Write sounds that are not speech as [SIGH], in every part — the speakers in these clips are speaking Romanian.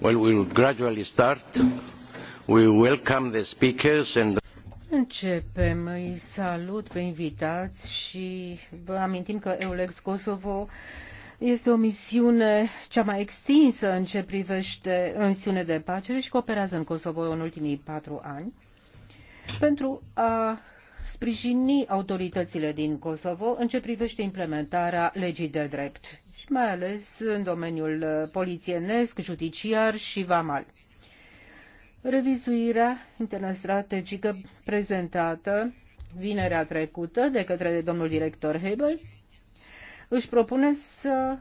Well, we will gradually start. We welcome the speakers and Începem, îi salut pe invitați și vă amintim că Eulex Kosovo este o misiune cea mai extinsă în ce privește misiune de pace și cooperează în Kosovo în ultimii patru ani pentru a sprijini autoritățile din Kosovo în ce privește implementarea legii de drept mai ales în domeniul uh, polițienesc, judiciar și vamal. Revizuirea internă strategică prezentată vinerea trecută de către domnul director Hebel își propune să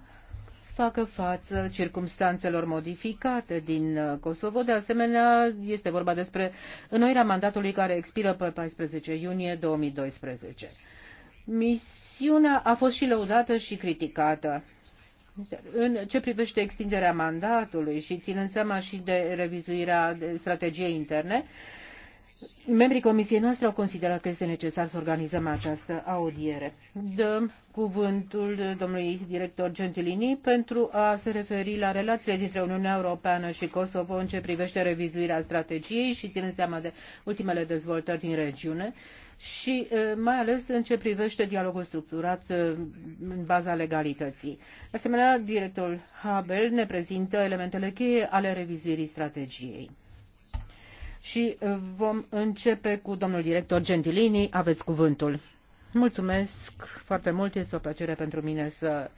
facă față circumstanțelor modificate din uh, Kosovo. De asemenea, este vorba despre înnoirea mandatului care expiră pe 14 iunie 2012. Misiunea a fost și lăudată și criticată. În ce privește extinderea mandatului și ținând seama și de revizuirea strategiei interne, Membrii comisiei noastre au considerat că este necesar să organizăm această audiere. Dăm cuvântul domnului director Gentilini pentru a se referi la relațiile dintre Uniunea Europeană și Kosovo în ce privește revizuirea strategiei și ținând seama de ultimele dezvoltări din regiune și eh, mai ales în ce privește dialogul structurat eh, în baza legalității. De asemenea, directorul Habel ne prezintă elementele cheie ale revizuirii strategiei și uh, vom începe cu domnul director Gentilini. Aveți cuvântul. Mulțumesc foarte mult, este o plăcere pentru mine să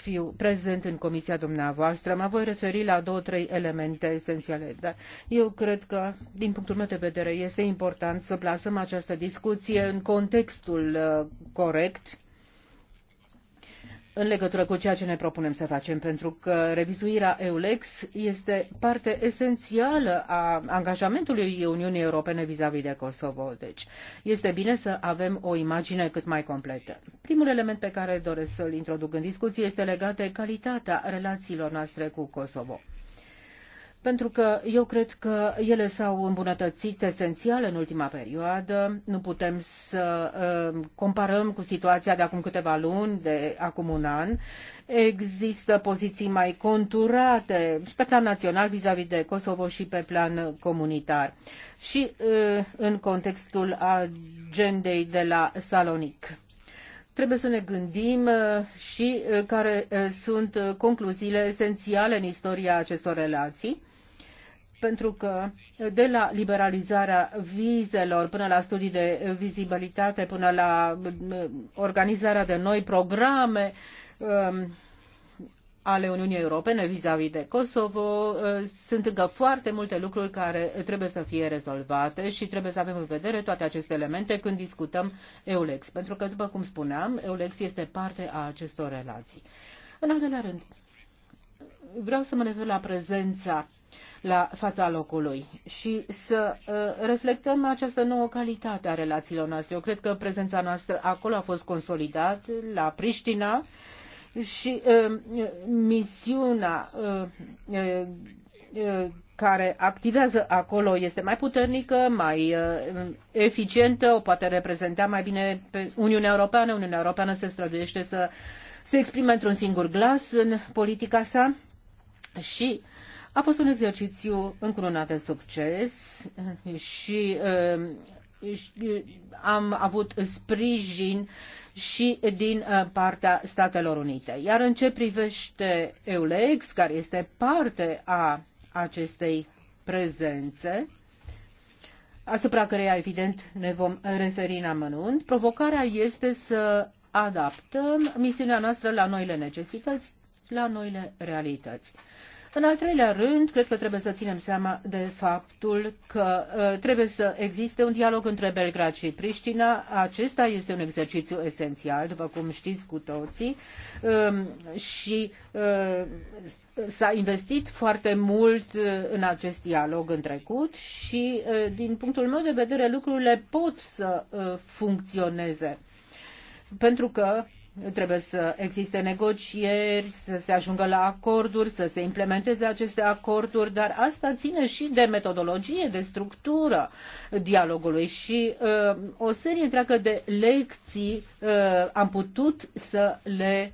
fiu prezent în comisia dumneavoastră. Mă voi referi la două, trei elemente esențiale, dar eu cred că, din punctul meu de vedere, este important să plasăm această discuție în contextul uh, corect în legătură cu ceea ce ne propunem să facem, pentru că revizuirea EULEX este parte esențială a angajamentului Uniunii Europene vis-a-vis -vis de Kosovo. Deci este bine să avem o imagine cât mai completă. Primul element pe care doresc să-l introduc în discuție este legat de calitatea relațiilor noastre cu Kosovo pentru că eu cred că ele s-au îmbunătățit esențial în ultima perioadă. Nu putem să uh, comparăm cu situația de acum câteva luni, de acum un an. Există poziții mai conturate și pe plan național vis-a-vis -vis de Kosovo și pe plan comunitar. Și uh, în contextul agendei de la Salonic trebuie să ne gândim uh, și uh, care uh, sunt concluziile esențiale în istoria acestor relații pentru că de la liberalizarea vizelor până la studii de vizibilitate, până la uh, organizarea de noi programe um, ale Uniunii Europene vis-a-vis -vis de Kosovo, uh, sunt încă foarte multe lucruri care trebuie să fie rezolvate și trebuie să avem în vedere toate aceste elemente când discutăm EULEX, pentru că, după cum spuneam, EULEX este parte a acestor relații. În al doilea rând, vreau să mă refer la prezența uh, la fața locului și să uh, reflectăm această nouă calitate a relațiilor noastre. Eu cred că prezența noastră acolo a fost consolidată la Priștina și uh, misiunea uh, care activează acolo este mai puternică, mai eficientă, o poate reprezenta mai bine pe Uniunea Europeană. Uniunea Europeană se străduiește să se exprime într-un singur glas în politica sa și uh, a fost un exercițiu încurunat de succes și um, uh, am avut sprijin și din uh, partea Statelor Unite. Iar în ce privește EULEX, care este parte a acestei prezențe, asupra căreia, evident, ne vom referi în amănunt, provocarea este să adaptăm misiunea noastră la noile necesități, la noile realități. În al treilea rând, cred că trebuie să ținem seama de faptul că ă, trebuie să existe un dialog între Belgrad și Priștina. Acesta este un exercițiu esențial, după cum știți cu toții, hm, și ă, s-a investit foarte mult ă, în acest dialog în trecut și, din punctul meu de vedere, lucrurile pot să funcționeze. Pentru că trebuie să existe negocieri, să se ajungă la acorduri, să se implementeze aceste acorduri, dar asta ține și de metodologie, de structură dialogului și uh, o serie întreagă de lecții uh, am putut să le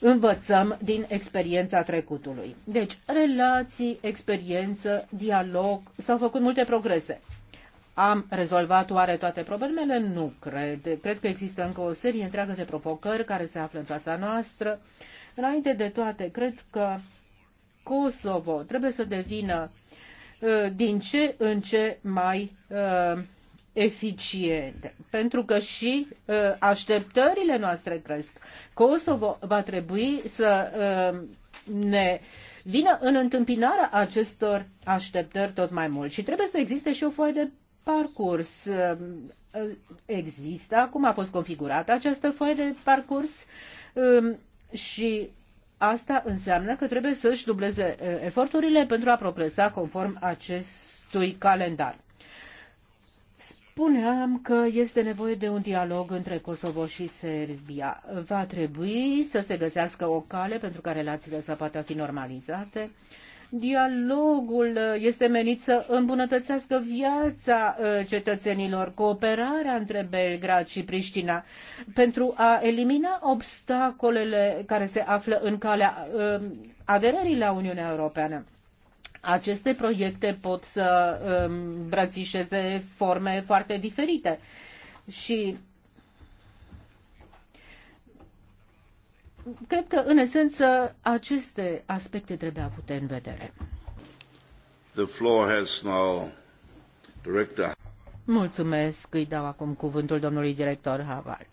învățăm din experiența trecutului. Deci, relații, experiență, dialog, s-au făcut multe progrese am rezolvat oare toate problemele? Nu cred. Cred că există încă o serie întreagă de provocări care se află în fața noastră. Înainte de toate, cred că Kosovo trebuie să devină uh, din ce în ce mai uh, eficiente, pentru că și uh, așteptările noastre cresc. Kosovo va trebui să uh, ne vină în întâmpinarea acestor așteptări tot mai mult și trebuie să existe și o foaie de parcurs. Există acum, a fost configurată această foaie de parcurs și asta înseamnă că trebuie să-și dubleze eforturile pentru a progresa conform acestui calendar. Spuneam că este nevoie de un dialog între Kosovo și Serbia. Va trebui să se găsească o cale pentru ca relațiile să poată fi normalizate Dialogul uh, este menit să îmbunătățească viața uh, cetățenilor, cooperarea între Belgrad și Priștina, pentru a elimina obstacolele care se află în calea uh, aderării la Uniunea Europeană aceste proiecte pot să îmbrățișeze forme foarte diferite. Și cred că, în esență, aceste aspecte trebuie avute în vedere. The floor has now director. Mulțumesc, îi dau acum cuvântul domnului director Havard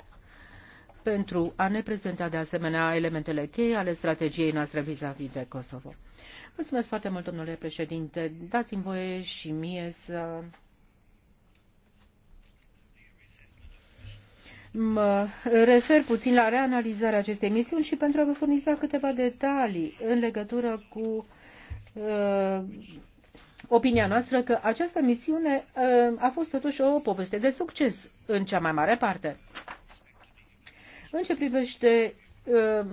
pentru a ne prezenta de asemenea elementele cheie ale strategiei noastre vis-a-vis -vis de Kosovo. Mulțumesc foarte mult, domnule președinte. Dați-mi voie și mie să mă refer puțin la reanalizarea acestei misiuni și pentru a vă furniza câteva detalii în legătură cu uh, opinia noastră că această misiune uh, a fost totuși o poveste de succes în cea mai mare parte. În ce privește uh,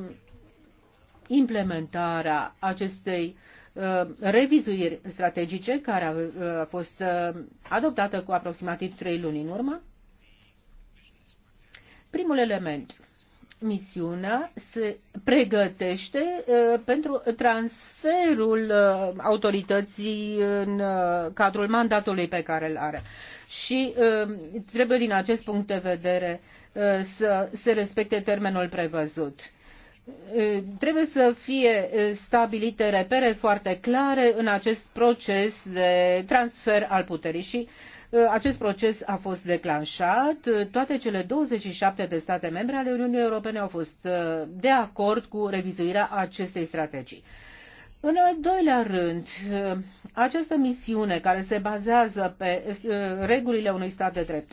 implementarea acestei uh, revizuiri strategice care a, uh, a fost uh, adoptată cu aproximativ trei luni în urmă, Primul element. Misiunea se pregătește uh, pentru transferul uh, autorității în uh, cadrul mandatului pe care îl are. Și uh, trebuie din acest punct de vedere uh, să se respecte termenul prevăzut. Uh, trebuie să fie uh, stabilite repere foarte clare în acest proces de transfer al puterii și uh, Uh, acest proces a fost declanșat. Uh, toate cele 27 de state membre ale Uniunii Europene au fost uh, de acord cu revizuirea acestei strategii. În al doilea rând, această misiune care se bazează pe regulile unui stat de drept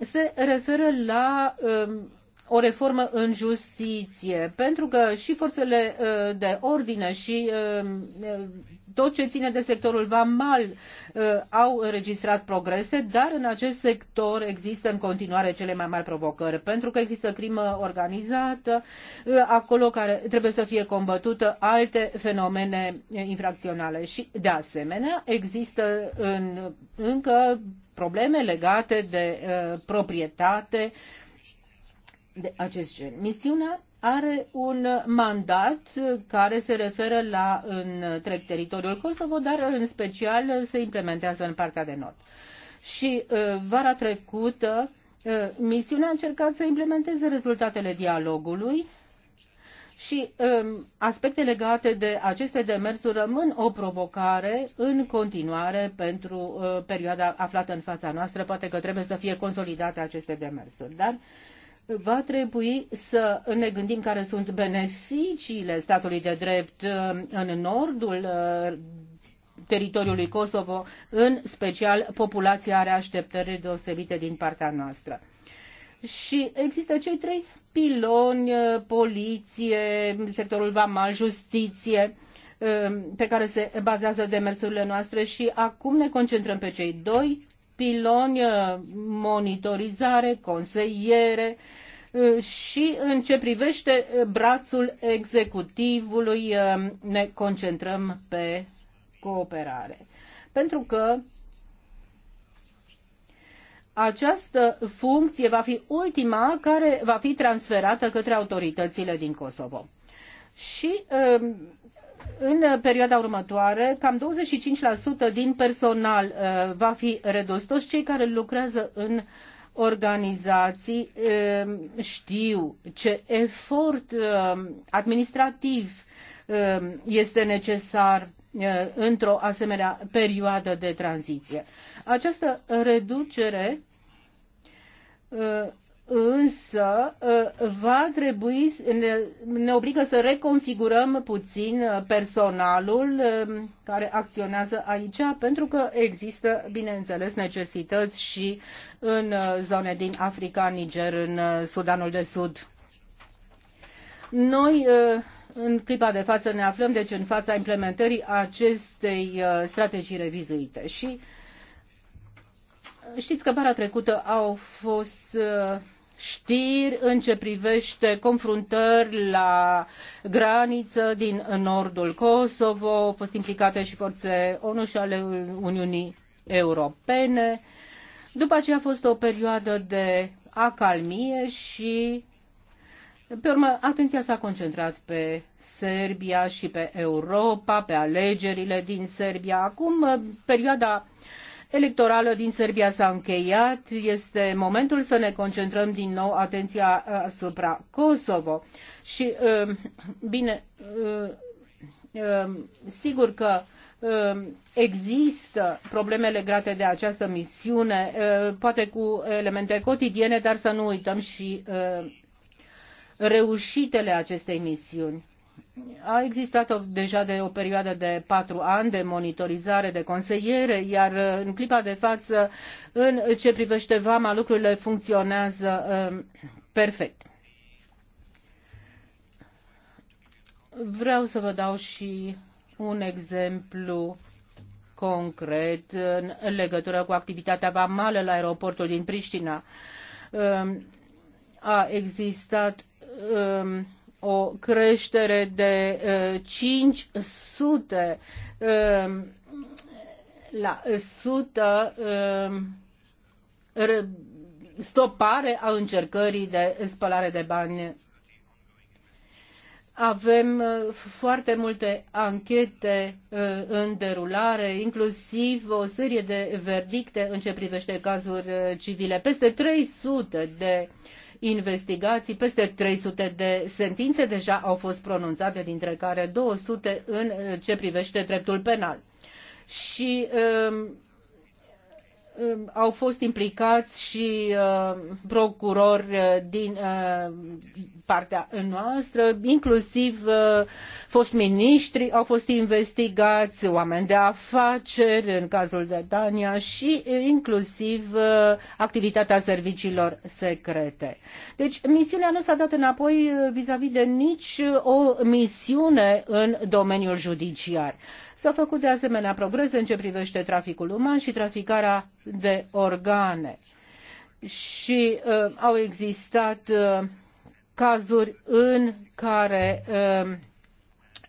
se referă la o reformă în justiție, pentru că și forțele uh, de ordine și uh, uh, tot ce ține de sectorul vamal au înregistrat progrese, dar în acest sector există în continuare cele mai mari provocări, pentru că există crimă organizată, acolo care trebuie să fie combătută alte fenomene infracționale și, de asemenea, există în, încă probleme legate de uh, proprietate, uh, de acest gen. Misiunea are un mandat care se referă la întreg teritoriul Kosovo, dar în special se implementează în partea de nord. Și uh, vara trecută uh, misiunea a încercat să implementeze rezultatele dialogului și um, aspecte legate de aceste demersuri rămân o provocare în continuare pentru uh, perioada aflată în fața noastră. Poate că trebuie să fie consolidate aceste demersuri. Dar va trebui să ne gândim care sunt beneficiile statului de drept uh, în nordul uh, teritoriului Kosovo, în special populația are așteptări deosebite din partea noastră. Și există cei trei piloni, uh, poliție, sectorul vamal, justiție, pe care se bazează demersurile noastre și acum ne concentrăm pe cei doi piloni, uh, monitorizare, conseiere uh, și în ce privește uh, brațul executivului ne concentrăm pe cooperare. Pentru că această funcție va fi ultima care va fi transferată către autoritățile din Kosovo. Și um, în perioada următoare, cam 25% din personal uh, va fi redus. Toți cei care lucrează în organizații uh, știu ce efort uh, administrativ este necesar într-o asemenea perioadă de tranziție. Această reducere însă ă, va trebui, ne, ne obligă să reconfigurăm puțin ă, personalul ă, care acționează aici, pentru că există, bineînțeles, necesități și în zone din Africa, Niger, în Sudanul de Sud. Noi în clipa de față ne aflăm deci în fața implementării acestei strategii revizuite și știți că vara trecută au fost știri în ce privește confruntări la graniță din nordul Kosovo, au fost implicate și forțe ONU și ale Uniunii Europene. După aceea a fost o perioadă de acalmie și pe urmă, atenția s-a concentrat pe Serbia și pe Europa, pe alegerile din Serbia. Acum, perioada electorală din Serbia s-a încheiat, este momentul să ne concentrăm din nou atenția uh, asupra Kosovo. Și, um, bine, uh, um, sigur că um, există probleme legate de această misiune, uh, poate cu elemente cotidiene, dar să nu uităm și reușitele acestei misiuni a existat o, deja de o perioadă de patru ani de monitorizare, de consiliere, iar uh, în clipa de față, în ce privește vama, lucrurile funcționează um, perfect. Vreau să vă dau și un exemplu concret în legătură cu activitatea vamală la aeroportul din Priștina. Um, a existat um, o creștere de 500 eh, eh, la 100 eh, stopare a încercării de spălare de bani. Avem foarte multe anchete în derulare, inclusiv o serie de verdicte în ce privește cazuri civile. Peste 300 de uh, investigații, peste 300 de sentințe deja au fost pronunțate, dintre care 200 în eh, ce privește dreptul penal. Și uh, au fost implicați și uh, procurori uh, din uh, partea noastră, inclusiv foști miniștri au fost investigați, oameni de afaceri în cazul de Dania și inclusiv activitatea serviciilor secrete. Deci misiunea nu s-a dat înapoi vis-a-vis -vis de nici o misiune în domeniul judiciar. S-au făcut de asemenea progrese în ce privește traficul uman și traficarea de organe. Și uh, au existat uh, cazuri în care uh,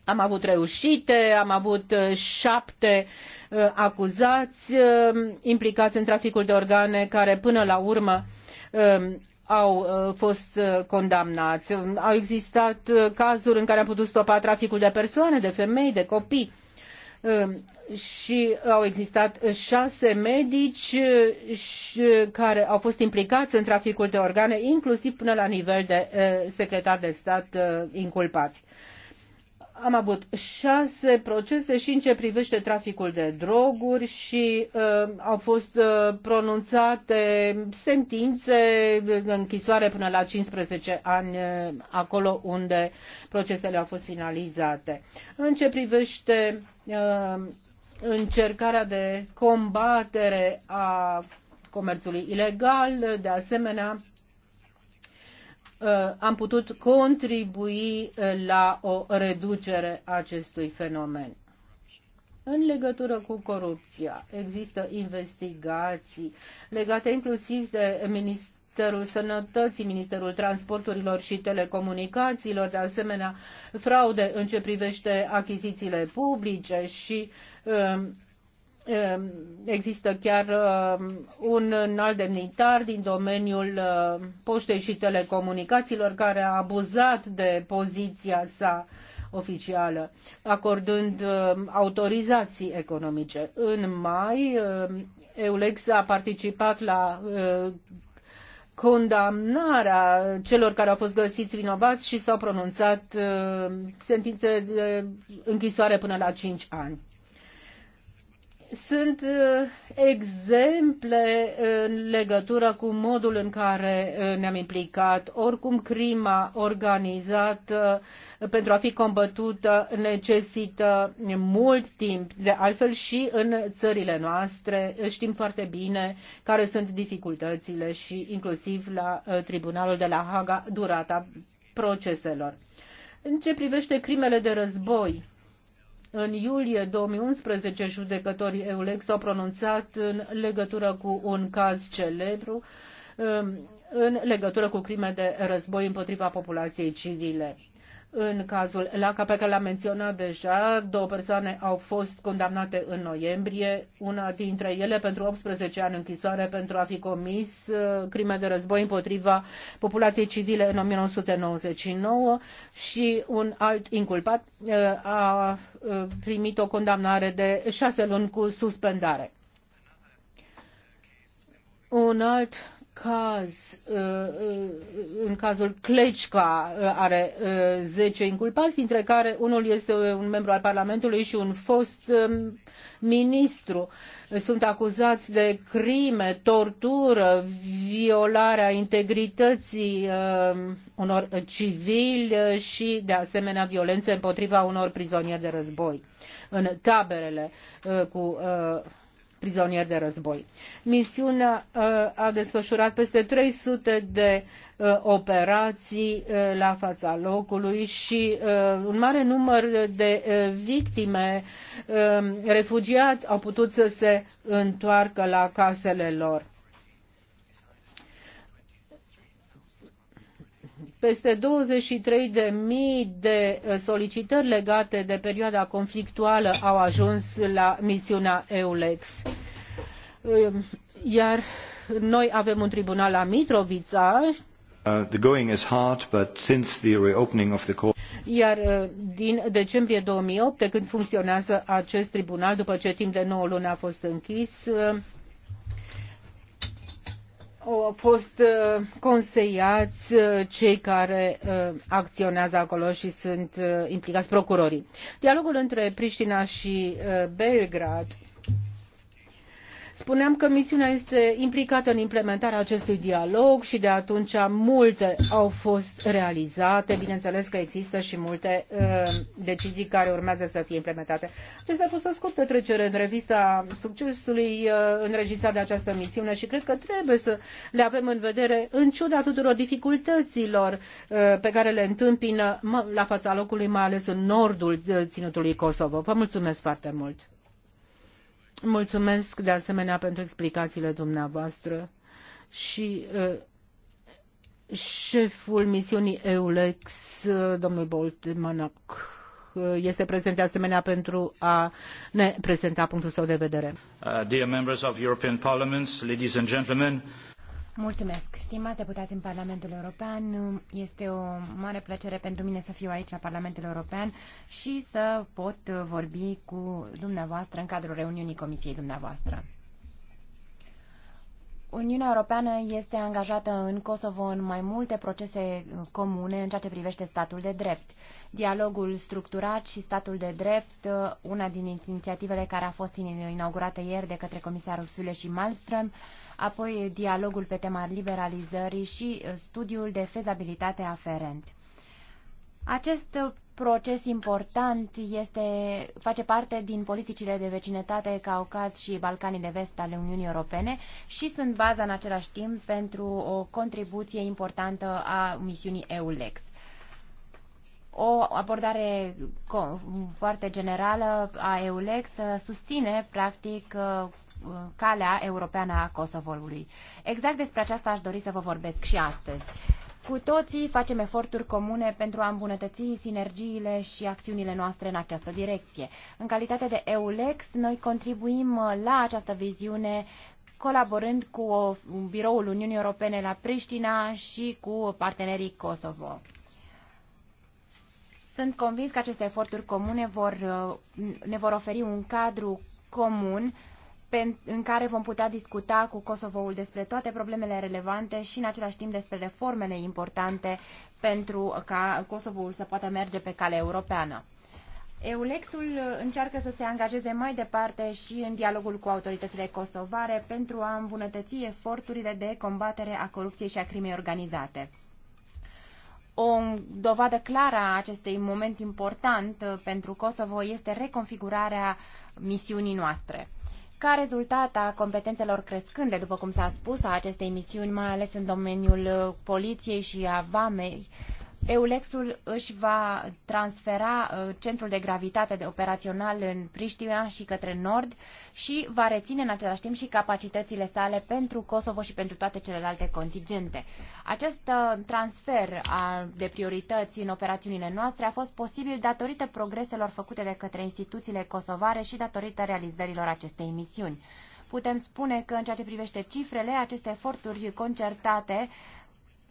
am avut reușite, am avut uh, șapte uh, acuzați uh, implicați în traficul de organe care până la urmă um, uh, au fost uh, condamnați. Au existat uh, cazuri în care am putut stopa traficul de persoane, de femei, de copii. Ehm, și au existat șase medici care au fost implicați în traficul de organe, inclusiv până la nivel de eh, secretar de stat eh, inculpați am avut șase procese și în ce privește traficul de droguri și uh, au fost uh, pronunțate sentințe de închisoare până la 15 ani uh, acolo unde procesele au fost finalizate. În ce privește uh, încercarea de combatere a comerțului ilegal, de asemenea, Uh, am putut contribui uh, la o reducere a acestui fenomen. În legătură cu corupția, există investigații legate inclusiv de Ministerul Sănătății, Ministerul Transporturilor și Telecomunicațiilor, de asemenea fraude în ce privește achizițiile publice și uh, Ehm, există chiar ehm, un înalt demnitar din domeniul ehm, poștei și telecomunicațiilor care a abuzat de poziția sa oficială, acordând autorizații economice. În mai, Eulex a participat la condamnarea celor care au fost găsiți vinovați și s-au pronunțat sentințe de închisoare până la 5 ani. Sunt uh, exemple uh, în legătură cu modul în care uh, ne-am implicat. Oricum, crima organizată pentru a fi combătută necesită mult timp. De altfel, și în țările noastre știm foarte bine care sunt dificultățile și inclusiv la Tribunalul de la Haga durata proceselor. În ce privește crimele de război, în iulie 2011, judecătorii EULEX s-au pronunțat în legătură cu un caz celebru um, în legătură cu crime de război împotriva populației civile. În cazul LACA pe care l-am menționat deja, două persoane au fost condamnate în noiembrie, una dintre ele pentru 18 ani închisoare pentru a fi comis uh, crime de război împotriva populației civile în 1999 și un alt inculpat uh, a uh, primit o condamnare de șase luni cu suspendare. Un alt caz, uh, uh, în cazul Clecica uh, are 10 inculpați, dintre care unul este un membru al Parlamentului și un fost um, ministru. Sunt acuzați de crime, tortură, violarea integrității unor civili și, de asemenea, violențe împotriva unor prizonieri de război în taberele cu prizonieri de război. Misiunea uh, a desfășurat peste 300 de uh, operații uh, la fața locului și un mare număr de victime refugiați au putut să se întoarcă la casele lor. peste 23.000 de uh, solicitări legate de perioada conflictuală au ajuns la misiunea EULEX. Um, iar noi avem un tribunal la Mitrovica. Uh, the going is hard, but since the reopening of the court... Iar uh, din decembrie 2008, de când funcționează acest tribunal, după ce timp de 9 luni a fost închis, uh, au fost uh, conseiați uh, cei care uh, acționează acolo și sunt implicați procurorii. Dialogul între Priștina și Belgrad Spuneam că misiunea este implicată în implementarea acestui dialog și de atunci multe au fost realizate. Bineînțeles că există și multe uh, decizii care urmează să fie implementate. Acesta a fost o scurtă trecere în revista succesului uh, înregistrat de această misiune și cred că trebuie să le avem în vedere în ciuda tuturor dificultăților uh, pe care le întâmpină la fața locului, mai ales în nordul uh, ținutului Kosovo. Vă mulțumesc foarte mult! Mulțumesc de asemenea pentru explicațiile dumneavoastră și uh, șeful misiunii EULEX, uh, domnul Boltemanac, uh, este prezent de asemenea pentru a ne prezenta punctul său de vedere. Uh, dear members of European Parliament, ladies and gentlemen, Mulțumesc. Stimați deputați în Parlamentul European, este o mare plăcere pentru mine să fiu aici la Parlamentul European și să pot vorbi cu dumneavoastră în cadrul reuniunii comisiei dumneavoastră. Uniunea Europeană este angajată în Kosovo în mai multe procese comune în ceea ce privește statul de drept. Dialogul structurat și statul de drept, una din inițiativele care a fost inaugurată ieri de către comisarul Fule și Malmström, apoi dialogul pe tema liberalizării și uh, studiul de fezabilitate aferent. Acest proces important este, face parte din politicile de vecinătate Caucaz și Balcanii de Vest ale Uniunii Europene și sunt baza în același timp pentru o contribuție importantă a misiunii EULEX. O abordare foarte generală a EULEX uh, susține, practic, uh, Uh, calea europeană a Kosovoului. Exact despre aceasta aș dori să vă vorbesc și astăzi. Cu toții facem eforturi comune pentru a îmbunătăți sinergiile și acțiunile noastre în această direcție. În calitate de EULEX, noi contribuim uh, la această viziune colaborând cu uh, Biroul Uniunii Europene la Priștina și cu partenerii Kosovo. Sunt convins că aceste eforturi comune vor, ne vor oferi un cadru comun în care vom putea discuta cu Kosovoul despre toate problemele relevante și în același timp despre reformele importante pentru ca Kosovoul să poată merge pe cale europeană. Eulexul încearcă să se angajeze mai departe și în dialogul cu autoritățile kosovare pentru a îmbunătăți eforturile de combatere a corupției și a crimei organizate. O dovadă clară a acestui moment important pentru Kosovo este reconfigurarea misiunii noastre ca rezultat a competențelor crescânde, după cum s-a spus, a acestei misiuni, mai ales în domeniul uh, poliției și a vamei, Eulexul își va transfera uh, centrul de gravitate de operațional în Priștina și către nord și va reține în același timp și capacitățile sale pentru Kosovo și pentru toate celelalte contingente. Acest uh, transfer de priorități în operațiunile noastre a fost posibil datorită progreselor făcute de către instituțiile kosovare și datorită realizărilor acestei misiuni. Putem spune că, în ceea ce privește cifrele, aceste eforturi concertate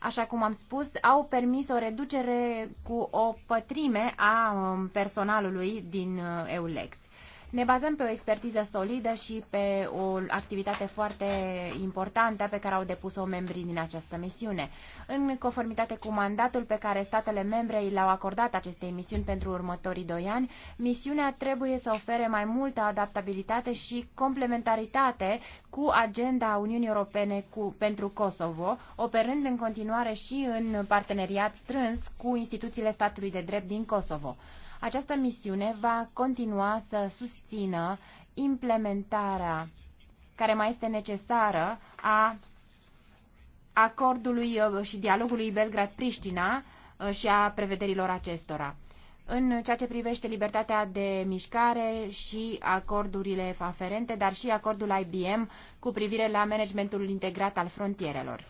așa cum am spus, au permis o reducere cu o pătrime a um, personalului din uh, EULEX. Ne bazăm pe o expertiză solidă și pe o activitate foarte importantă pe care au depus-o membrii din această misiune. În conformitate cu mandatul pe care statele membre l-au acordat acestei misiuni pentru următorii doi ani, misiunea trebuie să ofere mai multă adaptabilitate și complementaritate cu agenda Uniunii Europene cu, pentru Kosovo, operând în continuare și în parteneriat strâns cu instituțiile statului de drept din Kosovo. Această misiune va continua să susțină implementarea care mai este necesară a acordului uh, și dialogului Belgrad-Priștina uh, și a prevederilor acestora. În ceea ce privește libertatea de mișcare și acordurile aferente, dar și acordul IBM cu privire la managementul integrat al frontierelor.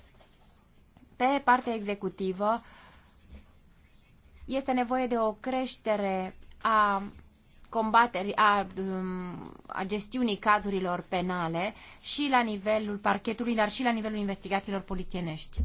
Pe partea executivă, este nevoie de o creștere a combaterii, a, um, a gestiunii cazurilor penale și la nivelul parchetului, dar și la nivelul investigațiilor polițienești.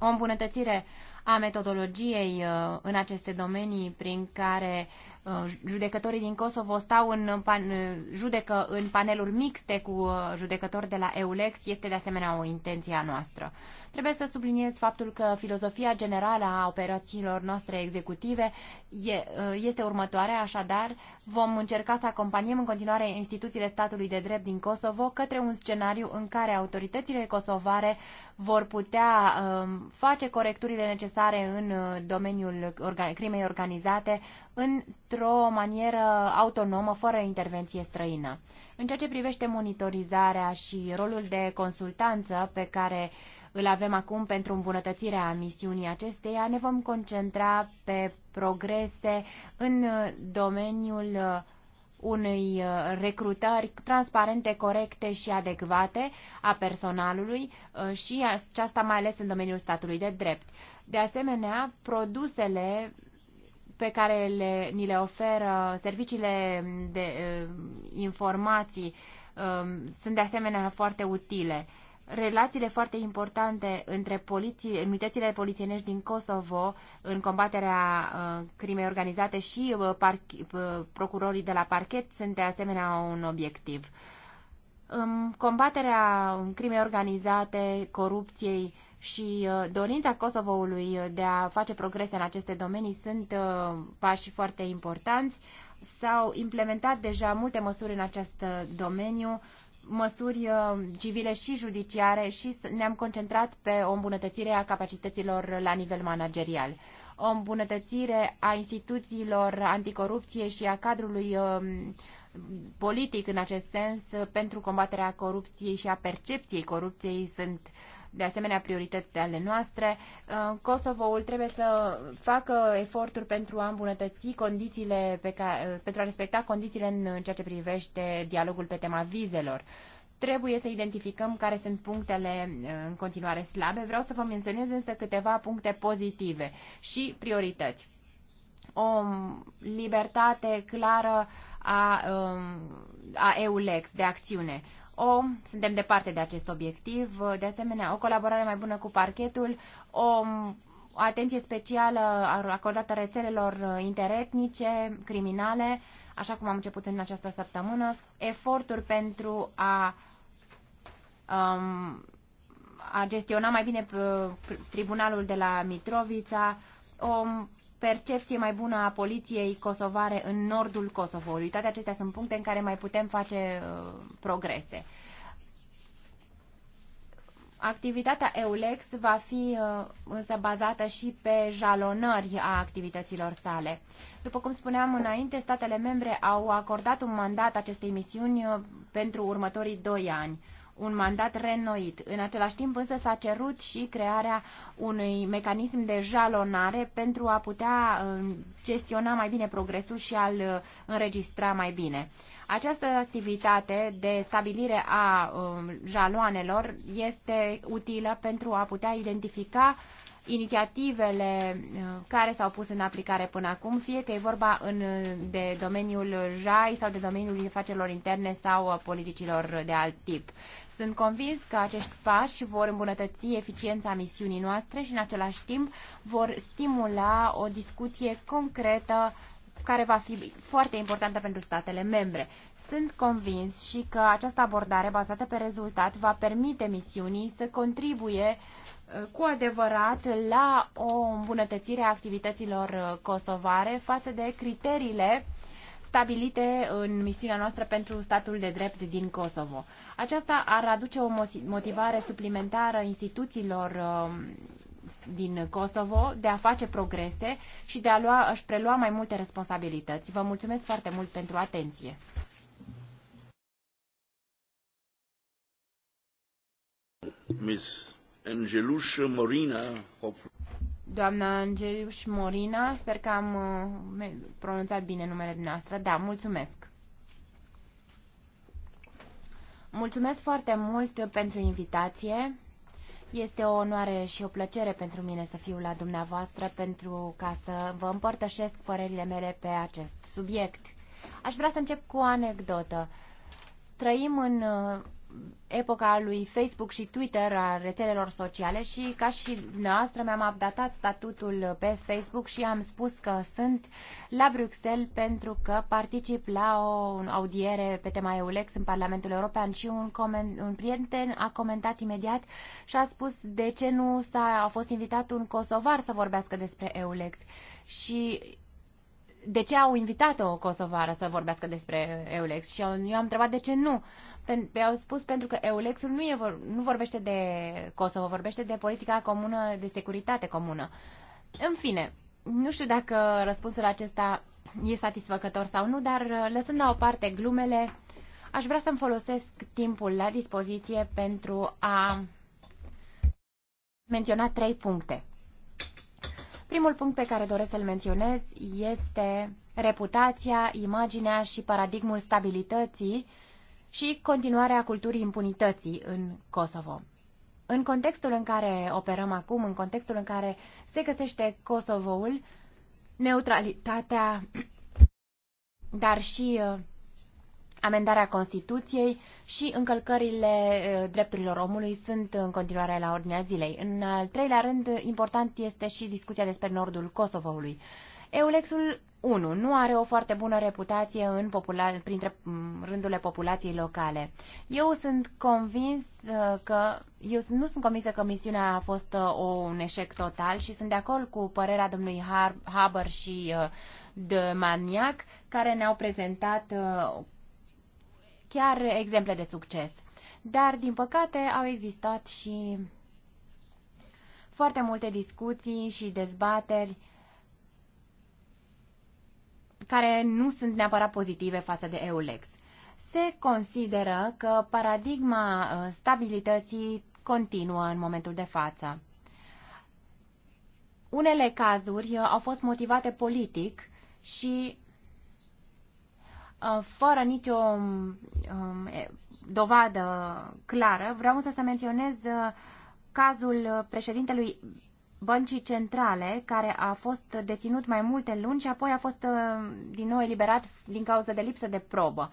O îmbunătățire a metodologiei uh, în aceste domenii prin care uh, judecătorii din Kosovo stau în pan, uh, judecă în paneluri mixte cu judecători de la EULEX este de asemenea o intenție a noastră. Trebuie să subliniez faptul că filozofia generală a operațiilor noastre executive uh, este următoarea, așadar vom încerca să acompaniem în continuare instituțiile statului de drept din Kosovo către un scenariu în care autoritățile kosovare vor putea um, face corecturile necesare în uh, domeniul crimei organizate într-o manieră autonomă, fără intervenție străină. În ceea ce privește monitorizarea și rolul de consultanță pe care îl avem acum pentru îmbunătățirea misiunii acesteia, ne vom concentra pe progrese în domeniul unei recrutări transparente, corecte și adecvate a personalului uh, și aceasta mai ales în domeniul statului de drept. De asemenea, produsele pe care le, ni le oferă serviciile de uh, informații uh, sunt de asemenea foarte utile. Relațiile foarte importante între poliții, unitățile polițienești din Kosovo în combaterea uh, crimei organizate și uh, parch, uh, procurorii de la parchet sunt de asemenea un obiectiv. Um, combaterea crimei organizate, corupției, și uh, dorința Kosovoului uh, de a face progrese în aceste domenii sunt uh, pași foarte importanți. S-au implementat deja multe măsuri în acest domeniu, măsuri civile și judiciare și ne-am concentrat pe o îmbunătățire a capacităților la nivel managerial o îmbunătățire a instituțiilor anticorupție și a cadrului um, politic în acest sens pentru combaterea corupției și a percepției corupției sunt de asemenea priorități ale noastre. Uh, Kosovo trebuie să facă eforturi pentru a îmbunătăți condițiile pe care, uh, pentru a respecta condițiile în ceea ce privește dialogul pe tema vizelor trebuie să identificăm care sunt punctele uh, în continuare slabe. Vreau să vă menționez însă câteva puncte pozitive și priorități. O libertate clară a, um, a EULEX de acțiune, o, suntem departe de acest obiectiv, de asemenea o colaborare mai bună cu parchetul, o atenție specială acordată rețelelor interetnice, criminale, așa cum am început în această săptămână, eforturi pentru a, um, a gestiona mai bine uh, tribunalul de la Mitrovița, o percepție mai bună a poliției kosovare în nordul Kosovoului. Toate acestea sunt puncte în care mai putem face uh, progrese. Activitatea EULEX va fi uh, însă bazată și pe jalonări a activităților sale. După cum spuneam înainte, statele membre au acordat un mandat acestei misiuni uh, pentru următorii doi ani un mandat renoit. În același timp însă s-a cerut și crearea unui mecanism de jalonare pentru a putea uh, gestiona mai bine progresul și a-l uh, înregistra mai bine. Această activitate de stabilire a uh, jaloanelor este utilă pentru a putea identifica inițiativele uh, care s-au pus în aplicare până acum, fie că e vorba în, de domeniul JAI sau de domeniul afacerilor interne sau uh, politicilor de alt tip. Sunt convins că acești pași vor îmbunătăți eficiența misiunii noastre și în același timp vor stimula o discuție concretă care va fi foarte importantă pentru statele membre. Sunt convins și că această abordare bazată pe rezultat va permite misiunii să contribuie cu adevărat la o îmbunătățire a activităților uh, kosovare față de criteriile stabilite în misiunea noastră pentru statul de drept din Kosovo. Aceasta ar aduce o motivare suplimentară instituțiilor um, din Kosovo de a face progrese și de a lua, își prelua mai multe responsabilități. Vă mulțumesc foarte mult pentru atenție. Miss Angeluș Morina. Doamna Angelus Morina, sper că am uh, pronunțat bine numele dumneavoastră. Da, mulțumesc. Mulțumesc foarte mult pentru invitație. Este o onoare și o plăcere pentru mine să fiu la dumneavoastră pentru ca să vă împărtășesc părerile mele pe acest subiect. Aș vrea să încep cu o anecdotă. Trăim în uh, epoca lui Facebook și Twitter a rețelelor sociale și ca și dumneavoastră mi-am updatat statutul pe Facebook și am spus că sunt la Bruxelles pentru că particip la o audiere pe tema EULEX în Parlamentul European și un, coment, un prieten a comentat imediat și a spus de ce nu s-a, a fost invitat un kosovar să vorbească despre EULEX și de ce au invitat-o o kosovară să vorbească despre Eulex și eu am întrebat de ce nu. Păi au spus pentru că Eulexul nu, e, nu vorbește de Kosovo, vorbește de politica comună, de securitate comună. În fine, nu știu dacă răspunsul acesta e satisfăcător sau nu, dar uh, lăsând la o parte glumele, aș vrea să-mi folosesc timpul la dispoziție pentru a menționa trei puncte. Primul punct pe care doresc să-l menționez este reputația, imaginea și paradigmul stabilității și continuarea culturii impunității în Kosovo. În contextul în care operăm acum, în contextul în care se găsește Kosovoul, neutralitatea, [CLEARS THROAT] dar și uh, amendarea Constituției și încălcările drepturilor omului sunt în continuare la ordinea zilei. În al treilea rând, important este și discuția despre nordul Kosovoului. Eulexul 1. Nu are o foarte bună reputație în popula- printre rândurile populației locale. Eu sunt convins că eu nu sunt convinsă că misiunea a fost o, un eșec total și sunt de acord cu părerea domnului Har- Haber și de Maniac care ne-au prezentat chiar exemple de succes. Dar, din păcate, au existat și foarte multe discuții și dezbateri care nu sunt neapărat pozitive față de EULEX. Se consideră că paradigma uh, stabilității continuă în momentul de față. Unele cazuri uh, au fost motivate politic și Uh, fără nicio um, um, dovadă clară. Vreau însă să menționez uh, cazul președintelui băncii centrale, care a fost deținut mai multe luni și apoi a fost uh, din nou eliberat din cauza de lipsă de probă.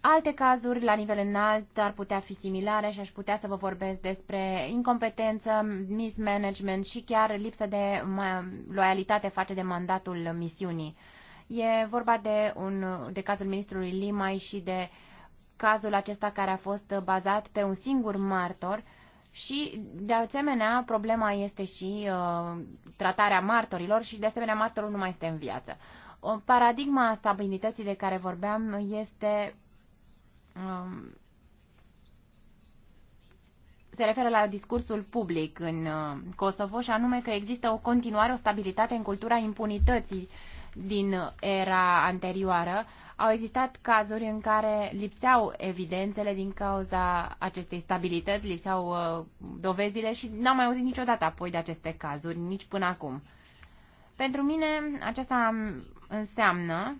Alte cazuri la nivel înalt ar putea fi similare și aș putea să vă vorbesc despre incompetență, mismanagement și chiar lipsă de um, loialitate față de mandatul misiunii. E vorba de, un, de cazul ministrului Limai și de cazul acesta care a fost bazat pe un singur martor și, de asemenea, problema este și uh, tratarea martorilor și, de asemenea, martorul nu mai este în viață. O paradigma stabilității de care vorbeam este um, se referă la discursul public în uh, Kosovo și anume că există o continuare, o stabilitate în cultura impunității uh, din era anterioară, au existat cazuri în care lipseau evidențele din cauza acestei stabilități, lipseau uh, dovezile și n-am mai auzit niciodată apoi de aceste cazuri, nici până acum. Pentru mine aceasta înseamnă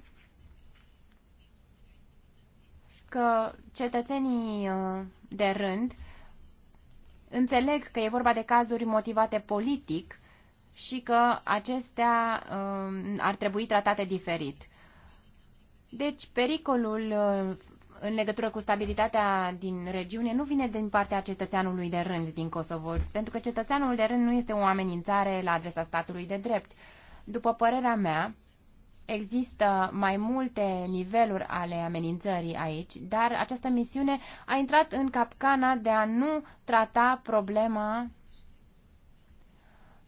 că cetățenii uh, de rând înțeleg că e vorba de cazuri motivate politic și că acestea um, ar trebui tratate diferit. Deci, pericolul uh, în legătură cu stabilitatea din regiune nu vine din partea cetățeanului de rând din Kosovo, pentru că cetățeanul de rând nu este o amenințare la adresa statului de drept. După părerea mea, există mai multe niveluri ale amenințării aici, dar această misiune a intrat în capcana de a nu trata problema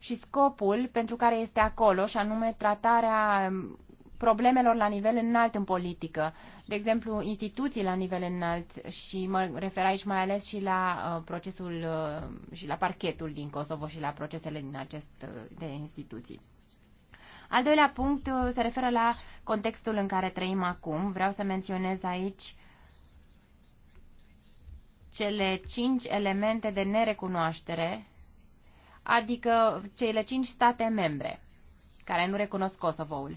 și scopul pentru care este acolo, și anume tratarea um, problemelor la nivel înalt în politică. De exemplu, instituții la nivel înalt și mă refer aici mai ales și la uh, procesul uh, și la parchetul din Kosovo și la procesele din aceste uh, instituții. Al doilea punct se referă la contextul în care trăim acum. Vreau să menționez aici cele cinci elemente de nerecunoaștere adică cele cinci state membre care nu recunosc Kosovo-ul.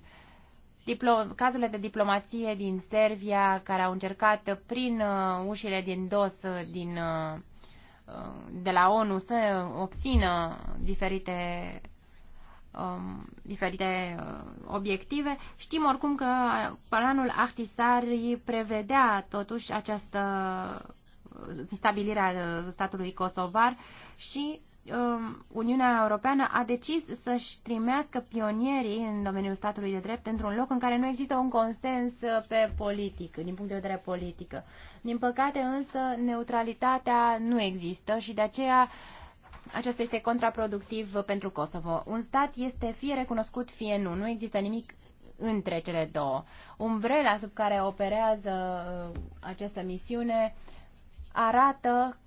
Diplo- cazurile de diplomație din Serbia care au încercat prin uh, ușile din DOS uh, din, uh, uh, de la ONU să obțină diferite um, diferite uh, obiective. Știm oricum că planul Ahtisari prevedea totuși această stabilirea statului kosovar și Um, Uniunea Europeană a decis să-și trimească pionierii în domeniul statului de drept într-un loc în care nu există un consens uh, pe politic, din punct de vedere politică. Din păcate însă neutralitatea nu există și de aceea acesta este contraproductiv pentru Kosovo. Un stat este fie recunoscut, fie nu. Nu există nimic între cele două. Umbrela sub care operează uh, această misiune arată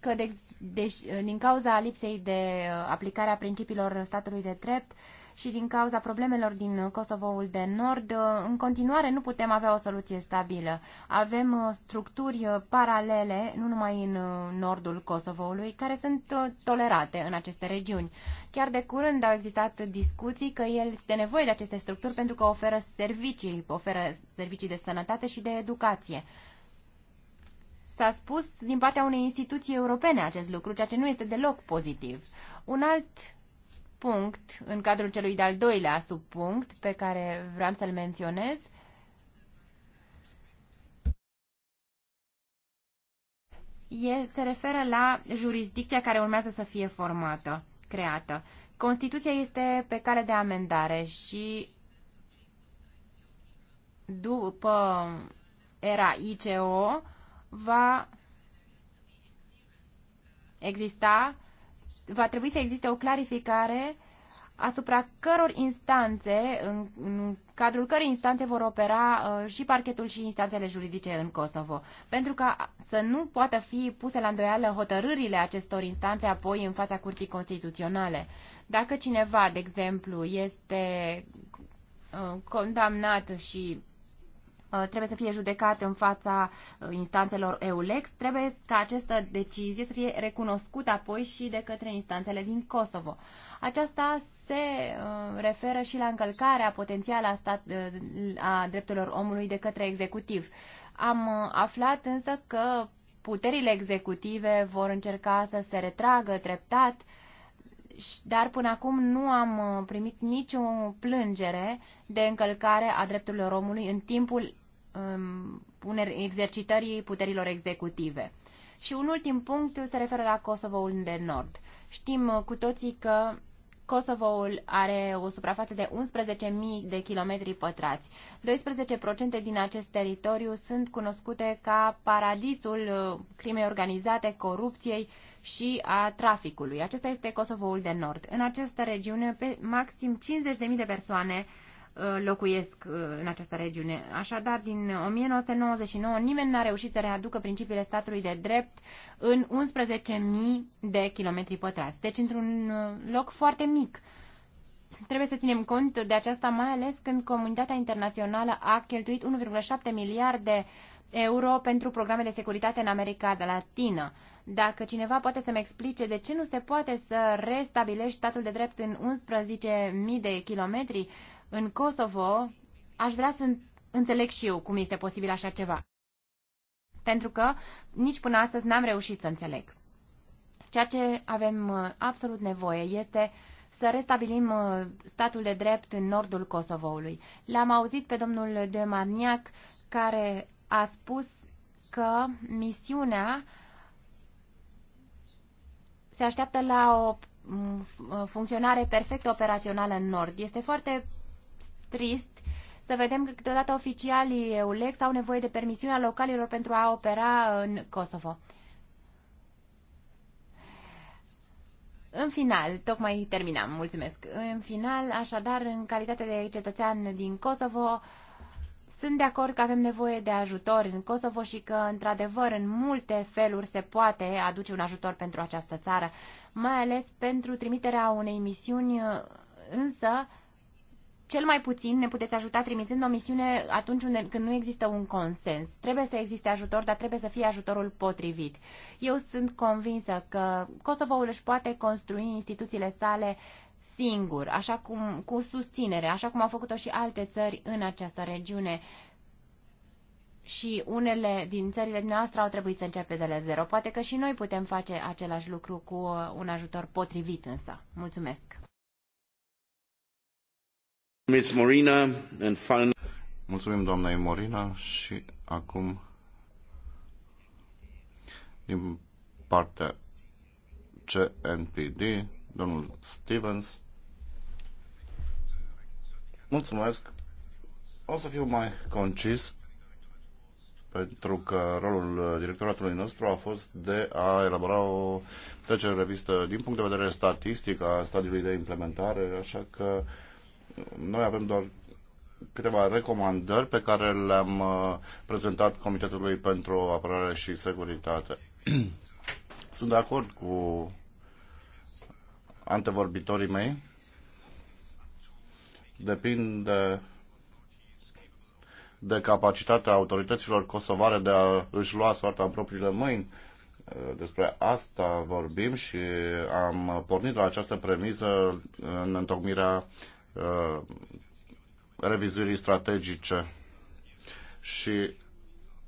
că de deci, uh, din cauza lipsei de uh, aplicare a principiilor statului de drept și din cauza problemelor din Kosovoul de Nord, uh, în continuare nu putem avea o soluție stabilă. Avem structuri paralele, nu numai în nordul Kosovoului, care sunt tolerate în aceste regiuni. Chiar de curând au existat discuții că el este nevoie de aceste structuri pentru că oferă servicii, oferă servicii de sănătate și de educație. S-a spus din partea unei instituții europene acest lucru, ceea ce nu este deloc pozitiv. Un alt punct în cadrul celui de-al doilea subpunct pe care vreau să-l menționez e, se referă la jurisdicția care urmează să fie formată, creată. Constituția este pe cale de amendare și după era ICO, va exista, va trebui să existe o clarificare asupra căror instanțe, în, în cadrul cărei instanțe vor opera uh, și parchetul și instanțele juridice în Kosovo. Pentru ca să nu poată fi puse la îndoială hotărârile acestor instanțe apoi în fața Curții Constituționale. Dacă cineva, de exemplu, este uh, condamnat și Uh, trebuie să fie judecat în fața uh, instanțelor EULEX, trebuie ca această decizie să fie recunoscută apoi și de către instanțele din Kosovo. Aceasta se uh, referă și la încălcarea potențială a, stat, a drepturilor omului de către executiv. Am aflat însă că puterile executive vor încerca să se retragă treptat dar până acum nu am primit nicio plângere de încălcare a drepturilor omului în timpul puneri, exercitării puterilor executive. Și un ultim punct se referă la Kosovoul de Nord. Știm uh, cu toții că Kosovoul are o suprafață de 11.000 de kilometri pătrați. 12% din acest teritoriu sunt cunoscute ca paradisul uh, crimei organizate, corupției și a traficului. Acesta este Kosovoul de Nord. În această regiune, pe maxim 50.000 de persoane Uh, locuiesc uh, în această regiune. Așadar, din 1999 nimeni n-a reușit să readucă principiile statului de drept în 11.000 de kilometri pătrați, deci într-un uh, loc foarte mic. Trebuie să ținem cont de aceasta, mai ales când comunitatea internațională a cheltuit 1,7 miliarde euro pentru programe de securitate în America de Latină. Dacă cineva poate să-mi explice de ce nu se poate să restabilești statul de drept în 11.000 de kilometri, în Kosovo, aș vrea să înțeleg și eu cum este posibil așa ceva. Pentru că nici până astăzi n-am reușit să înțeleg. Ceea ce avem uh, absolut nevoie este să restabilim uh, statul de drept în nordul Kosovoului. L-am auzit pe domnul de Marniac care a spus că misiunea se așteaptă la o mm, funcționare perfect operațională în nord. Este foarte trist să vedem că câteodată oficialii EULEX au nevoie de permisiunea localilor pentru a opera în Kosovo. În final, tocmai terminam, mulțumesc. În final, așadar, în calitate de cetățean din Kosovo, sunt de acord că avem nevoie de ajutor în Kosovo și că, într-adevăr, în multe feluri se poate aduce un ajutor pentru această țară, mai ales pentru trimiterea unei misiuni, însă, cel mai puțin ne puteți ajuta trimițând o misiune atunci când nu există un consens. Trebuie să existe ajutor, dar trebuie să fie ajutorul potrivit. Eu sunt convinsă că Kosovoul își poate construi instituțiile sale singur, așa cum, cu susținere, așa cum au făcut-o și alte țări în această regiune. Și unele din țările noastre au trebuit să începe de la zero. Poate că și noi putem face același lucru cu uh, un ajutor potrivit însă. Mulțumesc! Ms. Morina and final... Mulțumim doamna Morina și acum din partea CNPD, domnul Stevens. Mulțumesc. O să fiu mai concis pentru că rolul directoratului nostru a fost de a elabora o trecere revistă din punct de vedere statistic a stadiului de implementare, așa că uh, noi avem doar câteva recomandări pe care le-am uh, prezentat Comitetului pentru Apărare și Securitate. [CLEARS THROAT] Sunt de acord cu antevorbitorii mei. Depinde de capacitatea autorităților kosovare de a își lua soarta în propriile mâini. Uh, despre asta vorbim și am pornit la această premisă în întocmirea Uh, revizuirii strategice și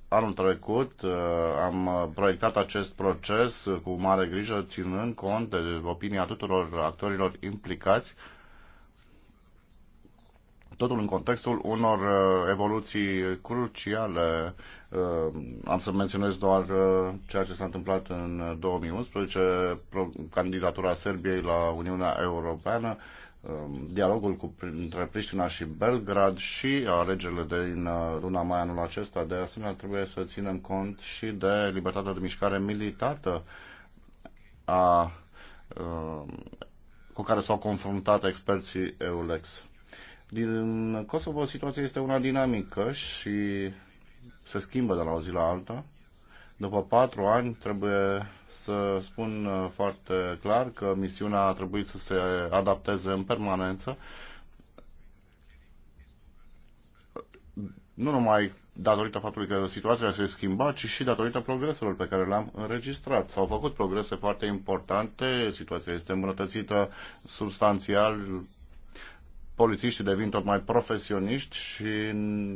anul trecut uh, am proiectat acest proces cu mare grijă, ținând cont de opinia tuturor actorilor implicați, totul în contextul unor uh, evoluții cruciale. am să menționez doar ceea ce s-a întâmplat în 2011, candidatura Serbiei la Uniunea Europeană, Um, dialogul cu, între Pristina și Belgrad și alegerile din uh, luna mai anul acesta. De asemenea, trebuie să ținem cont și de libertatea de mișcare militată a, um, cu care s-au confruntat experții EULEX. Din Kosovo situația este una dinamică și se schimbă de la o zi la alta. După patru ani trebuie să spun uh, foarte clar că misiunea a trebuit să se adapteze în permanență, nu numai datorită faptului că situația se schimba, ci și datorită progreselor pe care le-am înregistrat. S-au făcut progrese foarte importante, situația este îmbunătățită substanțial polițiștii devin tot mai profesioniști și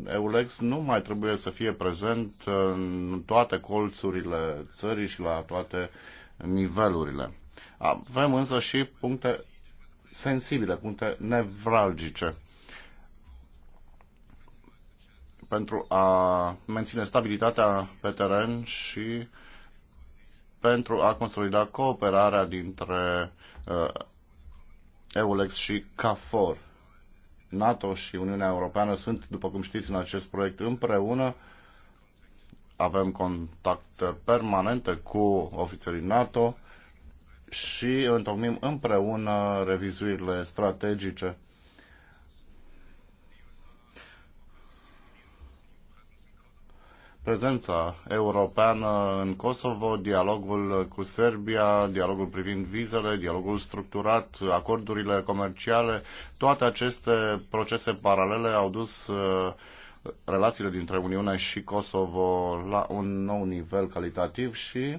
EULEX nu mai trebuie să fie prezent în toate colțurile țării și la toate nivelurile. Avem însă și puncte sensibile, puncte nevralgice pentru a menține stabilitatea pe teren și pentru a consolida cooperarea dintre uh, EULEX și CAFOR. NATO și Uniunea Europeană sunt, după cum știți, în acest proiect împreună. Avem contacte permanente cu ofițerii NATO și întocmim împreună revizuirile strategice prezența europeană în Kosovo, dialogul cu Serbia, dialogul privind vizele, dialogul structurat, acordurile comerciale, toate aceste procese paralele au dus uh, relațiile dintre Uniunea și Kosovo la un nou nivel calitativ și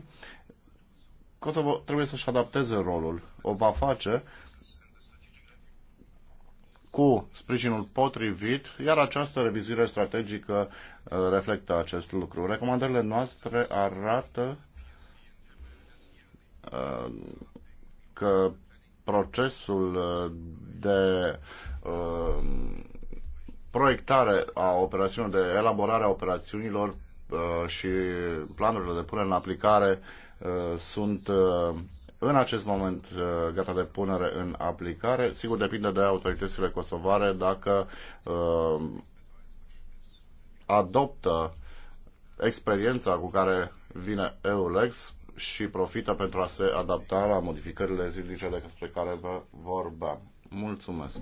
Kosovo trebuie să-și adapteze rolul. O va face cu sprijinul potrivit, iar această revizuire strategică uh, reflectă acest lucru. Recomandările noastre arată uh, că procesul uh, de proiectare a operațiunilor, de elaborare a operațiunilor și planurile de punere în aplicare sunt în acest moment uh, gata de punere în aplicare. Sigur, depinde de autoritățile kosovare dacă uh, adoptă experiența cu care vine EULEX și profită pentru a se adapta la modificările zilnice despre care vă vorbeam. Mulțumesc!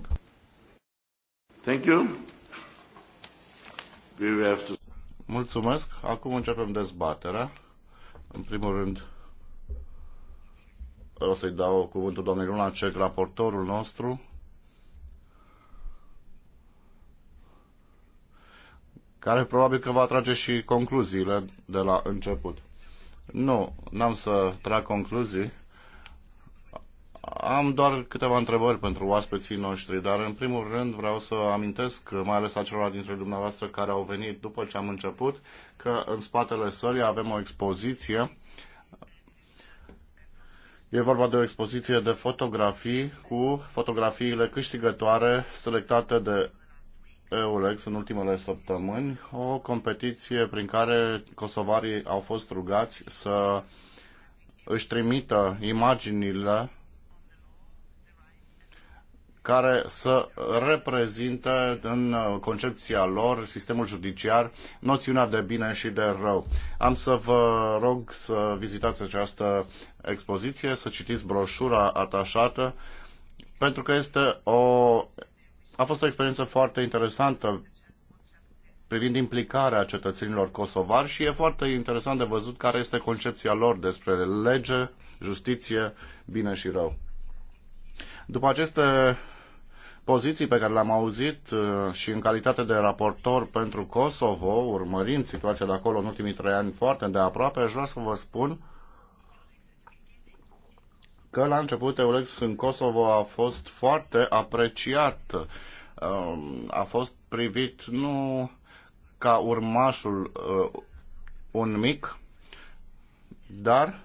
Thank you. We have to... Mulțumesc! Acum începem dezbaterea. În primul rând, o să-i dau cuvântul doamnei Lunacek, raportorul nostru. care probabil că va atrage și concluziile de la început. Nu, n-am să trag concluzii. Am doar câteva întrebări pentru oaspeții noștri, dar în primul rând vreau să amintesc, mai ales acelora dintre dumneavoastră care au venit după ce am început, că în spatele sălii avem o expoziție E vorba de o expoziție de fotografii cu fotografiile câștigătoare selectate de EULEX în ultimele săptămâni, o competiție prin care kosovarii au fost rugați să își trimită imaginile care să reprezinte în uh, concepția lor sistemul judiciar noțiunea de bine și de rău. Am să vă rog să vizitați această expoziție, să citiți broșura atașată, pentru că este o, a fost o experiență foarte interesantă privind implicarea cetățenilor kosovari și e foarte interesant de văzut care este concepția lor despre lege, justiție, bine și rău. După aceste poziții pe care le-am auzit uh, și în calitate de raportor pentru Kosovo, urmărind situația de acolo în ultimii trei ani foarte de aproape, aș vrea să vă spun că la început Eulex în Kosovo a fost foarte apreciat, uh, a fost privit nu ca urmașul uh, un mic, dar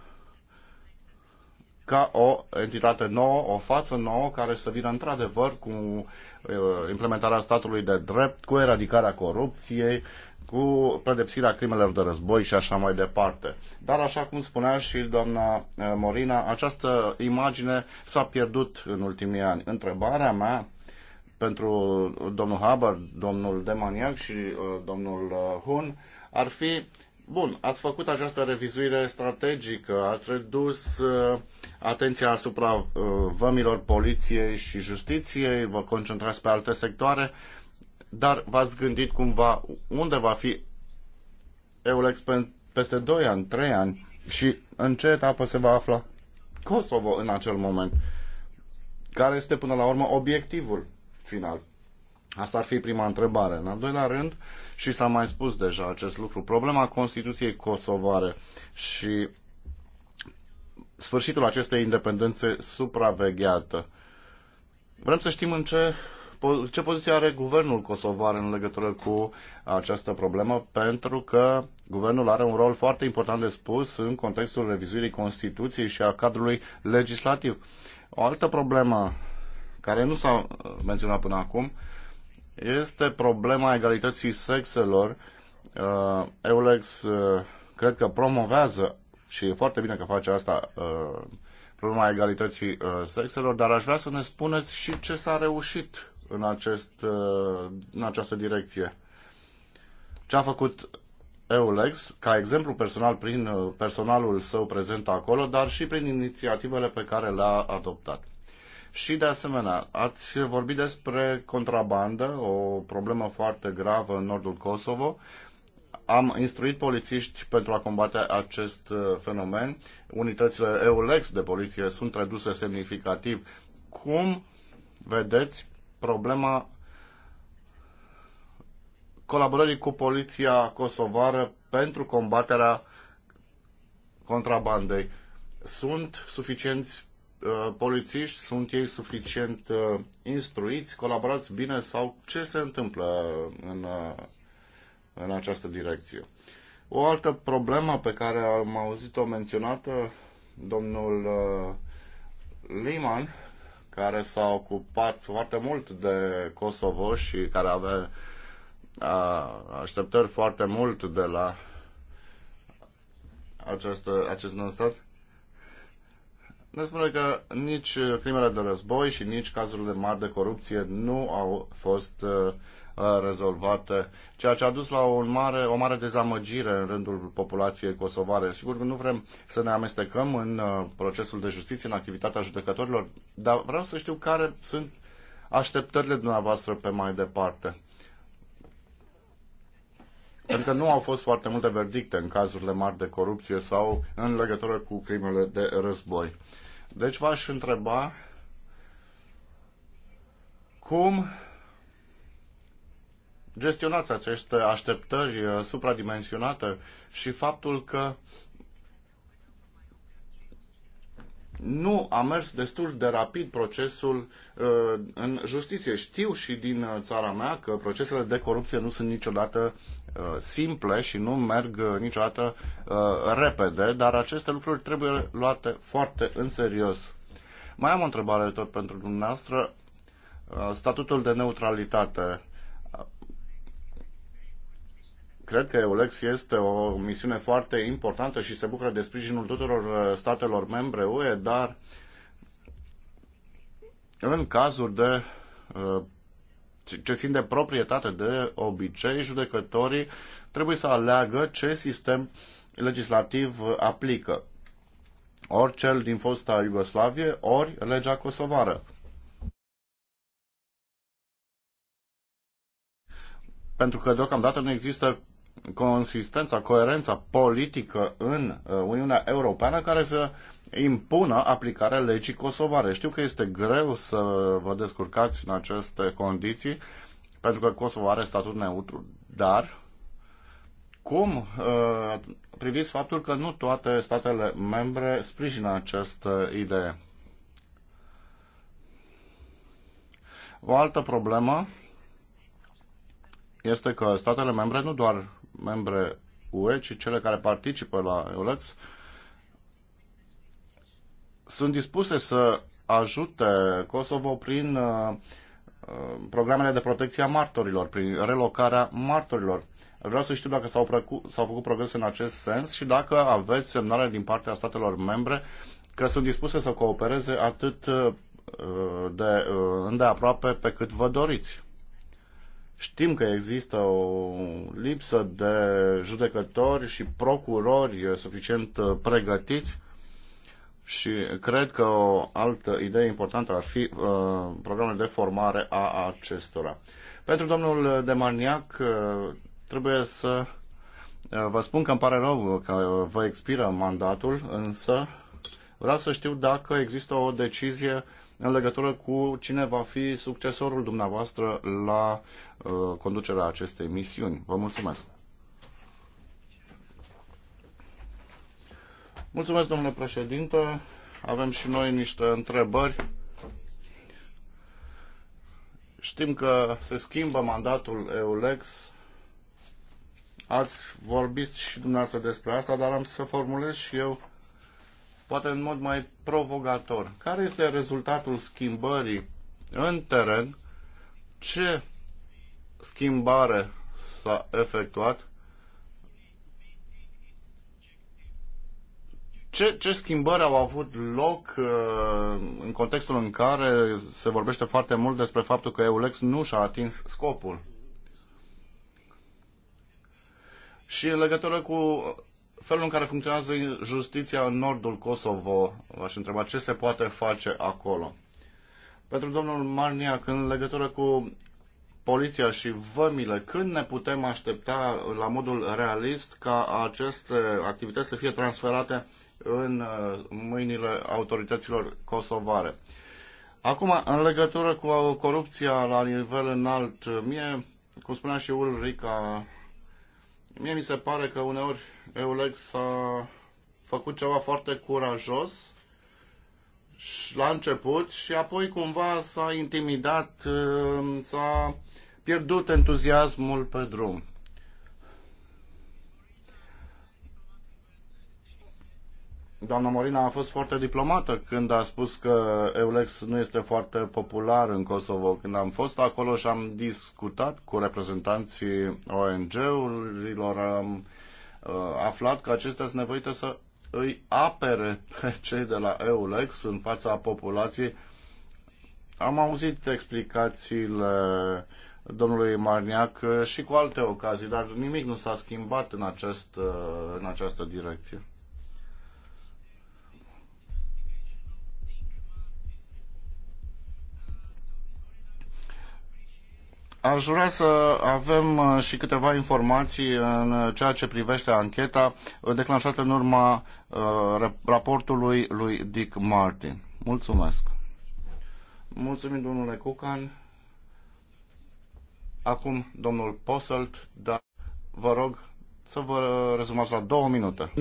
ca o entitate nouă, o față nouă, care să vină într-adevăr cu uh, implementarea statului de drept, cu eradicarea corupției, cu pedepsirea crimelor de război și așa mai departe. Dar, așa cum spunea și doamna uh, Morina, această imagine s-a pierdut în ultimii ani. Întrebarea mea pentru domnul Haber, domnul Demaniac și uh, domnul Hun ar fi Bun, ați făcut această revizuire strategică, ați redus uh, atenția asupra uh, vămilor poliției și justiției, vă concentrați pe alte sectoare, dar v-ați gândit cumva unde va fi EULEX peste 2 ani, 3 ani și în ce etapă se va afla Kosovo în acel moment? Care este până la urmă obiectivul final? Asta ar fi prima întrebare. În al doilea rând, și s-a mai spus deja acest lucru, problema Constituției kosovare și sfârșitul acestei independențe supravegheată. Vrem să știm în ce, ce poziție are guvernul kosovar în legătură cu această problemă, pentru că guvernul are un rol foarte important de spus în contextul revizuirii Constituției și a cadrului legislativ. O altă problemă care nu s-a menționat până acum este problema egalității sexelor. Uh, Eulex uh, cred că promovează și e foarte bine că face asta uh, problema egalității sexelor, dar aș vrea să ne spuneți și ce s-a reușit în, acest, în această direcție. Ce a făcut Eulex, ca exemplu personal prin personalul său prezent acolo, dar și prin inițiativele pe care le-a adoptat. Și de asemenea, ați vorbit despre contrabandă, o problemă foarte gravă în nordul Kosovo. Am instruit polițiști pentru a combate acest uh, fenomen. Unitățile EULEX de poliție sunt reduse semnificativ. Cum vedeți problema colaborării cu poliția kosovară pentru combaterea contrabandei? Sunt suficienți Uh, polițiști, sunt ei suficient uh, instruiți, colaborați bine sau ce se întâmplă în, uh, în această direcție. O altă problemă pe care am auzit-o menționată, domnul Liman, care s-a ocupat foarte mult de Kosovo și care avea așteptări foarte mult de la această, acest stat, ne spune că nici uh, crimele de război și nici cazurile mari de corupție nu au fost uh, uh, rezolvate, ceea ce a dus la o mare, o mare dezamăgire în rândul populației kosovare. Sigur că nu vrem să ne amestecăm în procesul de justiție, în activitatea judecătorilor, dar vreau să știu care sunt așteptările dumneavoastră pe mai departe pentru că nu au fost foarte multe verdicte în cazurile mari de corupție sau în legătură cu crimele de război. Deci v-aș întreba cum gestionați aceste așteptări uh, supradimensionate și faptul că nu a mers destul de rapid procesul uh, în justiție. Știu și din uh, țara mea că procesele de corupție nu sunt niciodată Uh, simple și nu merg uh, niciodată uh, repede, dar aceste lucruri trebuie luate foarte în serios. Mai am o întrebare tot pentru dumneavoastră. Statutul de neutralitate. Cred că EULEX este o misiune foarte importantă și se bucură de sprijinul tuturor statelor membre UE, dar în cazuri de ce țin de proprietate de obicei, judecătorii trebuie să aleagă ce sistem legislativ aplică. Ori cel din fosta Iugoslavie, ori legea kosovară. Pentru că deocamdată nu există consistența, coerența politică în uh, Uniunea Europeană care să impună aplicarea legii kosovare. Știu că este greu să vă descurcați în aceste condiții, pentru că Kosovo are statut neutru, dar cum uh, priviți faptul că nu toate statele membre sprijină această idee? O altă problemă este că statele membre, nu doar membre UE, ci cele care participă la EULEX, sunt dispuse să ajute Kosovo prin uh, uh, programele de protecție a martorilor, prin relocarea martorilor. Vreau să știu dacă s-au, făcut progrese în acest sens și dacă aveți semnale din partea statelor membre că sunt dispuse să coopereze atât uh, de îndeaproape pe cât vă doriți. Știm că există o lipsă de judecători și procurori suficient pregătiți și cred că o altă idee importantă ar fi uh, programele de formare a acestora. Pentru domnul Demaniac, uh, trebuie să uh, vă spun că îmi pare rău că vă expiră mandatul, însă vreau să știu dacă există o decizie în legătură cu cine va fi succesorul dumneavoastră la uh, conducerea acestei misiuni. Vă mulțumesc! Mulțumesc, domnule președinte. Avem și noi niște întrebări. Știm că se schimbă mandatul EULEX. Ați vorbit și dumneavoastră despre asta, dar am să formulez și eu, poate în mod mai provocator. Care este rezultatul schimbării în teren? Ce schimbare s-a efectuat Ce, ce schimbări au avut loc uh, în contextul în care se vorbește foarte mult despre faptul că EULEX nu și-a atins scopul? Și în legătură cu felul în care funcționează justiția în nordul Kosovo, aș întreba ce se poate face acolo. Pentru domnul Marniac, în legătură cu poliția și vămile, când ne putem aștepta la modul realist ca aceste activități să fie transferate în uh, mâinile autorităților kosovare. Acum, în legătură cu corupția la nivel înalt, mie, cum spunea și Ulrica, mie mi se pare că uneori Eulex a făcut ceva foarte curajos și la început și apoi cumva s-a intimidat, uh, s-a pierdut entuziasmul pe drum. Doamna Morina a fost foarte diplomată când a spus că Eulex nu este foarte popular în Kosovo. Când am fost acolo și am discutat cu reprezentanții ONG-urilor, am uh, aflat că acestea sunt nevoite să îi apere pe cei de la Eulex în fața populației. Am auzit explicațiile domnului Marniac și cu alte ocazii, dar nimic nu s-a schimbat în, acest, uh, în această direcție. Aș vrea să avem uh, și câteva informații în ceea ce privește ancheta uh, declanșată în urma uh, raportului lui Dick Martin. Mulțumesc! Mulțumim, domnule Cucan. Acum, domnul Posselt, dar vă rog să vă rezumați la două minute.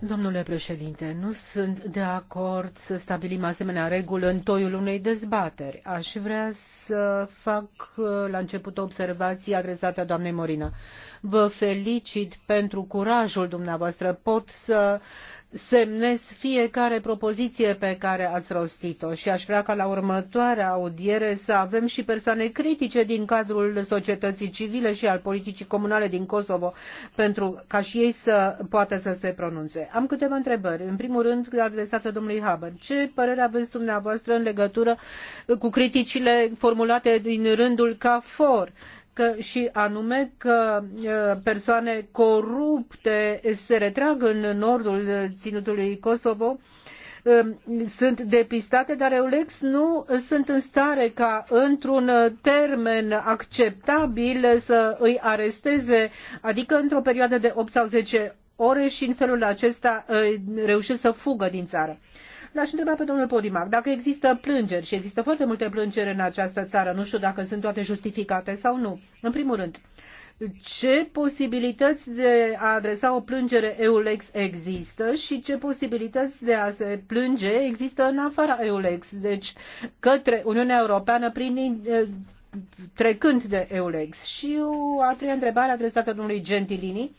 Domnule președinte, nu sunt de acord să stabilim asemenea reguli în toiul unei dezbateri. Aș vrea să fac uh, la început o observație adresată doamnei Morina. Vă felicit pentru curajul dumneavoastră. Pot să semnez fiecare propoziție pe care ați rostit-o și aș vrea ca la următoarea audiere să avem și persoane critice din cadrul societății civile și al politicii comunale din Kosovo pentru ca și ei să poată să se pronunțe. Am câteva întrebări. În primul rând, adresată domnului Haber. Ce părere aveți dumneavoastră în legătură cu criticile formulate din rândul CAFOR? că și anume că persoane corupte se retrag în nordul ținutului Kosovo sunt depistate, dar Eulex nu sunt în stare ca într-un termen acceptabil să îi aresteze, adică într-o perioadă de 8 sau 10 ore și în felul acesta reușesc să fugă din țară. L-aș întreba pe domnul Podimac dacă există plângeri și există foarte multe plângeri în această țară, nu știu dacă sunt toate justificate sau nu. În primul rând, ce posibilități de a adresa o plângere EULEX există și ce posibilități de a se plânge există în afara EULEX, deci către Uniunea Europeană prin eh, trecând de EULEX. Și o a treia întrebare adresată domnului Gentilini.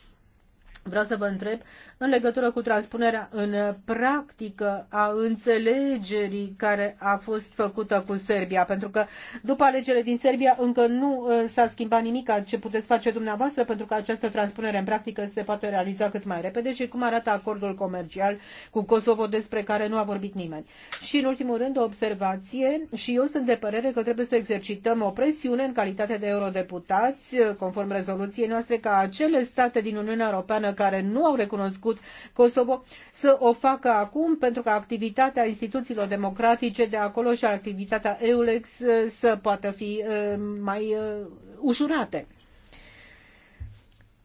Vreau să vă întreb în legătură cu transpunerea în practică a înțelegerii care a fost făcută cu Serbia, pentru că după alegerile din Serbia încă nu uh, s-a schimbat nimic ce puteți face dumneavoastră, pentru că această transpunere în practică se poate realiza cât mai repede și cum arată acordul comercial cu Kosovo despre care nu a vorbit nimeni. Și în ultimul rând o observație și eu sunt de părere că trebuie să exercităm o presiune în calitate de eurodeputați, uh, conform rezoluției noastre, ca acele state din Uniunea Europeană care nu au recunoscut făcut Kosovo, să o facă acum pentru ca activitatea instituțiilor democratice de acolo și activitatea EULEX uh, să poată fi uh, mai uh, ușurate.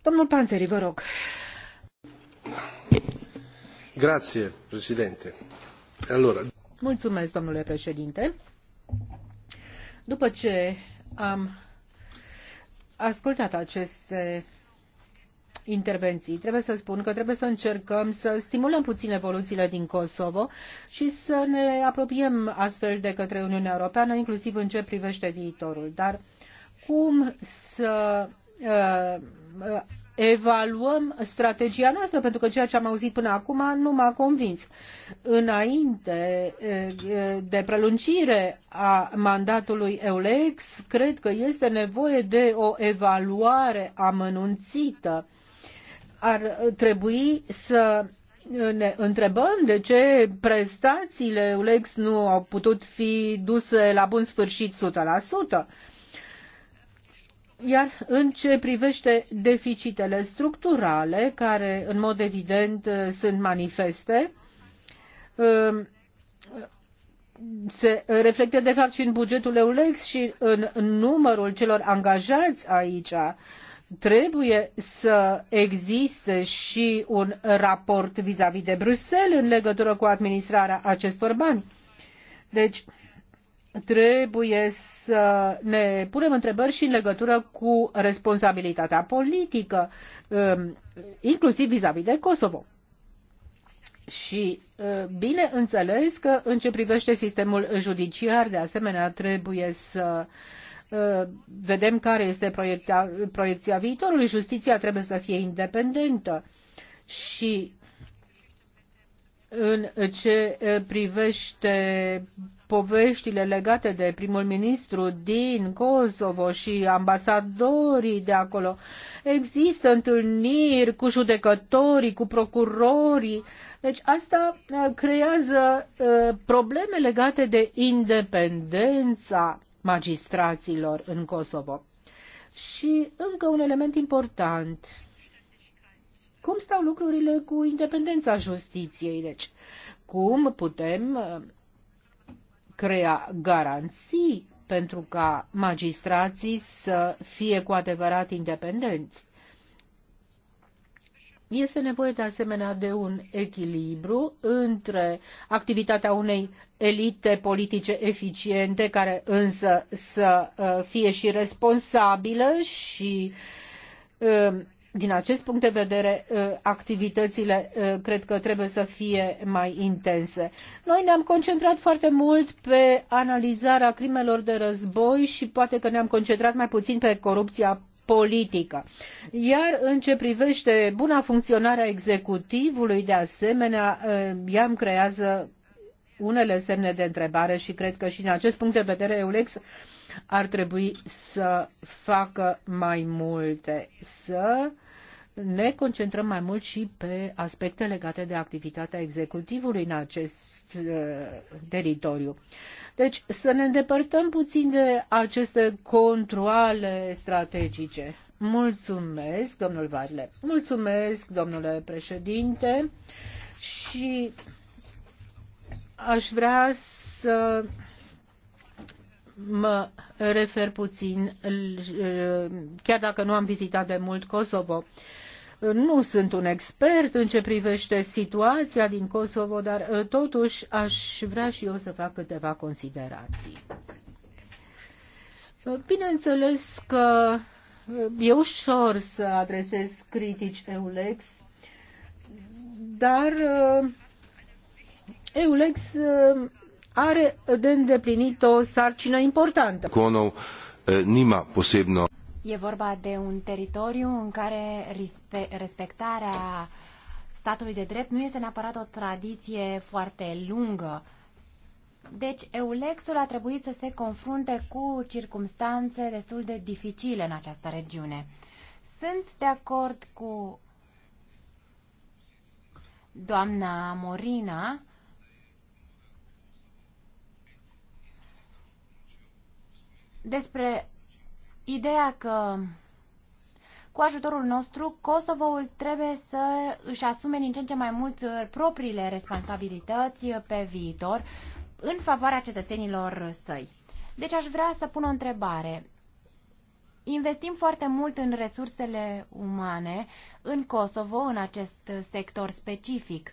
Domnul Panzeri, vă rog. președinte. Allora... Mulțumesc, domnule președinte. După ce am ascultat aceste intervenții. Trebuie să spun că trebuie să încercăm să stimulăm puțin evoluțiile din Kosovo și să ne apropiem astfel de către Uniunea Europeană, inclusiv în ce privește viitorul. Dar cum să uh, uh evaluăm strategia noastră, pentru că ceea ce am auzit până acum nu m-a convins. Înainte uh, de prelungire a mandatului EULEX, cred că este nevoie de o evaluare amănunțită ar trebui să ne întrebăm de ce prestațiile ULEX nu au putut fi duse la bun sfârșit 100%. Iar în ce privește deficitele structurale, care în mod evident sunt manifeste, um, se reflectă de fapt și în bugetul EULEX și în numărul celor angajați aici trebuie să existe și un raport vis-a-vis -vis de Bruxelles în legătură cu administrarea acestor bani. Deci, trebuie să ne punem întrebări și în legătură cu responsabilitatea politică, um, inclusiv vis-a-vis -vis de Kosovo. Și uh, bine înțeles că în ce privește sistemul judiciar, de asemenea, trebuie să uh, Uh, vedem care este proiectia, proiecția viitorului. Justiția trebuie să fie independentă și în ce uh, privește poveștile legate de primul ministru din Kosovo și ambasadorii de acolo. Există întâlniri cu judecătorii, cu procurorii. Deci asta uh, creează probleme legate de independența magistraților în Kosovo. Și încă un element important. Cum stau lucrurile cu independența justiției? Deci, cum putem uh, crea garanții pentru ca magistrații să fie cu adevărat independenți? Este nevoie de asemenea de un echilibru între activitatea unei elite politice eficiente, care însă să uh, fie și responsabilă și uh, din acest punct de vedere, uh, activitățile cred că trebuie să fie mai intense. Noi ne-am concentrat foarte mult pe analizarea crimelor de război și poate că ne-am concentrat mai puțin pe corupția politică. Iar în ce privește buna funcționare a executivului, de asemenea, ea eh, îmi creează unele semne de întrebare și cred că și în acest punct de vedere Eulex ar trebui să facă mai multe, să uh, ne concentrăm mai mult și pe aspecte legate de activitatea executivului în acest uh, teritoriu. Deci să ne îndepărtăm puțin de aceste controle strategice. Mulțumesc, domnul Varle. Mulțumesc, domnule președinte. Și aș vrea să mă refer puțin, uh, chiar dacă nu am vizitat de mult Kosovo. Nu sunt un expert în ce privește situația din Kosovo, dar uh, totuși aș vrea și eu să fac câteva considerații. Uh, bineînțeles că uh, e ușor să adresez critici EULEX, dar EULEX are de îndeplinit o sarcină importantă. Kono nima posebno E vorba de un teritoriu în care respectarea statului de drept nu este neapărat o tradiție foarte lungă. Deci, Eulexul a trebuit să se confrunte cu circumstanțe destul de dificile în această regiune. Sunt de acord cu doamna Morina despre Ideea că cu ajutorul nostru, Kosovoul trebuie să își asume din ce în ce mai mult uh, propriile responsabilități uh, pe viitor în favoarea cetățenilor săi. Deci aș vrea să pun o întrebare. Investim foarte mult în resursele umane în Kosovo, în acest sector specific.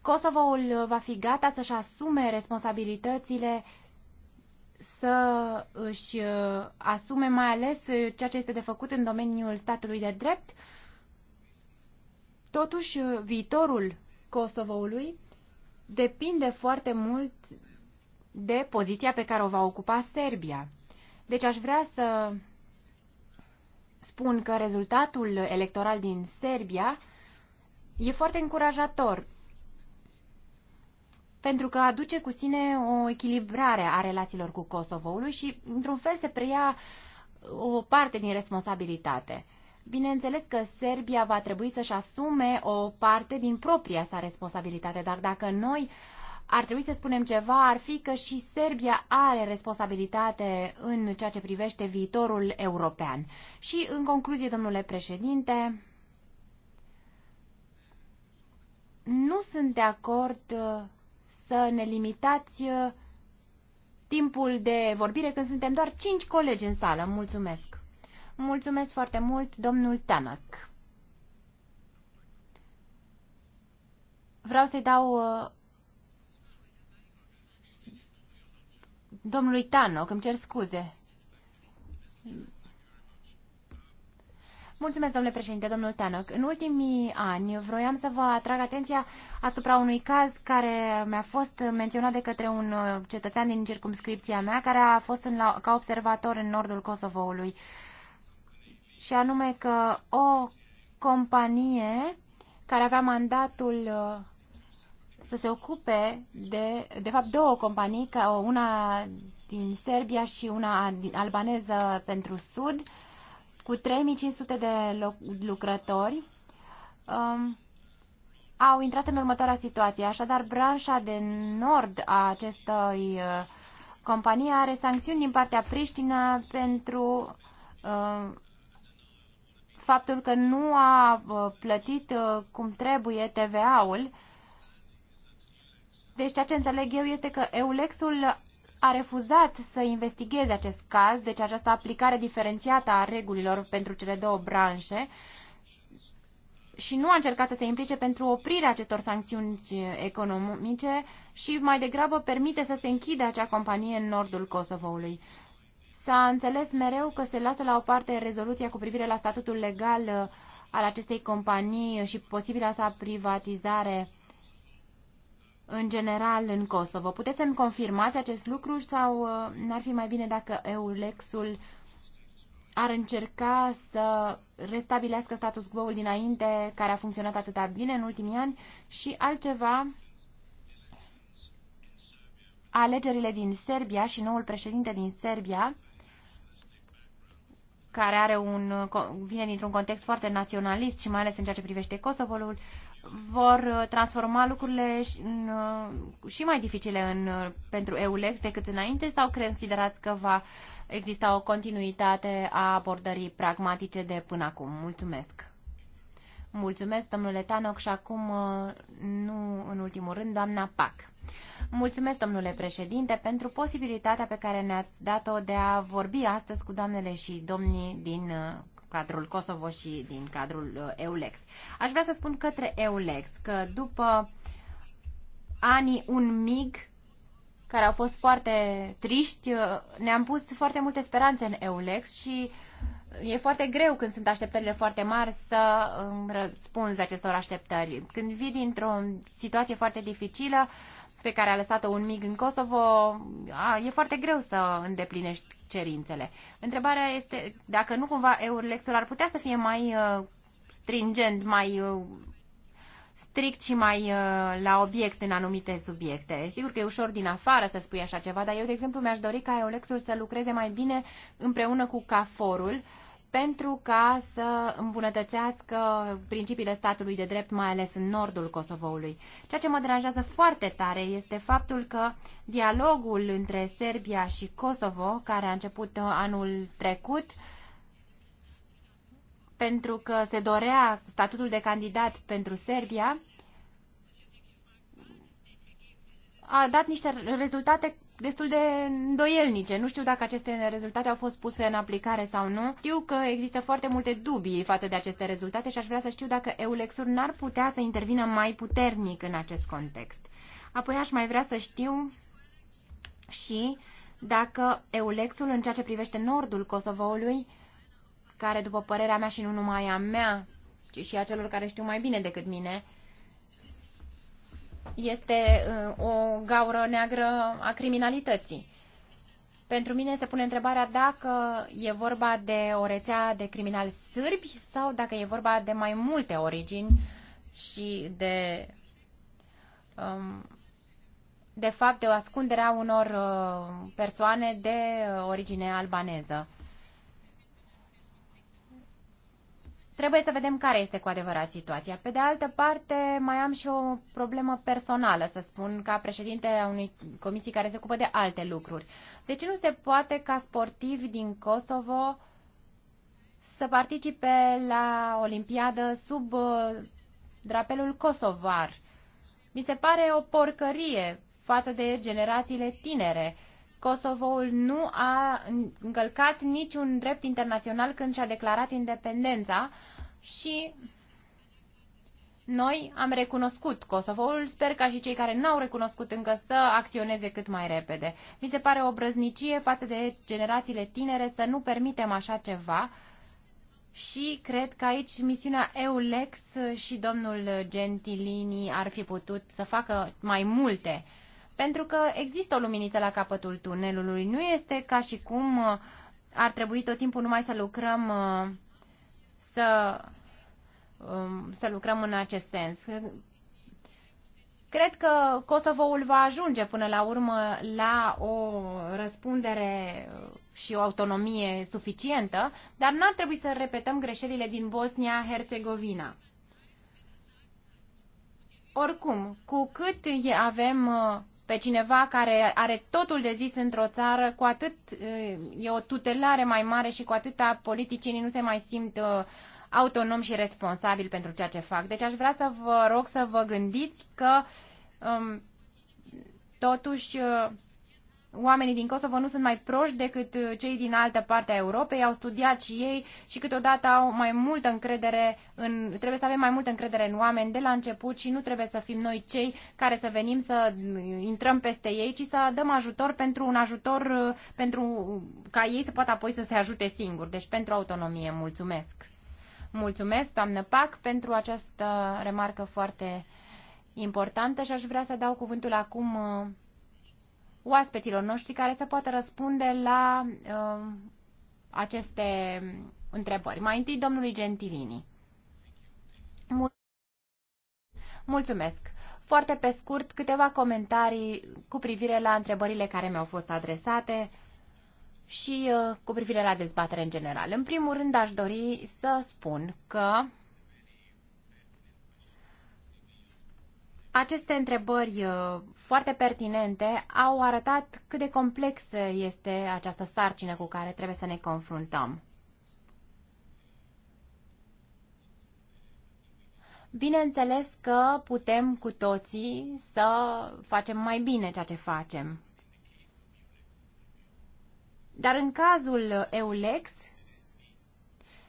Kosovoul uh, va fi gata să-și asume responsabilitățile să își uh, asume mai ales uh, ceea ce este de făcut în domeniul statului de drept. Totuși, uh, viitorul Kosovoului depinde foarte mult de poziția pe care o va ocupa Serbia. Deci aș vrea să spun că rezultatul electoral din Serbia e foarte încurajator pentru că aduce cu sine o echilibrare a relațiilor cu Kosovoului și, într-un fel, se preia uh, o parte din responsabilitate. Bineînțeles că Serbia va trebui să-și asume o parte din propria sa responsabilitate, dar dacă noi ar trebui să spunem ceva, ar fi că și Serbia are responsabilitate în ceea ce privește viitorul european. Și, în concluzie, domnule președinte, nu sunt de acord uh, să ne limitați uh, timpul de vorbire când suntem doar cinci colegi în sală. Mulțumesc! Mulțumesc foarte mult, domnul Tanak. Vreau să-i dau uh, domnului Tanoc, îmi cer scuze. Mulțumesc, domnule președinte, domnul Tanoc. În ultimii ani vroiam să vă atrag atenția asupra unui caz care mi-a fost menționat de către un uh, cetățean din circumscripția mea, care a fost în, la, ca observator în nordul Kosovoului. Și anume că o companie care avea mandatul uh, să se ocupe de, de fapt, două companii, ca una din Serbia și una albaneză pentru Sud, cu 3500 de lucrători, um, au intrat în următoarea situație. Așadar, branșa de nord a acestei uh, companii are sancțiuni din partea Priștina pentru uh, faptul că nu a uh, plătit cum trebuie TVA-ul. Deci ceea ce înțeleg eu este că Eulexul a refuzat să investigheze acest caz, deci această aplicare diferențiată a regulilor pentru cele două branșe și nu a încercat să se implice pentru oprirea acestor sancțiuni economice și mai degrabă permite să se închide acea companie în nordul Kosovoului. S-a înțeles mereu că se lasă la o parte rezoluția cu privire la statutul legal uh, al acestei companii și posibila sa privatizare în general în Kosovo. Puteți să-mi confirmați acest lucru sau uh, n-ar fi mai bine dacă Eulexul ul ar încerca să restabilească status quo-ul dinainte, care a funcționat atâta bine în ultimii ani, și altceva, alegerile din Serbia și noul președinte din Serbia, care are un, vine dintr-un context foarte naționalist și mai ales în ceea ce privește Kosovo, vor transforma lucrurile în, și mai dificile în, pentru EULEX decât înainte sau considerați că va uh, exista o continuitate a abordării pragmatice de până acum. Mulțumesc! Mulțumesc, domnule Tanoc, și acum, uh, nu în ultimul rând, doamna Pac. Mulțumesc, domnule președinte, pentru posibilitatea pe care ne-ați dat-o de a vorbi astăzi cu doamnele și domnii din uh, cadrul Kosovo și din cadrul uh, EULEX. Aș vrea să spun către EULEX că după anii un mig care au fost foarte triști. Uh, ne-am pus foarte multe speranțe în Eulex și e foarte greu când sunt așteptările foarte mari să răspunzi acestor așteptări. Când vii dintr-o situație foarte dificilă pe care a lăsat-o un mic în Kosovo, a, e foarte greu să îndeplinești cerințele. Întrebarea este dacă nu cumva Eurlexul ar putea să fie mai uh, stringent, mai uh, strict și mai uh, la obiect în anumite subiecte. Sigur că e ușor din afară să spui așa ceva, dar eu, de exemplu, mi-aș dori ca Eolexul să lucreze mai bine împreună cu CAFORul pentru ca să îmbunătățească principiile statului de drept, mai ales în nordul Kosovoului. Ceea ce mă deranjează foarte tare este faptul că dialogul între Serbia și Kosovo, care a început uh, anul trecut, uh, pentru că se dorea statutul de candidat pentru Serbia, a dat niște rezultate destul de îndoielnice. Nu știu dacă aceste rezultate au fost puse în aplicare sau nu. Știu că există foarte multe dubii față de aceste rezultate și aș vrea să știu dacă Eulexur n-ar putea să intervină mai puternic în acest context. Apoi aș mai vrea să știu și dacă Eulexul, în ceea ce privește nordul Kosovoului, care, după părerea mea și nu numai a mea, ci și a celor care știu mai bine decât mine, este uh, o gaură neagră a criminalității. Pentru mine se pune întrebarea dacă e vorba de o rețea de criminali sârbi sau dacă e vorba de mai multe origini și de, um, de fapt, de o ascundere a unor uh, persoane de uh, origine albaneză. Trebuie să vedem care este cu adevărat situația. Pe de altă parte, mai am și o problemă personală, să spun, ca președinte a unei comisii care se ocupă de alte lucruri. De deci ce nu se poate ca sportivi din Kosovo să participe la Olimpiadă sub uh, drapelul kosovar? Mi se pare o porcărie față de generațiile tinere Kosovoul nu a încălcat niciun drept internațional când și-a declarat independența și noi am recunoscut Kosovoul. Sper ca și cei care nu au recunoscut încă să acționeze cât mai repede. Mi se pare o brăznicie față de generațiile tinere să nu permitem așa ceva. Și cred că aici misiunea EULEX și domnul Gentilini ar fi putut să facă mai multe pentru că există o luminiță la capătul tunelului. Nu este ca și cum uh, ar trebui tot timpul numai să lucrăm uh, să, um, să lucrăm în acest sens. Cred că Kosovoul va ajunge până la urmă la o răspundere uh, și o autonomie suficientă, dar n-ar trebui să repetăm greșelile din Bosnia-Herzegovina. Oricum, cu cât avem pe cineva care are totul de zis într-o țară, cu atât uh, e o tutelare mai mare și cu atâta politicienii nu se mai simt uh, autonom și responsabil pentru ceea ce fac. Deci aș vrea să vă rog să vă gândiți că um, totuși uh, oamenii din Kosovo nu sunt mai proști decât uh, cei din altă parte a Europei, au studiat și ei și câteodată au mai multă încredere în, trebuie să avem mai multă încredere în oameni de la început și nu trebuie să fim noi cei care să venim să uh, intrăm peste ei, ci să dăm ajutor pentru un ajutor uh, pentru ca ei să poată apoi să se ajute singuri. Deci pentru autonomie, mulțumesc. Mulțumesc, doamnă Pac, pentru această remarcă foarte importantă și aș vrea să dau cuvântul acum oaspeților noștri care să poată răspunde la uh, aceste întrebări. Mai întâi domnului Gentilini. Mul Mulțumesc! Foarte pe scurt, câteva comentarii cu privire la întrebările care mi-au fost adresate și uh, cu privire la dezbatere în general. În primul rând, aș dori să spun că Aceste întrebări uh, foarte pertinente au arătat cât de complexă este această sarcină cu care trebuie să ne confruntăm. Bineînțeles că putem cu toții să facem mai bine ceea ce facem. Dar în cazul EULEX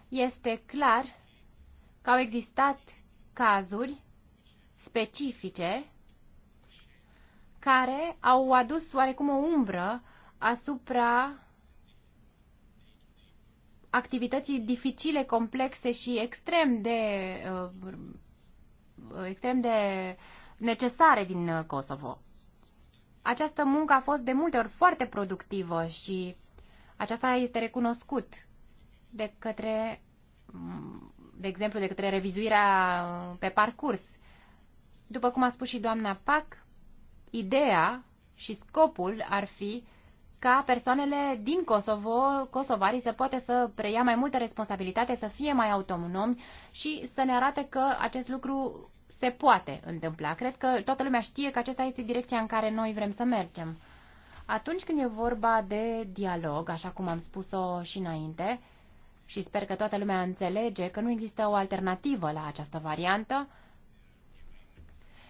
este clar că au existat cazuri specifice care au adus oarecum o umbră asupra activității dificile, complexe și extrem de uh, extrem de necesare din uh, Kosovo. Această muncă a fost de multe ori foarte productivă și aceasta este recunoscut de către, mm, de exemplu, de către revizuirea uh, pe parcurs după cum a spus și doamna Pac, ideea și scopul ar fi ca persoanele din Kosovo, kosovarii, să poată să preia mai multă responsabilitate, să fie mai autonomi și să ne arate că acest lucru se poate întâmpla. Cred că toată lumea știe că acesta este direcția în care noi vrem să mergem. Atunci când e vorba de dialog, așa cum am spus-o și înainte, și sper că toată lumea înțelege că nu există o alternativă la această variantă,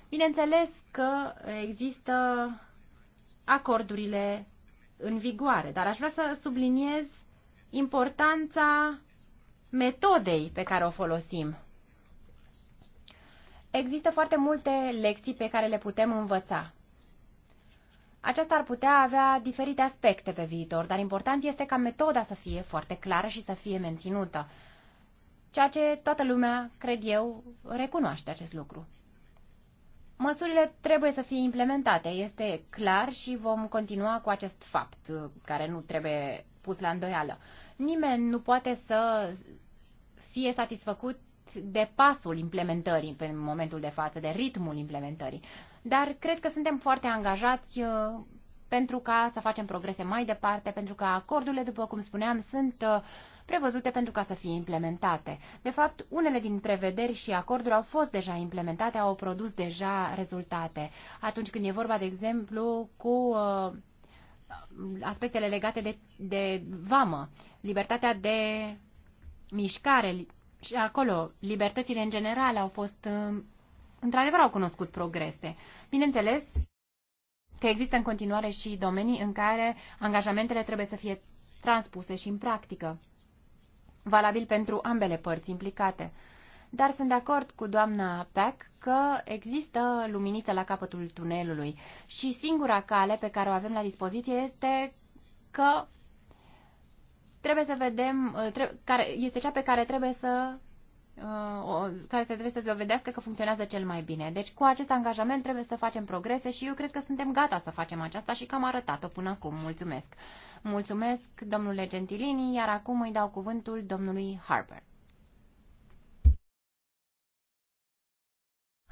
Bineînțeles că există acordurile în vigoare, dar aș vrea să subliniez importanța metodei pe care o folosim. Există foarte multe lecții pe care le putem învăța. Aceasta ar putea avea diferite aspecte pe viitor, dar important este ca metoda să fie foarte clară și să fie menținută. Ceea ce toată lumea, cred eu, recunoaște acest lucru. Măsurile trebuie să fie implementate, este clar și vom continua cu acest fapt uh, care nu trebuie pus la îndoială. Nimeni nu poate să fie satisfăcut de pasul implementării pe momentul de față, de ritmul implementării. Dar cred că suntem foarte angajați uh, pentru ca să facem progrese mai departe, pentru că acordurile, după cum spuneam, sunt uh, prevăzute pentru ca să fie implementate. De fapt, unele din prevederi și acorduri au fost deja implementate, au produs deja rezultate. Atunci când e vorba, de exemplu, cu uh, aspectele legate de, de vamă, libertatea de mișcare și acolo libertățile în general au fost, uh, într-adevăr, au cunoscut progrese. Bineînțeles, că există în continuare și domenii în care angajamentele trebuie să fie transpuse și în practică valabil pentru ambele părți implicate. Dar sunt de acord cu doamna Peck că există luminiță la capătul tunelului și singura cale pe care o avem la dispoziție este că trebuie să vedem, uh, trebuie, care este cea pe care trebuie să uh, care se trebuie să dovedească că funcționează cel mai bine. Deci cu acest angajament trebuie să facem progrese și eu cred că suntem gata să facem aceasta și că am arătat-o până acum. Mulțumesc! Mulțumesc, domnule Gentilini, iar acum îi dau cuvântul domnului Harper.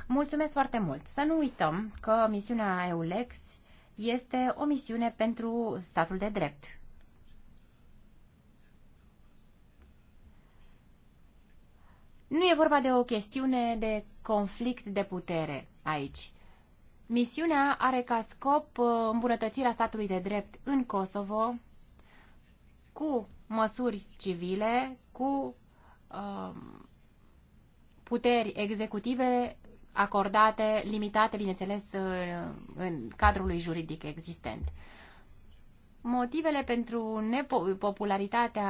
Mulțumesc foarte mult! Să nu uităm că misiunea EULEX este o misiune pentru statul de drept. Nu e vorba de o chestiune de conflict de putere aici. Misiunea are ca scop uh, îmbunătățirea statului de drept în Kosovo cu măsuri civile, cu uh, puteri executive acordate, limitate, bineînțeles, uh, în cadrul juridic existent. Motivele pentru nepopularitatea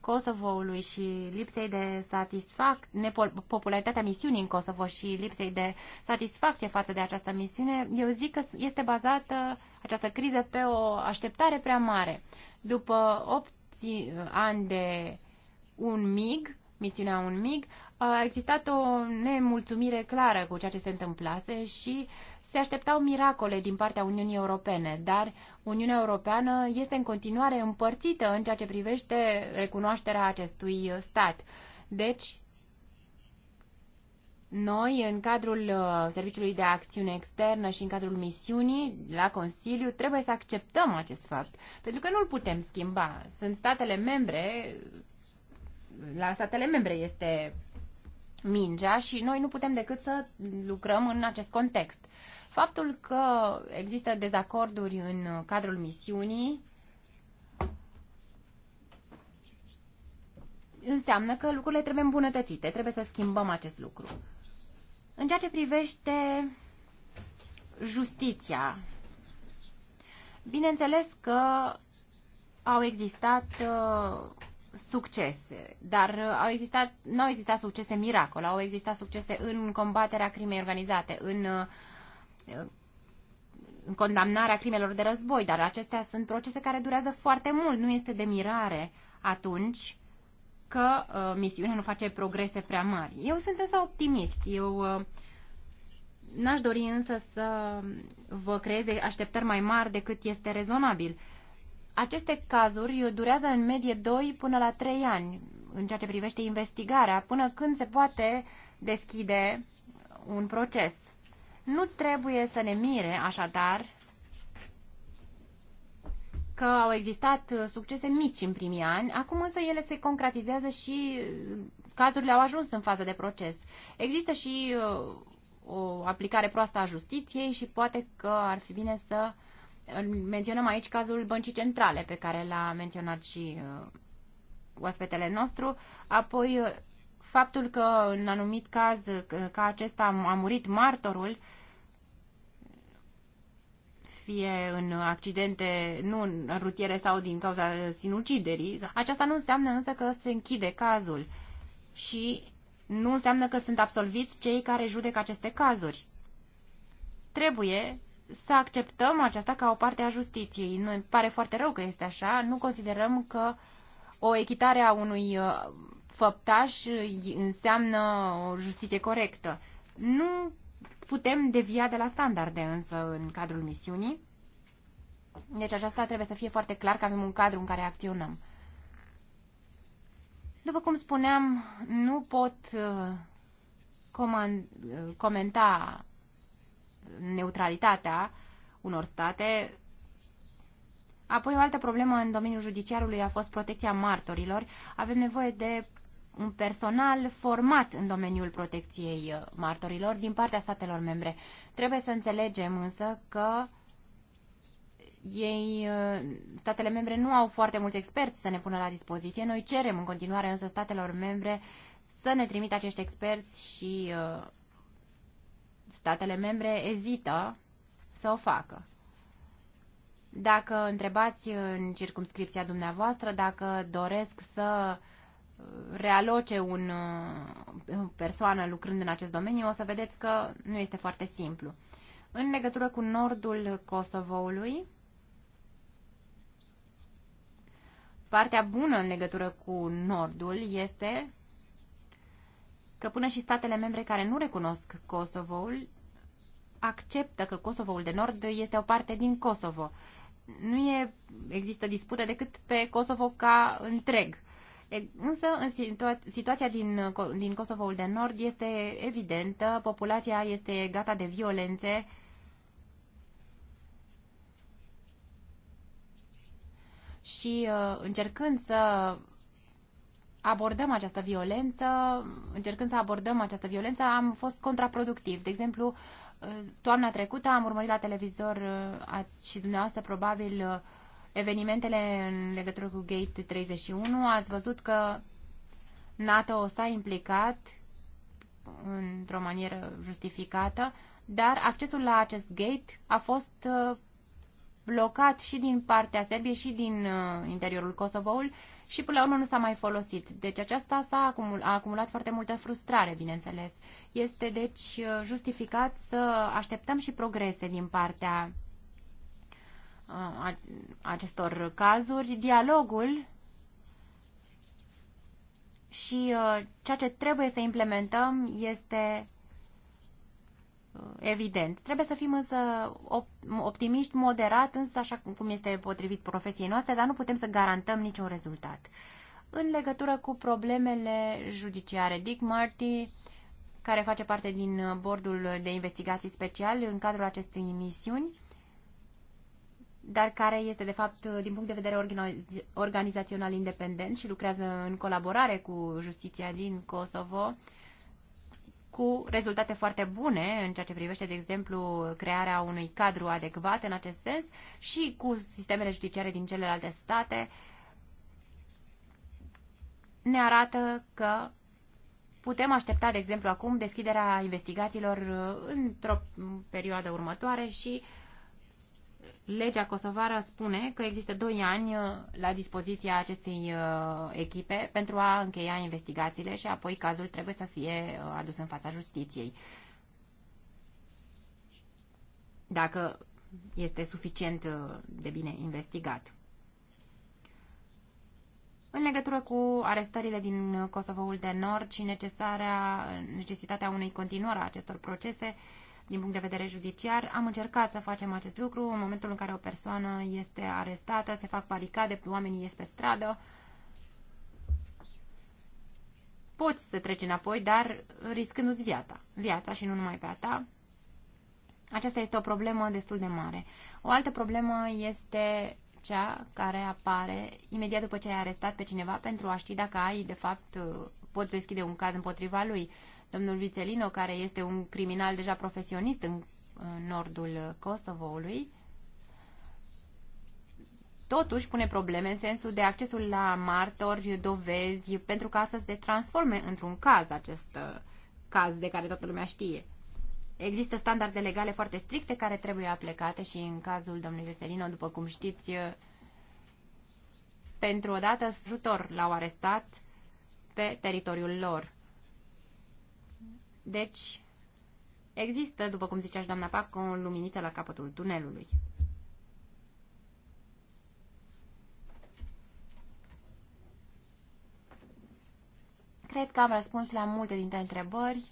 Kosovoului și lipsei de satisfacție, nepopularitatea misiunii în Kosovo și lipsei de satisfacție față de această misiune, eu zic că este bazată această criză pe o așteptare prea mare. După 8 ani de un MIG, misiunea un MIG, a existat o nemulțumire clară cu ceea ce se întâmplase și uh, se așteptau miracole din partea Uniunii Europene, dar Uniunea Europeană este în continuare împărțită în ceea ce privește recunoașterea acestui stat. Deci, noi, în cadrul uh, Serviciului de Acțiune Externă și în cadrul misiunii la Consiliu, trebuie să acceptăm acest fapt, pentru că nu-l putem schimba. Sunt statele membre, la statele membre este mingea și noi nu putem decât să lucrăm în acest context. Faptul că există dezacorduri în cadrul misiunii înseamnă că lucrurile trebuie îmbunătățite, trebuie să schimbăm acest lucru. În ceea ce privește justiția, bineînțeles că au existat uh, succese, dar uh, au existat, nu au existat succese miracole, au existat succese în combaterea crimei organizate, în uh, în condamnarea crimelor de război, dar acestea sunt procese care durează foarte mult. Nu este de mirare atunci că uh, misiunea nu face progrese prea mari. Eu sunt însă optimist. Eu uh, n-aș dori însă să vă creeze așteptări mai mari decât este rezonabil. Aceste cazuri durează în medie 2 până la 3 ani în ceea ce privește investigarea, până când se poate deschide un proces. Nu trebuie să ne mire, așadar, că au existat uh, succese mici în primii ani, acum însă ele se concretizează și uh, cazurile au ajuns în fază de proces. Există și uh, o aplicare proastă a justiției și poate că ar fi bine să menționăm aici cazul băncii centrale pe care l-a menționat și oaspetele nostru, apoi Faptul că în anumit caz ca acesta a murit martorul, fie în accidente, nu în rutiere sau din cauza sinuciderii, aceasta nu înseamnă însă că se închide cazul și nu înseamnă că sunt absolviți cei care judecă aceste cazuri. Trebuie să acceptăm aceasta ca o parte a justiției. Ne pare foarte rău că este așa, nu considerăm că o echitare a unui făptaș înseamnă o justiție corectă. Nu putem devia de la standarde însă în cadrul misiunii. Deci aceasta trebuie să fie foarte clar că avem un cadru în care acționăm. După cum spuneam, nu pot uh, uh, comenta neutralitatea unor state. Apoi o altă problemă în domeniul judiciarului a fost protecția martorilor. Avem nevoie de un personal format în domeniul protecției uh, martorilor din partea statelor membre. Trebuie să înțelegem însă că ei, uh, statele membre nu au foarte mulți experți să ne pună la dispoziție. Noi cerem în continuare însă statelor membre să ne trimită acești experți și uh, statele membre ezită să o facă. Dacă întrebați în circumscripția dumneavoastră dacă doresc să uh, realoce un, uh, o persoană lucrând în acest domeniu, o să vedeți că nu este foarte simplu. În legătură cu nordul Kosovoului, partea bună în legătură cu nordul este că până și statele membre care nu recunosc Kosovoul acceptă că Kosovoul de Nord este o parte din Kosovo. Nu e, există dispută decât pe Kosovo ca întreg. Însă, în situa- situația din, din Kosovoul de Nord este evidentă, populația este gata de violențe. Și uh, încercând să abordăm această violență, încercând să abordăm această violență, am fost contraproductiv. De exemplu, uh, toamna trecută am urmărit la televizor, uh, ați și dumneavoastră probabil uh, evenimentele în legătură cu Gate 31, ați văzut că NATO s-a implicat într-o manieră justificată, dar accesul la acest gate a fost uh, blocat și din partea Serbiei și din uh, interiorul Kosovoul și până la urmă nu s-a mai folosit. Deci aceasta s-a acumul- a acumulat foarte multă frustrare, bineînțeles. Este deci uh, justificat să așteptăm și progrese din partea acestor cazuri, dialogul și uh, ceea ce trebuie să implementăm este uh, evident. Trebuie să fim însă optimiști, moderat, însă așa cum este potrivit profesiei noastre, dar nu putem să garantăm niciun rezultat. În legătură cu problemele judiciare, Dick Marty, care face parte din bordul de investigații special în cadrul acestei misiuni, dar care este, de fapt, din punct de vedere organizațional independent și lucrează în colaborare cu justiția din Kosovo, cu rezultate foarte bune în ceea ce privește, de exemplu, crearea unui cadru adecvat în acest sens și cu sistemele judiciare din celelalte state, ne arată că putem aștepta, de exemplu, acum deschiderea investigațiilor uh, într-o perioadă următoare și uh, legea kosovară spune că există doi ani uh, la dispoziția acestei uh, echipe pentru a încheia investigațiile și apoi cazul trebuie să fie uh, adus în fața justiției. Dacă este suficient de bine investigat. În legătură cu arestările din Kosovoul de Nord și necesarea, necesitatea unei continuare a acestor procese, uh, din punct de vedere judiciar. Am încercat să facem acest lucru în momentul în care o persoană este arestată, se fac baricade, oamenii ies pe stradă. Poți să treci înapoi, dar riscându-ți viața. Viața și nu numai pe a ta. Aceasta este o problemă destul de mare. O altă problemă este cea care apare imediat după ce ai arestat pe cineva pentru a ști dacă ai, de fapt, poți deschide un caz împotriva lui domnul Vițelino, care este un criminal deja profesionist în, în nordul Kosovoului, totuși pune probleme în sensul de accesul la martori, dovezi, pentru ca să se transforme într-un caz acest uh, caz de care toată lumea știe. Există standarde legale foarte stricte care trebuie aplicate și în cazul domnului Veselino, după cum știți, uh, pentru o dată ajutor l-au arestat pe teritoriul lor. Deci, există, după cum zicea și doamna Pac, o luminiță la capătul tunelului. Cred că am răspuns la multe dintre întrebări.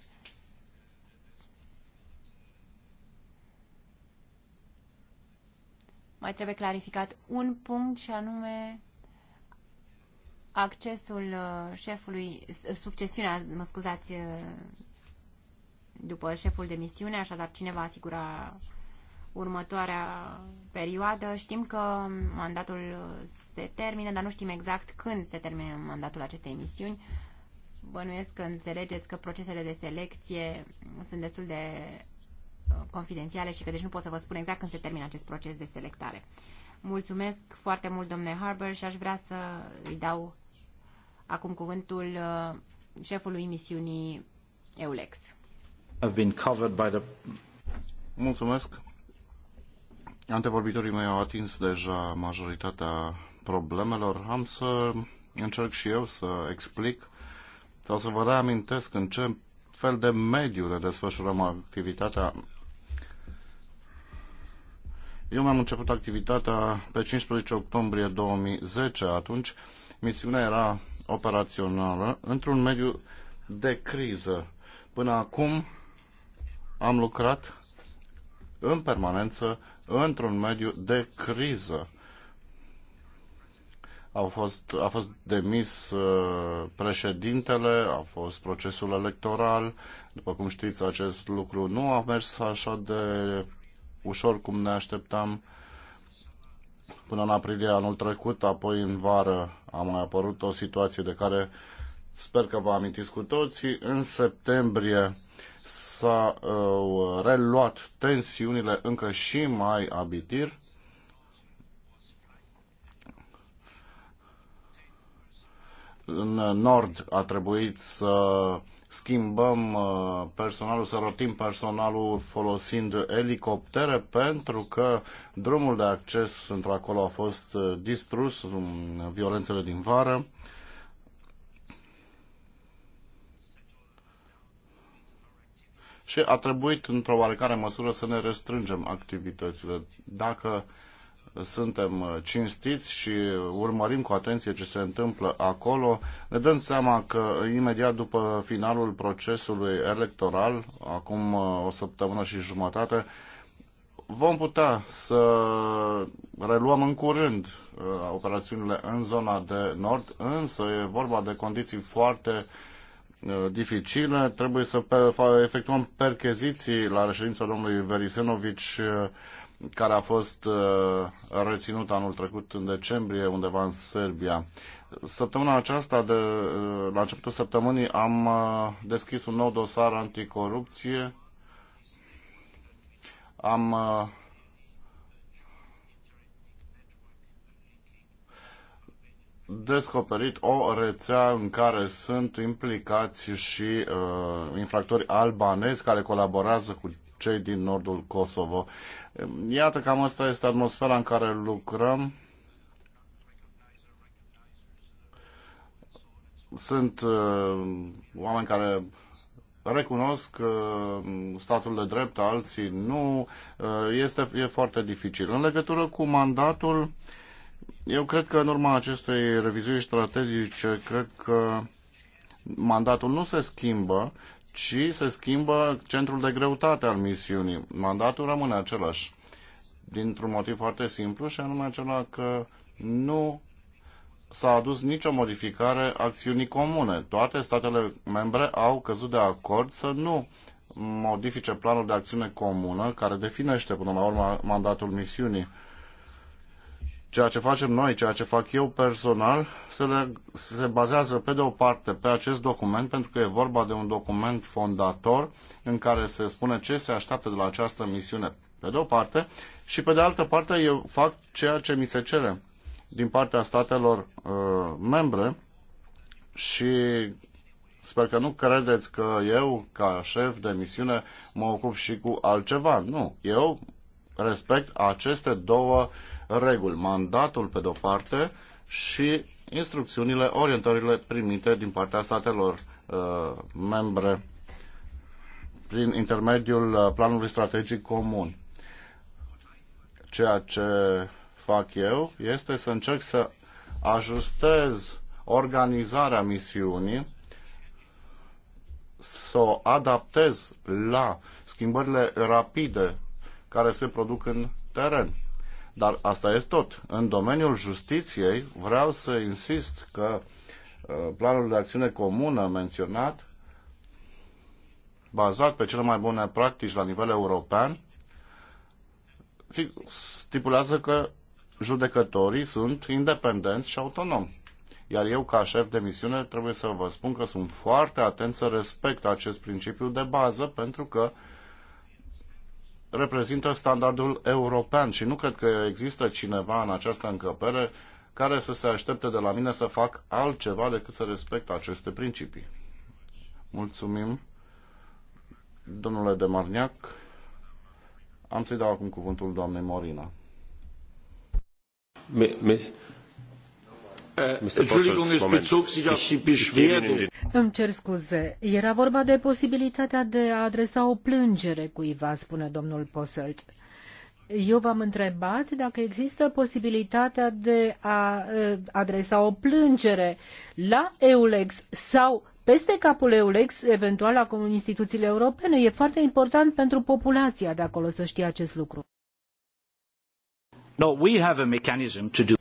Mai trebuie clarificat un punct și anume accesul uh, șefului, succesiunea, mă scuzați, uh, după șeful de misiune, așadar cine va asigura următoarea perioadă. Știm că mandatul se termină, dar nu știm exact când se termină mandatul acestei misiuni. Bănuiesc că înțelegeți că procesele de selecție sunt destul de uh, confidențiale și că deci nu pot să vă spun exact când se termină acest proces de selectare. Mulțumesc foarte mult, domnule Harber, și aș vrea să îi dau acum cuvântul uh, șefului misiunii EULEX have been covered by the... Mulțumesc. Antevorbitorii mei au atins deja majoritatea problemelor. Am să încerc și eu să explic sau să vă reamintesc în ce fel de mediu le desfășurăm activitatea. Eu mi-am început activitatea pe 15 octombrie 2010, atunci misiunea era operațională într-un mediu de criză. Până acum am lucrat în permanență într-un mediu de criză. Au fost, a fost demis uh, președintele, a fost procesul electoral. După cum știți, acest lucru nu a mers așa de ușor cum ne așteptam până în aprilie anul trecut, apoi în vară a mai apărut o situație de care sper că vă amintiți cu toții. În septembrie s uh, reluat tensiunile încă și mai abitir. În nord a trebuit să schimbăm uh, personalul, să rotim personalul folosind elicoptere pentru că drumul de acces într-acolo a fost uh, distrus în um, violențele din vară. și a trebuit într-o oarecare măsură să ne restrângem activitățile. Dacă suntem uh, cinstiți și urmărim cu atenție ce se întâmplă acolo, ne dăm seama că uh, imediat după finalul procesului electoral, acum uh, o săptămână și jumătate, vom putea să reluăm în curând operațiunile în zona de nord, însă e vorba de condiții foarte uh, Uh, dificile. Trebuie să efectuăm percheziții la reședința domnului Verisenovic, uh, care a fost uh, reținut anul trecut în decembrie undeva în Serbia. Săptămâna aceasta, de, la începutul săptămânii, am deschis un nou dosar anticorupție. Am descoperit o rețea în care sunt implicați și uh, infractori albanezi care colaborează cu cei din nordul Kosovo. Iată cam asta este atmosfera în care lucrăm. Sunt uh, oameni care recunosc uh, statul de drept, alții nu, uh, este e foarte dificil. În legătură cu mandatul, eu cred că în urma acestei revizuiri strategice, cred că mandatul nu se schimbă, ci se schimbă centrul de greutate al misiunii. Mandatul rămâne același, dintr-un motiv foarte simplu, și anume acela că nu s-a adus nicio modificare acțiunii comune. Toate statele membre au căzut de acord să nu modifice planul de acțiune comună care definește până la urmă mandatul misiunii ceea ce facem noi, ceea ce fac eu personal, se, le, se bazează pe de o parte pe acest document, pentru că e vorba de un document fondator în care se spune ce se așteaptă de la această misiune, pe de o parte, și pe de altă parte eu fac ceea ce mi se cere din partea statelor uh, membre și sper că nu credeți că eu, ca șef de misiune, mă ocup și cu altceva. Nu, eu respect aceste două reguli, mandatul pe de-o parte și instrucțiunile, orientările primite din partea statelor uh, membre prin intermediul uh, planului strategic comun. Ceea ce fac eu este să încerc să ajustez organizarea misiunii, să o adaptez la schimbările rapide care se produc în teren. Dar asta este tot. În domeniul justiției vreau să insist că uh, planul de acțiune comună menționat, bazat pe cele mai bune practici la nivel european, stipulează că judecătorii sunt independenți și autonomi. Iar eu, ca șef de misiune, trebuie să vă spun că sunt foarte atent să respect acest principiu de bază, pentru că uh, reprezintă standardul european și nu cred că există cineva în această încăpere care să se aștepte de la mine să fac altceva decât să respect aceste principii. Mulțumim, domnule Demarniac. Am să-i dau acum cuvântul doamnei Morina. Entschuldigung, es mi, sich mi, die eh, mi îmi cer scuze. Era vorba de posibilitatea de a adresa o plângere cuiva, spune domnul Posălt. Eu v-am întrebat dacă există posibilitatea de a adresa o plângere la EULEX sau peste capul EULEX, eventual la instituțiile europene. E foarte important pentru populația de acolo să știe acest lucru. No, we have a mechanism to do...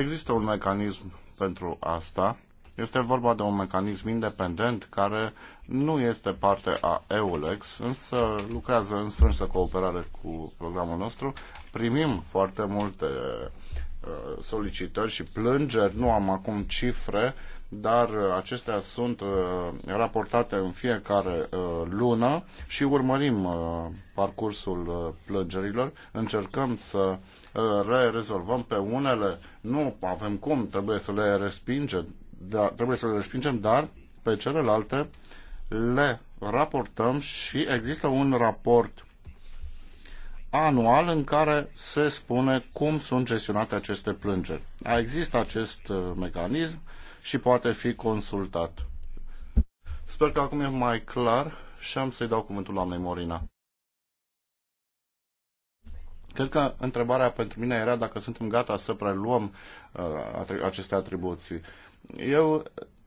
Există un mecanism pentru asta este vorba de un mecanism independent care nu este parte a EULEX, însă lucrează în strânsă cooperare cu programul nostru. Primim foarte multe uh, solicitări și plângeri, nu am acum cifre, dar acestea sunt uh, raportate în fiecare uh, lună și urmărim parcursul plângerilor. Încercăm să le rezolvăm pe unele, nu avem cum, trebuie să le respingem, da, trebuie să le respingem, dar pe celelalte le raportăm și există un raport anual în care se spune cum sunt gestionate aceste plângeri. Există acest uh, mecanism și poate fi consultat. Sper că acum e mai clar și am să-i dau cuvântul doamnei Morina. Cred că întrebarea pentru mine era dacă suntem gata să preluăm uh, aceste atribuții. Uh, eu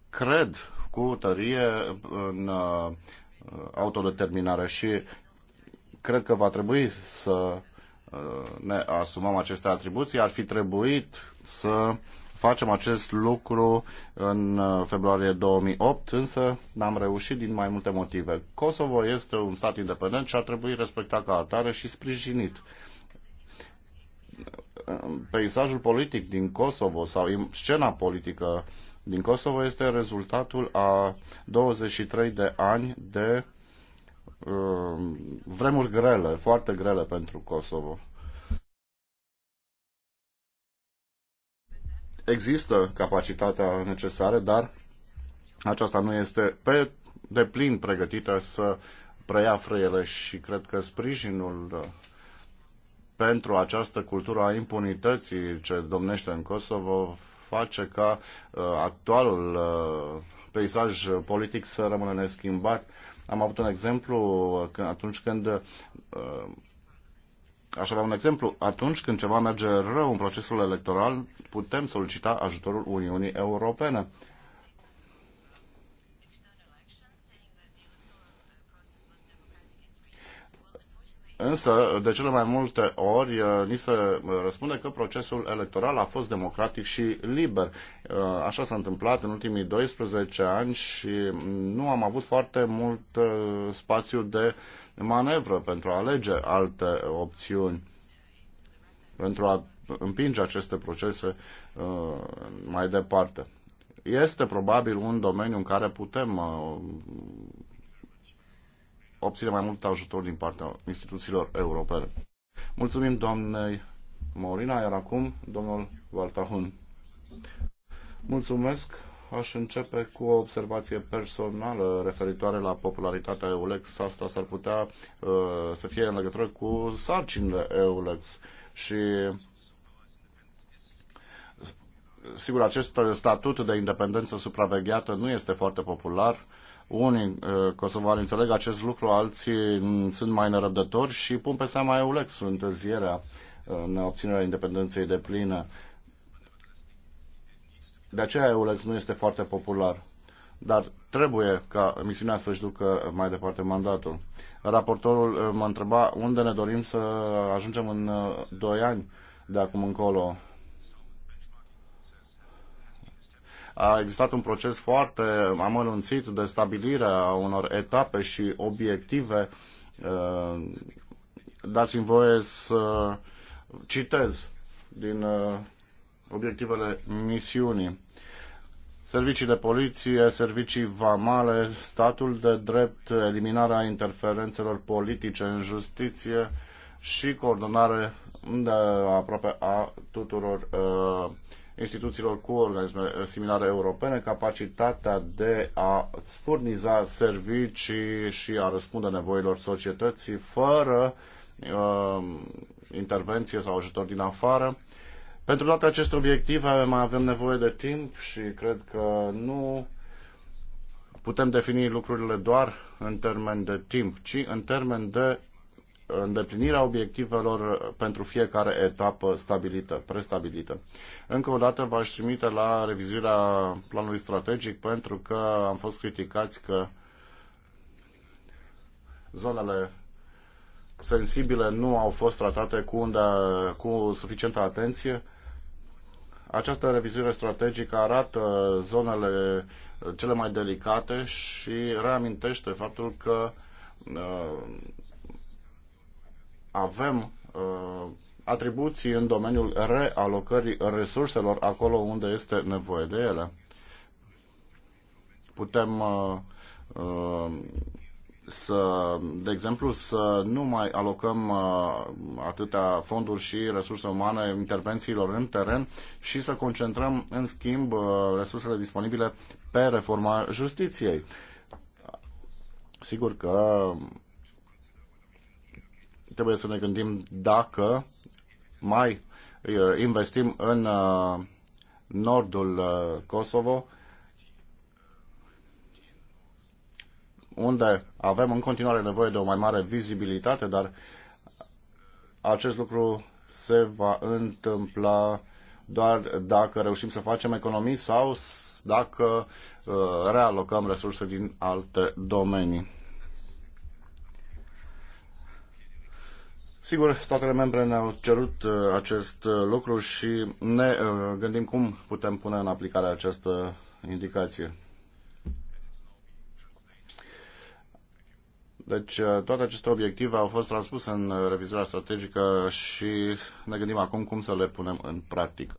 cred cu tărie în uh, autodeterminare și cred că va trebui să uh, ne asumăm aceste atribuții. Ar fi trebuit să facem acest lucru în uh, februarie 2008, însă n-am reușit din mai multe motive. Kosovo este un stat independent și ar trebui respectat ca atare și sprijinit. Peisajul politic din Kosovo sau scena politică uh, din Kosovo este rezultatul a 23 de ani de uh, vremuri grele, foarte grele pentru Kosovo. Există capacitatea necesară, dar aceasta nu este pe deplin pregătită să preia frâiele și cred că sprijinul uh, pentru această cultură a impunității ce domnește în Kosovo face ca uh, actualul uh, peisaj politic să rămână neschimbat. Am avut un exemplu uh, că atunci când uh, aș avea un exemplu, atunci când ceva merge rău în procesul electoral, putem solicita ajutorul Uniunii Europene. Uh, Însă, de cele mai multe ori, uh, ni se uh, răspunde că procesul electoral a fost democratic și liber. Uh, așa s-a întâmplat în ultimii 12 ani și nu am avut foarte mult spațiu de manevră pentru a alege alte opțiuni, pentru a împinge aceste procese mai departe. Este probabil un domeniu în care putem obține mai mult ajutor din partea instituțiilor europene. Mulțumim doamnei Morina, iar acum domnul Valtahun. Mulțumesc. Aș începe cu o observație personală referitoare la popularitatea EULEX. Asta s-ar putea uh, să fie în legătură cu sarcinile EULEX și sigur, acest statut de independență supravegheată nu este foarte popular unii kosovari înțeleg acest lucru, alții sunt mai nerăbdători și pun pe seama EULEX întârzierea în obținerea independenței de plină. De aceea EULEX nu este foarte popular dar trebuie ca misiunea să-și ducă mai departe mandatul. Raportorul mă întreba unde ne dorim să ajungem în 2 ani de acum încolo. a existat un proces foarte amănunțit de stabilire a unor etape și obiective. Dați-mi voie să citez din obiectivele misiunii. Servicii de poliție, servicii vamale, statul de drept, eliminarea interferențelor politice în justiție și coordonare de aproape a tuturor uh, instituțiilor cu organisme similare europene capacitatea de a furniza servicii și a răspunde nevoilor societății fără uh, intervenție sau ajutor din afară. Pentru toate aceste obiective mai avem nevoie de timp și cred că nu putem defini lucrurile doar în termen de timp, ci în termen de îndeplinirea obiectivelor pentru fiecare etapă stabilită, prestabilită. Încă o dată v-aș trimite la revizuirea planului strategic pentru că am fost criticați că zonele sensibile nu au fost tratate cu, unde, cu suficientă atenție. Această revizuire strategică arată zonele cele mai delicate și reamintește faptul că uh, avem uh, atribuții în domeniul realocării resurselor acolo unde este nevoie de ele. Putem uh, uh, să, de exemplu, să nu mai alocăm atâtea fonduri și resurse umane intervențiilor în teren și să concentrăm, în schimb, resursele disponibile pe reforma justiției. Sigur că trebuie să ne gândim dacă mai uh, investim în uh, nordul uh, Kosovo, unde avem în continuare nevoie de o mai mare vizibilitate, dar acest lucru se va întâmpla doar dacă reușim să facem economii sau dacă realocăm resurse din alte domenii. Sigur, statele membre ne-au cerut uh, acest uh, lucru și ne uh, gândim cum putem pune în aplicare această indicație. Deci toate aceste obiective au fost transpuse în revizuirea strategică și ne gândim acum cum să le punem în practică.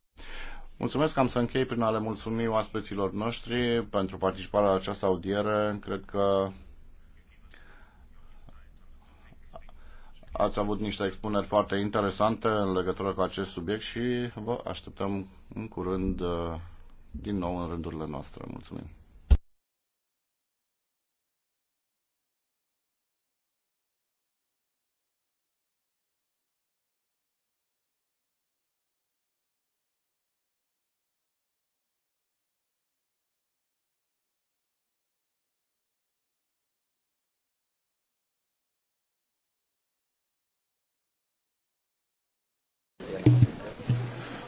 Mulțumesc, am să închei prin a le mulțumi oaspeților noștri pentru participarea la această audiere. Cred că Ați avut niște expuneri foarte interesante în legătură cu acest subiect și vă așteptăm în curând uh, din nou în rândurile noastre. Mulțumim!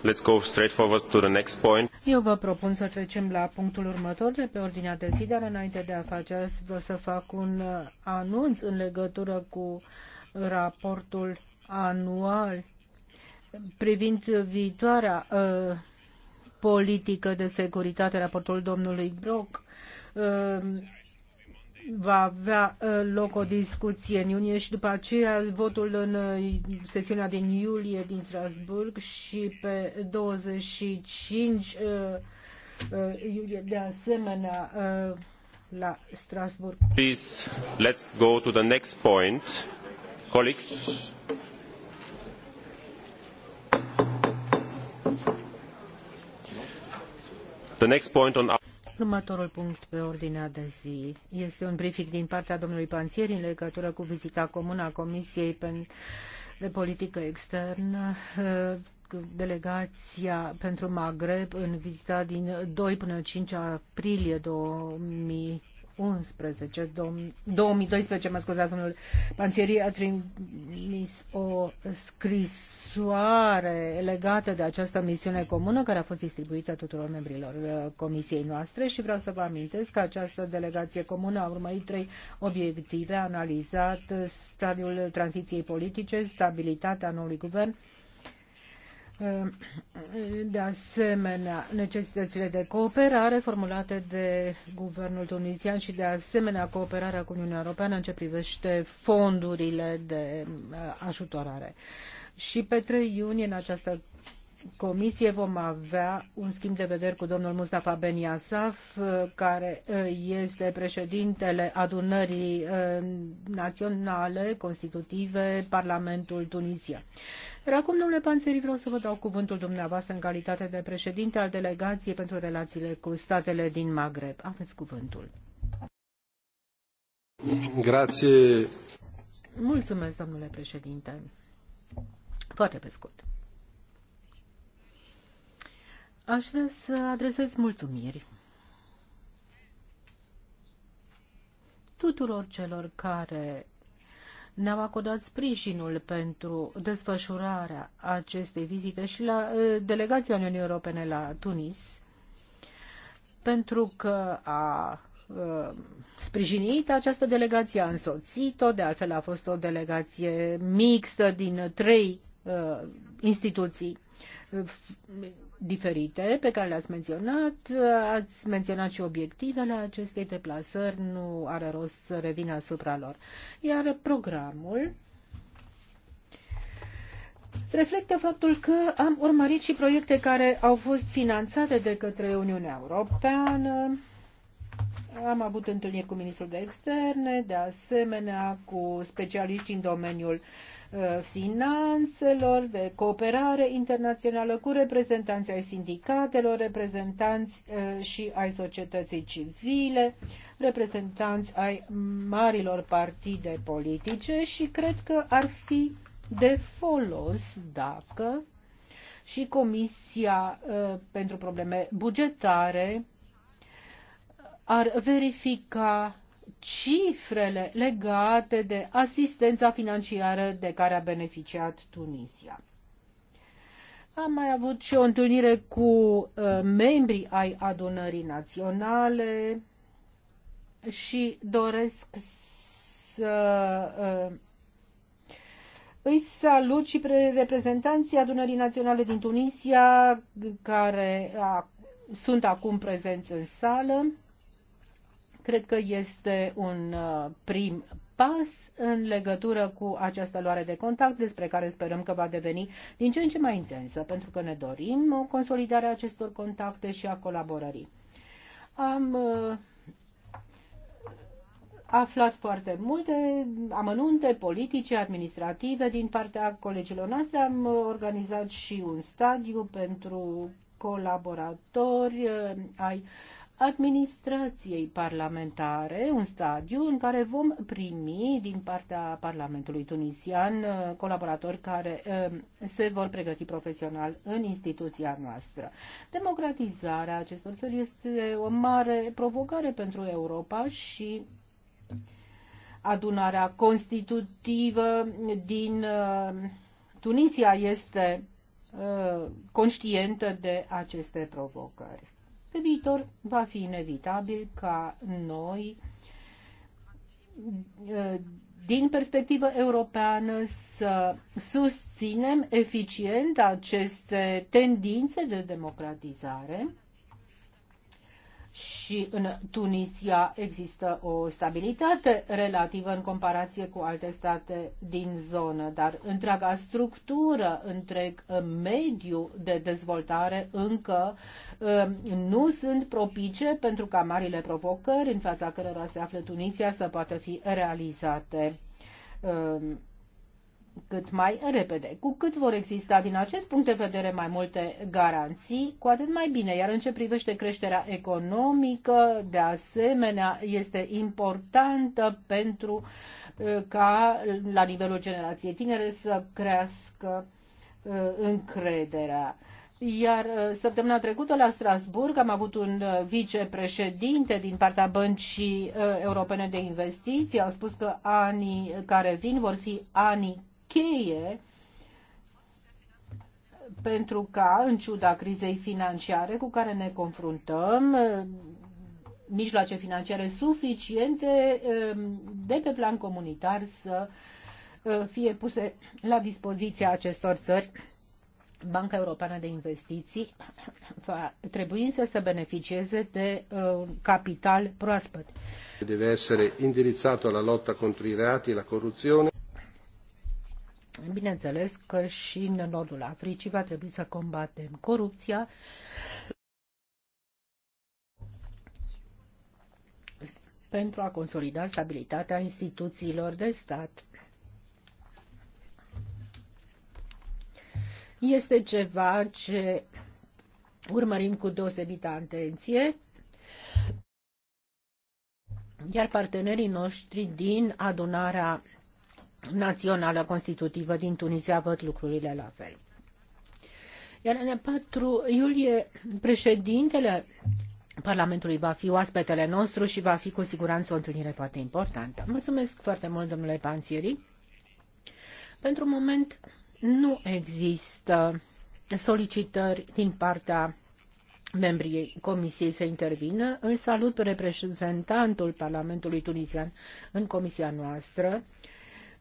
Let's go to the next point. Eu vă propun să trecem la punctul următor de pe ordinea de zi, dar înainte de a face asta vreau să fac un uh, anunț în legătură cu raportul anual privind viitoarea uh, politică de securitate, raportul domnului Brock. Uh, va avea uh, loc o discuție în iunie și după aceea votul în uh, sesiunea din iulie din Strasburg și pe 25 uh, iulie de asemenea la Strasburg. Please, let's go to the next point. Colleagues. The next point on Următorul punct pe ordinea de zi este un briefing din partea domnului Panțieri în legătură cu vizita comună a Comisiei de Politică Externă uh, delegația pentru Maghreb în vizita din 2 până 5 aprilie 2000 2011. 2012, mă scuzați, domnul Panțierii a trimis o scrisoare legată de această misiune comună care a fost distribuită tuturor membrilor uh, comisiei noastre și vreau să vă amintesc că această delegație comună a urmărit trei obiective, a analizat stadiul tranziției politice, stabilitatea noului guvern, Ehm, de asemenea, necesitățile de cooperare formulate de guvernul tunisian și de asemenea cooperarea cu Uniunea Europeană în ce privește fondurile de eh, ajutorare. Și pe 3 iunie în această comisie vom avea un schimb de vederi cu domnul Mustafa Ben Yassaf, care uh, este președintele adunării uh, naționale constitutive Parlamentul Tunisia. Iar acum, domnule Panțeri, vreau să vă dau cuvântul dumneavoastră în calitate de președinte al delegației pentru relațiile cu statele din Maghreb. Aveți cuvântul. Grație. Mulțumesc, domnule președinte. Foarte pe scurt. Aș vrea să adresez mulțumiri tuturor celor care ne-au acordat sprijinul pentru desfășurarea acestei vizite și la delegația Uniunii Europene la Tunis, pentru că a sprijinit această delegație, a însoțit-o, de altfel a fost o delegație mixtă din trei instituții diferite pe care le-ați menționat. Ați menționat și obiectivele acestei deplasări, nu are rost să revin asupra lor. Iar programul reflectă faptul că am urmărit și proiecte care au fost finanțate de către Uniunea Europeană. Am avut întâlniri cu ministrul de externe, de asemenea cu specialiști în domeniul uh, Uh, finanțelor, de cooperare internațională cu reprezentanți ai sindicatelor, reprezentanți uh, și ai societății civile, reprezentanți ai marilor partide politice și cred că ar fi de folos dacă și Comisia uh, pentru Probleme Bugetare ar verifica cifrele legate de asistența financiară de care a beneficiat Tunisia. Am mai avut și o întâlnire cu uh, membrii ai adunării naționale și doresc să uh, îi salut și pre reprezentanții adunării naționale din Tunisia care a, sunt acum prezenți în sală. Cred că este un uh, prim pas în legătură cu această luare de contact, despre care sperăm că va deveni din ce în ce mai intensă, pentru că ne dorim o consolidare a acestor contacte și a colaborării. Am uh, aflat foarte multe amănunte politice, administrative din partea colegilor noastre. Am organizat și un stadiu pentru colaboratori uh, ai uh, administrației parlamentare, un stadiu în care vom primi din partea Parlamentului tunisian uh, colaboratori care uh, se vor pregăti profesional în instituția noastră. Democratizarea acestor țări este o mare provocare pentru Europa și adunarea constitutivă din uh, Tunisia este conștientă de aceste provocări. Pe viitor va fi inevitabil ca noi, eh, din perspectivă europeană, să susținem eficient aceste tendințe de democratizare și în Tunisia există o stabilitate relativă în comparație cu alte state din zonă, dar întreaga structură, întreg uh, mediu de dezvoltare încă uh, nu sunt propice pentru ca marile provocări în fața cărora se află Tunisia să poată fi realizate uh, cât mai repede. Cu cât vor exista din acest punct de vedere mai multe garanții, cu atât mai bine. Iar în ce privește creșterea economică, de asemenea, este importantă pentru uh, ca la nivelul generației tinere să crească uh, încrederea. Iar uh, săptămâna trecută la Strasburg am avut un vicepreședinte din partea Băncii Europene de Investiții. Au spus că anii care vin vor fi anii cheie pentru ca, în ciuda crizei financiare cu care ne confruntăm, mijloace financiare suficiente ehm, de pe plan comunitar să ehm, fie puse la dispoziția acestor țări. Banca Europeană de Investiții va trebui însă să beneficieze de un ehm, capital proaspăt. Deve essere indirizzato alla lotta contro i reati e la corruzione. Bineînțeles că și în nordul Africii va trebui să combatem corupția. pentru a consolida stabilitatea instituțiilor de stat. Este ceva ce urmărim cu deosebită atenție iar partenerii noștri din adunarea națională constitutivă din Tunisia văd lucrurile la fel. Iar în 4 iulie, președintele Parlamentului va fi oaspetele nostru și va fi cu siguranță o întâlnire foarte importantă. Mulțumesc foarte mult, domnule Panțieri. Pentru moment nu există solicitări din partea membrii comisiei să intervină. Îl salut pe reprezentantul Parlamentului Tunisian în comisia noastră. Uh,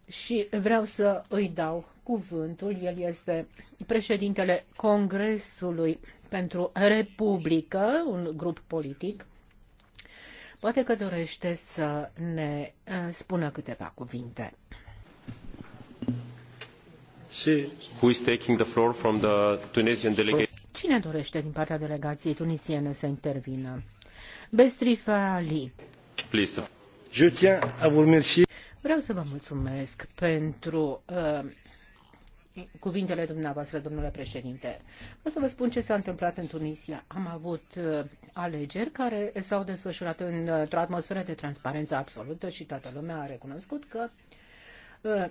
și vreau să îi dau cuvântul. El este președintele Congresului pentru Republică, un grup politic. Poate că dorește să ne uh, spună câteva cuvinte. Who is taking the floor from the Tunisian delegation? Cine dorește din partea delegației tunisiene să intervină? Bestrifa Ali. Please. Je tiens à vous remercier. Vreau să vă mulțumesc pentru uh, cuvintele dumneavoastră, domnule președinte. Vreau să vă spun ce s-a întâmplat în Tunisia. Am avut uh, alegeri care s-au desfășurat într-o atmosferă de transparență absolută și toată lumea a recunoscut că uh,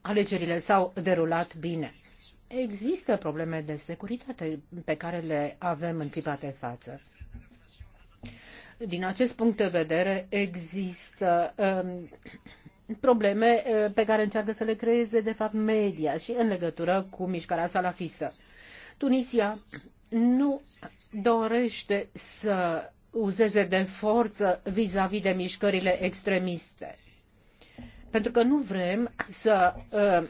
alegerile s-au derulat bine. Există probleme de securitate pe care le avem în clipa de față. Din acest punct de vedere, există Uh, probleme eh, pe care încearcă să le creeze, de fapt, media și în legătură cu mișcarea salafistă. Tunisia nu dorește să uzeze de forță vis-a-vis -vis de mișcările extremiste. Pentru că nu vrem să uh,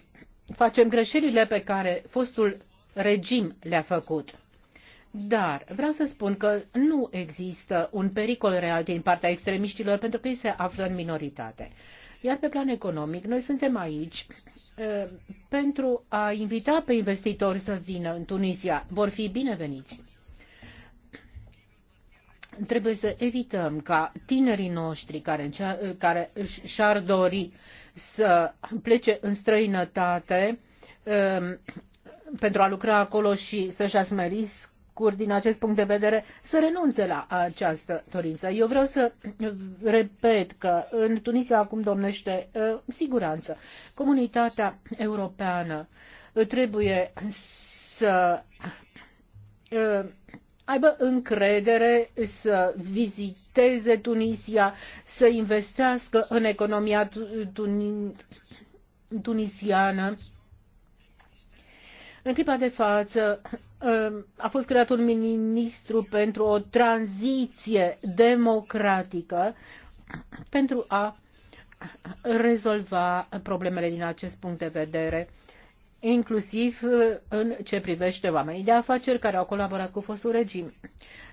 facem greșelile pe care fostul regim le-a făcut. Dar vreau să spun că nu există un pericol real din partea extremiștilor pentru că ei se află în minoritate. Iar pe plan economic, noi suntem aici pentru a invita pe investitori să vină în Tunisia. Vor fi bineveniți trebuie să evităm ca tinerii noștri care, care și-ar dori să plece în străinătate pentru a lucra acolo și să-și asume Cur, din acest punct de vedere, să renunțe la această dorință. Eu vreau să repet că în Tunisia acum domnește uh, siguranță. Comunitatea europeană uh, trebuie să uh, aibă încredere să viziteze Tunisia, să investească în economia tunisiană. În clipa de față, Ehm, a fost creat un ministru pentru o tranziție democratică pentru a rezolva problemele din acest punct de vedere, inclusiv eh, în ce privește oamenii de afaceri care au colaborat cu fostul regim.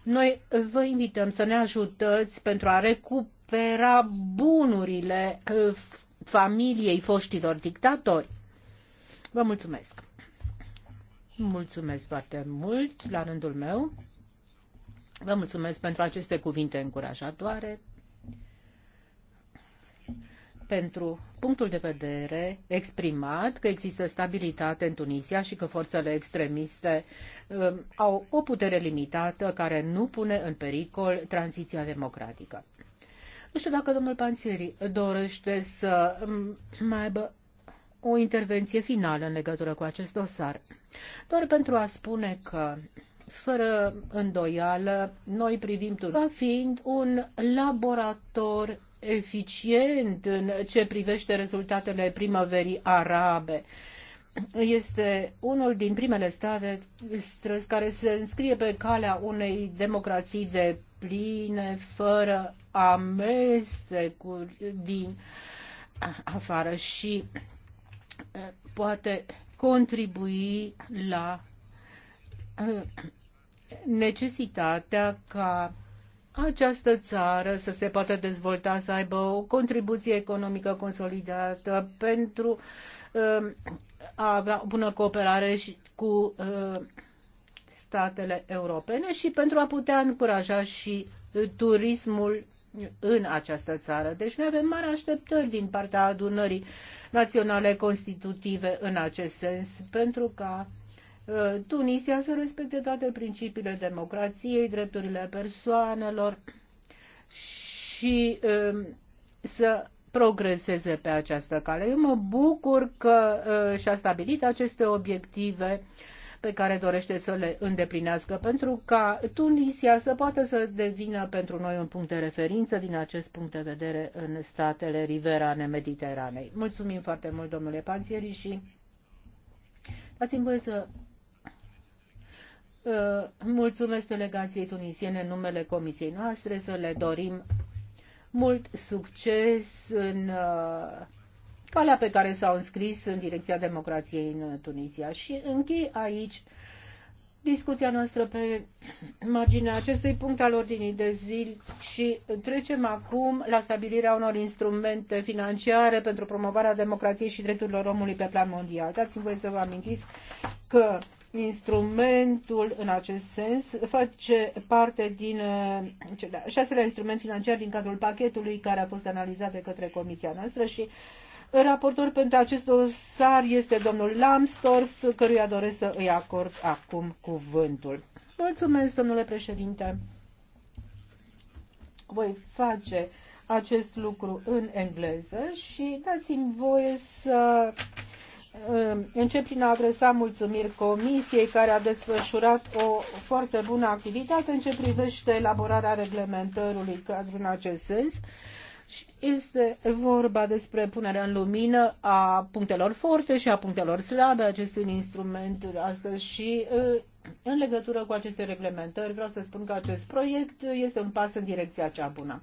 Noi vă invităm să ne ajutați pentru a recupera bunurile eh, familiei foștilor dictatori. Vă mulțumesc! Mulțumesc foarte mult la rândul meu. Vă mulțumesc pentru aceste cuvinte încurajatoare, pentru punctul de vedere exprimat că există stabilitate în Tunisia și că forțele extremiste um, au o putere limitată care nu pune în pericol tranziția democratică. Nu știu dacă domnul Panțieri dorește să um, mai aibă o intervenție finală în legătură cu acest dosar. Doar pentru a spune că fără îndoială, noi privim Turcia fiind un laborator eficient în ce privește rezultatele primăverii arabe. Este unul din primele state care se înscrie pe calea unei democrații de pline, fără amestecuri din afară și poate contribui la uh, necesitatea ca această țară să se poată dezvolta, să aibă o contribuție economică consolidată pentru uh, a avea bună cooperare și cu uh, statele europene și pentru a putea încuraja și turismul în această țară. Deci noi avem mari așteptări din partea adunării naționale constitutive în acest sens, pentru ca ă, Tunisia să respecte toate principiile democrației, drepturile persoanelor și ă, să progreseze pe această cale. Eu mă bucur că ă, și-a stabilit aceste obiective pe care dorește să le îndeplinească pentru ca Tunisia să poată să devină pentru noi un punct de referință din acest punct de vedere în statele riverane Mediteranei. Mulțumim foarte mult, domnule Panțieri, și dați-mi voie să uh, mulțumesc delegației tunisiene în numele comisiei noastre, să le dorim mult succes în uh, calea pe care s-au înscris în direcția democrației în Tunisia. Și închei aici discuția noastră pe marginea acestui punct al ordinii de zi și trecem acum la stabilirea unor instrumente financiare pentru promovarea democrației și drepturilor omului pe plan mondial. Dați-mi voie să vă amintiți că instrumentul în acest sens face parte din cel șaselea instrument financiar din cadrul pachetului care a fost analizat de către comisia noastră și Raportor pentru acest dosar este domnul Lambsdorff, căruia doresc să îi acord acum cuvântul. Mulțumesc, domnule președinte. Voi face acest lucru în engleză și dați-mi voie să um, încep prin a adresa mulțumiri comisiei care a desfășurat o foarte bună activitate în ce privește elaborarea reglementărului cadru în acest sens este vorba despre punerea în lumină a punctelor forte și a punctelor slabe acestui instrument astăzi și uh, în legătură cu aceste reglementări vreau să spun că acest proiect este un pas în direcția cea bună.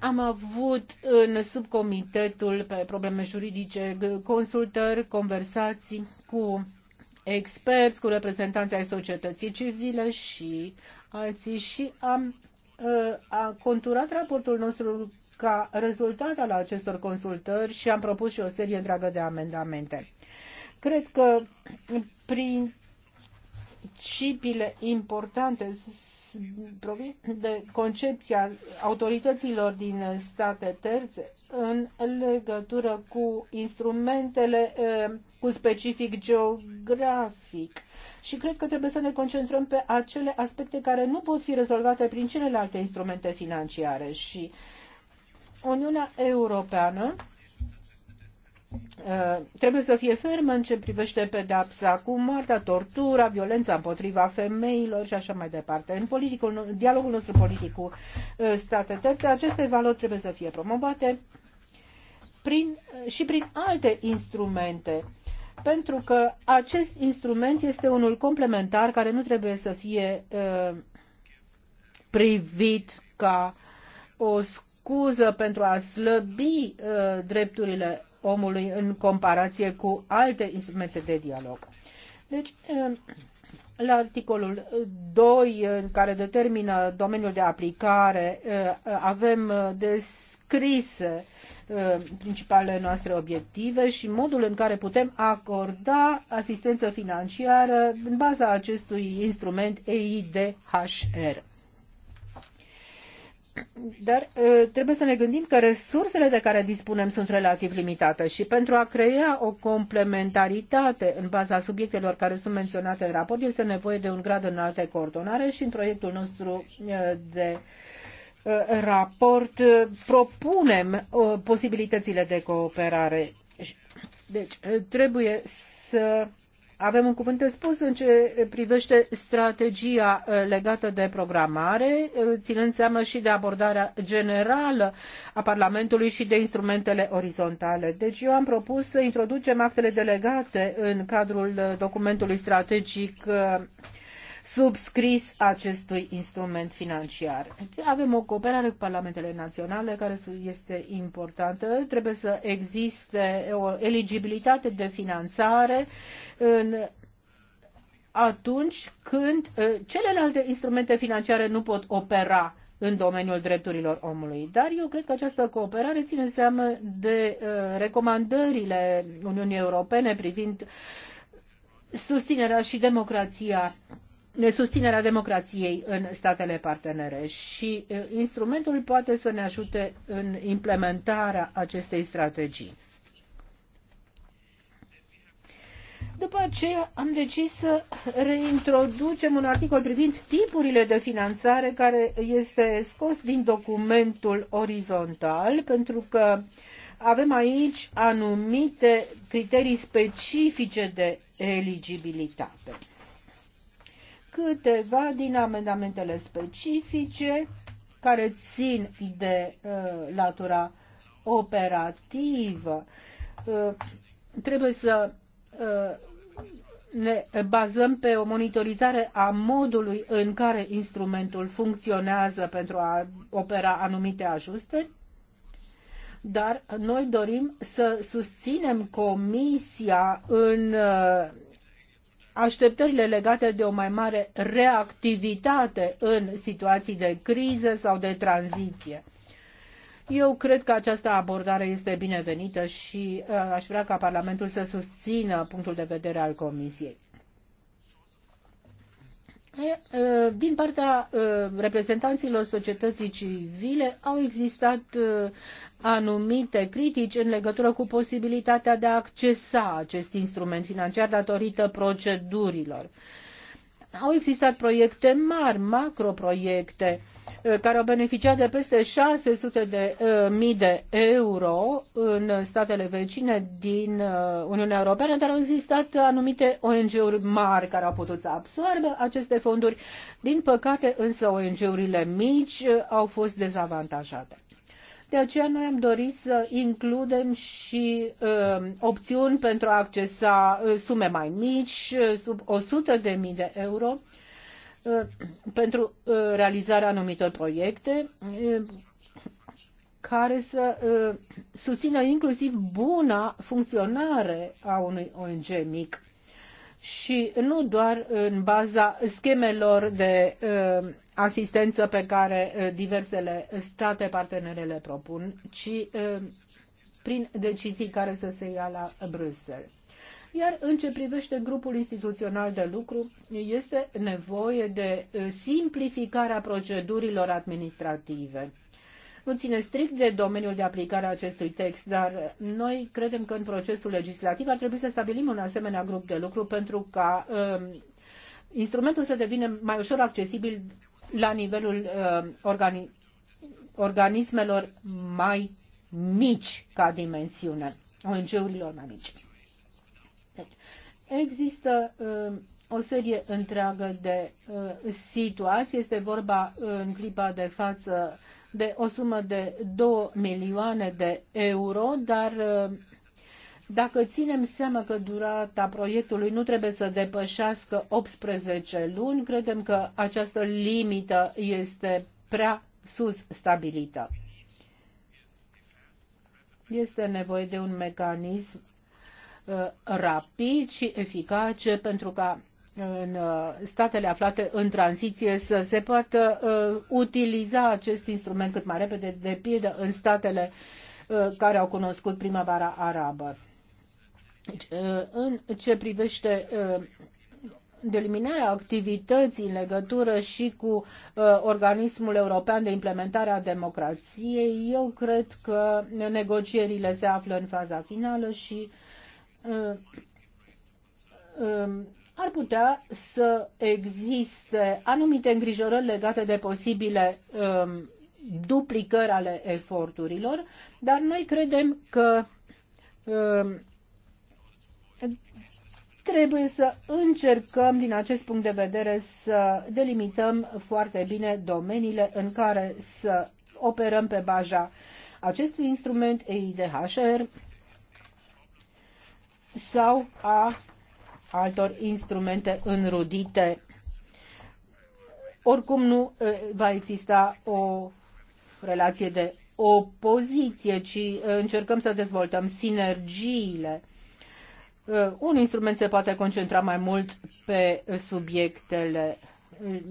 Am avut în subcomitetul pe probleme juridice consultări, conversații cu experți, cu reprezentanții ai societății civile și alții și am Uh, a conturat raportul nostru ca rezultat al acestor consultări și am propus și o serie întreagă de amendamente. Cred că prin principiile importante de concepția autorităților din state terțe în legătură cu instrumentele uh, cu specific geografic și cred că trebuie să ne concentrăm pe acele aspecte care nu pot fi rezolvate prin celelalte instrumente financiare și Uniunea Europeană uh, trebuie să fie fermă în ce privește pedapsa cu moartea, tortura, violența împotriva femeilor și așa mai departe. În politicul, dialogul nostru politic cu uh, state terțe, aceste valori trebuie să fie promovate prin, și prin alte instrumente pentru că acest instrument este unul complementar care nu trebuie să fie uh, privit ca o scuză pentru a slăbi uh, drepturile omului în comparație cu alte instrumente de dialog. Deci, um, la articolul 2, în care determină domeniul de aplicare, uh, avem descrise Uh, principalele noastre obiective și modul în care putem acorda asistență financiară în baza acestui instrument EIDHR. Dar uh, trebuie să ne gândim că resursele de care dispunem sunt relativ limitate și pentru a crea o complementaritate în baza subiectelor care sunt menționate în raport este nevoie de un grad înalt de coordonare și în proiectul nostru uh, de uh, Uh, raport uh, propunem uh, posibilitățile de cooperare. Deci trebuie să avem un cuvânt de spus în ce privește strategia legată de programare, ținând seama și de abordarea generală a Parlamentului și de instrumentele orizontale. Deci eu am propus să introducem actele delegate în cadrul documentului strategic subscris acestui instrument financiar. Avem o cooperare cu parlamentele naționale care este importantă. Trebuie să existe o eligibilitate de finanțare în atunci când ă, celelalte instrumente financiare nu pot opera în domeniul drepturilor omului. Dar eu cred că această cooperare ține seamă de ă, recomandările Uniunii Europene privind susținerea și democrația susținerea democrației în statele partenere și instrumentul poate să ne ajute în implementarea acestei strategii. După aceea am decis să reintroducem un articol privind tipurile de finanțare care este scos din documentul orizontal pentru că avem aici anumite criterii specifice de eligibilitate câteva din amendamentele specifice care țin de uh, latura operativă. Uh, trebuie să uh, ne bazăm pe o monitorizare a modului în care instrumentul funcționează pentru a opera anumite ajuste, dar noi dorim să susținem Comisia în uh, așteptările legate de o mai mare reactivitate în situații de criză sau de tranziție. Eu cred că această abordare este binevenită și uh, aș vrea ca Parlamentul să susțină punctul de vedere al Comisiei. Eh, din partea eh, reprezentanților societății civile au existat eh, anumite critici în legătură cu posibilitatea de a accesa acest instrument financiar datorită procedurilor. Au existat proiecte mari, macroproiecte, uh, care au beneficiat de peste 600 de uh, mii de euro în statele vecine din uh, Uniunea Europeană, dar au existat anumite ONG-uri mari care au putut să absorbe aceste fonduri. Din păcate, însă, ONG-urile mici au fost dezavantajate. De aceea noi am dorit să includem și uh, opțiuni pentru a accesa uh, sume mai mici, uh, sub 100.000 de euro, uh, pentru uh, realizarea anumitor proiecte uh, care să uh, susțină inclusiv buna funcționare a unui ONG mic și nu doar în baza schemelor de uh, asistență pe care eh, diversele state partenere le propun, ci eh, prin decizii care să se ia la Bruxelles. Iar în ce privește grupul instituțional de lucru, este nevoie de eh, simplificarea procedurilor administrative. Nu ține strict de domeniul de aplicare a acestui text, dar noi credem că în procesul legislativ ar trebui să stabilim un asemenea grup de lucru pentru ca um, instrumentul să devină mai ușor accesibil la nivelul uh, organi organismelor mai mici ca dimensiune, ONG-urilor mai mici. Deci, Există uh, o serie întreagă de uh, situații. Este vorba uh, în clipa de față de o sumă de 2 milioane de euro, dar uh, dacă ținem seama că durata proiectului nu trebuie să depășească 18 luni, credem că această limită este prea sus stabilită. Este nevoie de un mecanism uh, rapid și eficace pentru ca în uh, statele aflate în tranziție să se poată uh, utiliza acest instrument cât mai repede, de pildă în statele care au cunoscut primăvara arabă. Uh, în ce privește uh, deliminarea activității în legătură și cu uh, organismul european de implementare a democrației, eu cred că negocierile se află în faza finală și uh, uh, ar putea să existe anumite îngrijorări legate de posibile uh, duplicări ale eforturilor, dar noi credem că uh, Trebuie să încercăm, din acest punct de vedere, să delimităm foarte bine domeniile în care să operăm pe baza acestui instrument EIDHR sau a altor instrumente înrudite. Oricum nu va exista o relație de opoziție, ci încercăm să dezvoltăm sinergiile Uh, un instrument se poate concentra mai mult pe subiectele uh,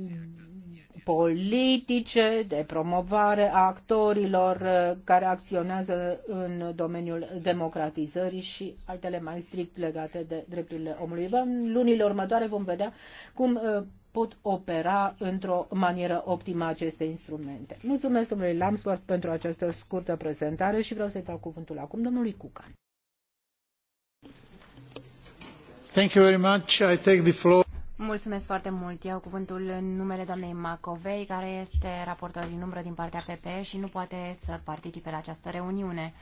politice, de promovare a actorilor uh, care acționează în domeniul democratizării și altele mai strict legate de drepturile omului. În lunile următoare vom vedea cum pot opera într-o manieră optimă aceste instrumente. Mulțumesc domnului Lamsworth pentru această scurtă prezentare și vreau să-i dau cuvântul acum domnului Cucan. Mulțumesc foarte mult. Iau cuvântul în numele doamnei Macovei, care este raportor din umbră din partea PPE și nu poate să participe la această reuniune.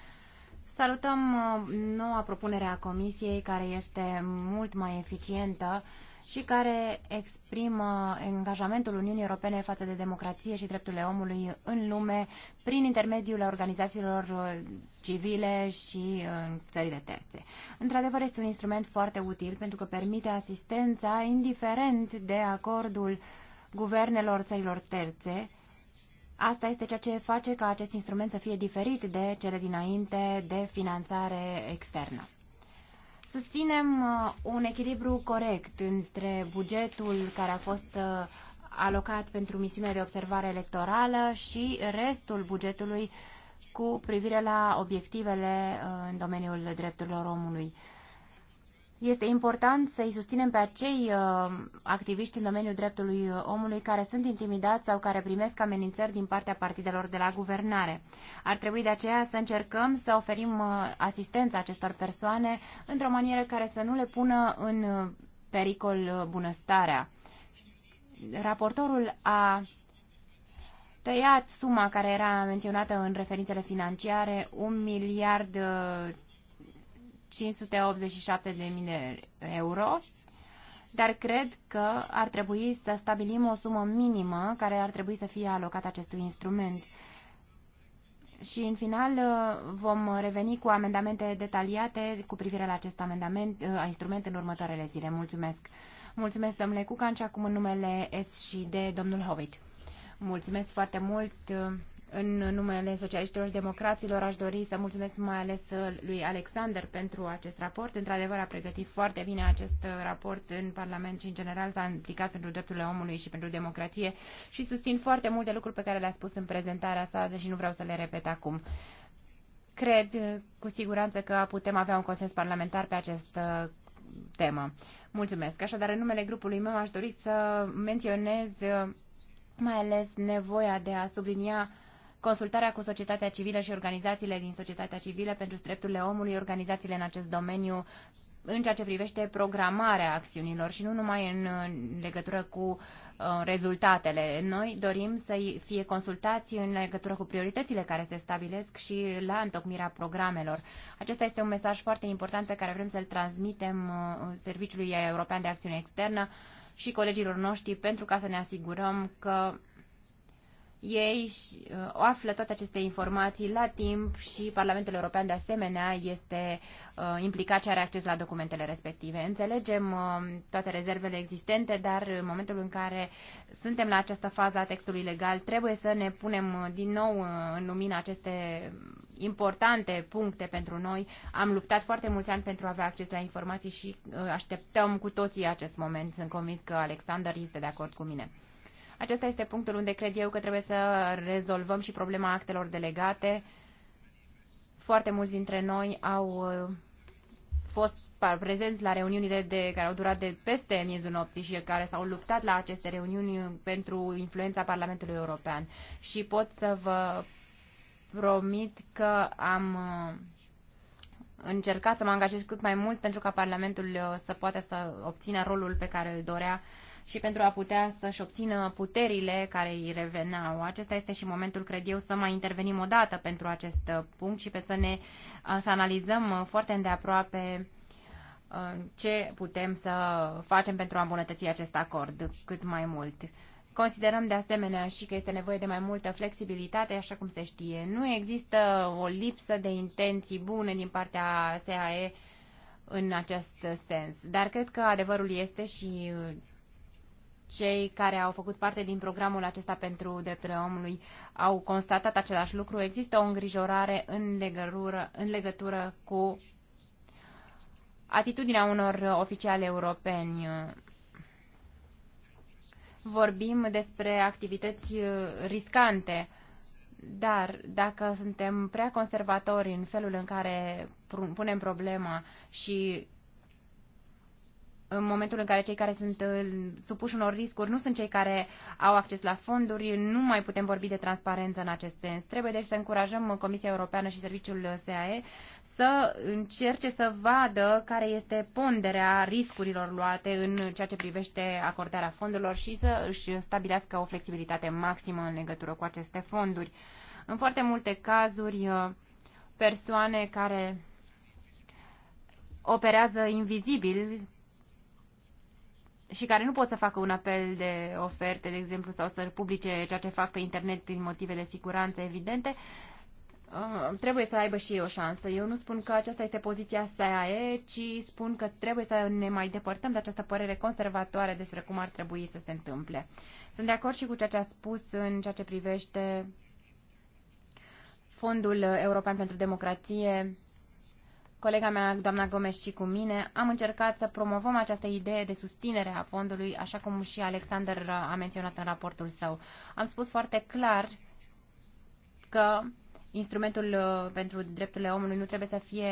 Salutăm uh, noua propunere a Comisiei, care este mult mai eficientă și care exprimă angajamentul Uniunii Europene față de democrație și drepturile omului în lume prin intermediul organizațiilor uh, civile și uh, în țările terțe. Într-adevăr, este un instrument foarte util pentru că permite asistența indiferent de acordul guvernelor țărilor terțe Asta este ceea ce face ca acest instrument să fie diferit de cele dinainte de finanțare externă. Susținem uh, un echilibru corect între bugetul care a fost uh, alocat pentru misiunea de observare electorală și restul bugetului cu privire la obiectivele uh, în domeniul drepturilor omului. Este important să-i susținem pe acei uh, activiști în domeniul dreptului uh, omului care sunt intimidați sau care primesc amenințări din partea partidelor de la guvernare. Ar trebui de aceea să încercăm să oferim uh, asistență acestor persoane într-o manieră care să nu le pună în uh, pericol uh, bunăstarea. Raportorul a tăiat suma care era menționată în referințele financiare, un miliard uh, 587 de mii euro, dar cred că ar trebui să stabilim o sumă minimă care ar trebui să fie alocată acestui instrument. Și în final uh, vom reveni cu amendamente detaliate cu privire la acest amendament, uh, instrument în următoarele zile. Mulțumesc! Mulțumesc, domnule Cucan, și acum în numele S și D, domnul Hovit. Mulțumesc foarte mult! Uh, în numele socialiștilor și democraților aș dori să mulțumesc mai ales lui Alexander pentru acest raport. Într-adevăr a pregătit foarte bine acest raport în Parlament și în general s-a implicat pentru drepturile omului și pentru democrație și susțin foarte multe lucruri pe care le-a spus în prezentarea sa, deși nu vreau să le repet acum. Cred cu siguranță că putem avea un consens parlamentar pe acest temă. Mulțumesc. Așadar, în numele grupului meu aș dori să menționez mai ales nevoia de a sublinia consultarea cu societatea civilă și organizațiile din societatea civilă pentru drepturile omului, organizațiile în acest domeniu în ceea ce privește programarea acțiunilor și nu numai în legătură cu uh, rezultatele. Noi dorim să fie consultați în legătură cu prioritățile care se stabilesc și la întocmirea programelor. Acesta este un mesaj foarte important pe care vrem să-l transmitem uh, Serviciului European de Acțiune Externă și colegilor noștri pentru ca să ne asigurăm că ei uh, află toate aceste informații la timp și Parlamentul European de asemenea este uh, implicat și are acces la documentele respective. Înțelegem uh, toate rezervele existente, dar în momentul în care suntem la această fază a textului legal, trebuie să ne punem din nou în lumină aceste importante puncte pentru noi. Am luptat foarte mulți ani pentru a avea acces la informații și așteptăm cu toții acest moment. Sunt convins că Alexander este de acord cu mine. Acesta este punctul unde cred eu că trebuie să rezolvăm și problema actelor delegate. Foarte mulți dintre noi au uh, fost prezenți la reuniunile de, care au durat de peste miezul nopții și care s-au luptat la aceste reuniuni pentru influența Parlamentului European. Și pot să vă promit că am uh, încercat să mă angajez cât mai mult pentru ca Parlamentul uh, să poată să obțină rolul pe care îl dorea și pentru a putea să-și obțină puterile care îi reveneau. Acesta este și momentul, cred eu, să mai intervenim o dată pentru acest uh, punct și pe să ne uh, să analizăm uh, foarte îndeaproape ce putem să facem pentru a îmbunătăți acest acord cât mai mult. Considerăm de asemenea și că este nevoie de mai multă flexibilitate, așa cum se știe. Nu există o lipsă de intenții bune din partea SAE în acest sens. Dar cred că adevărul este și cei care au făcut parte din programul acesta pentru drepturile omului au constatat același lucru. Există o îngrijorare în legătură, în legătură cu atitudinea unor oficiali europeni. Vorbim despre activități riscante, dar dacă suntem prea conservatori în felul în care punem problema și în momentul în care cei care sunt uh, supuși unor riscuri nu sunt cei care au acces la fonduri, nu mai putem vorbi de transparență în acest sens. Trebuie deci să încurajăm uh, Comisia Europeană și Serviciul uh, SAE să încerce să vadă care este ponderea riscurilor luate în ceea ce privește acordarea fondurilor și să își stabilească o flexibilitate maximă în legătură cu aceste fonduri. În foarte multe cazuri, persoane care operează invizibil și care nu pot să facă un apel de oferte, de exemplu, sau să publice ceea ce fac pe internet prin motive de siguranță evidente, uh, trebuie să aibă și ei o șansă. Eu nu spun că aceasta este poziția SAE, ci spun că trebuie să ne mai depărtăm de această părere conservatoare despre cum ar trebui să se întâmple. Sunt de acord și cu ceea ce a spus în ceea ce privește Fondul European pentru Democrație, colega mea, doamna Gomes și cu mine, am încercat să promovăm această idee de susținere a fondului, așa cum și Alexander a menționat în raportul său. Am spus foarte clar că instrumentul uh, pentru drepturile omului nu trebuie să fie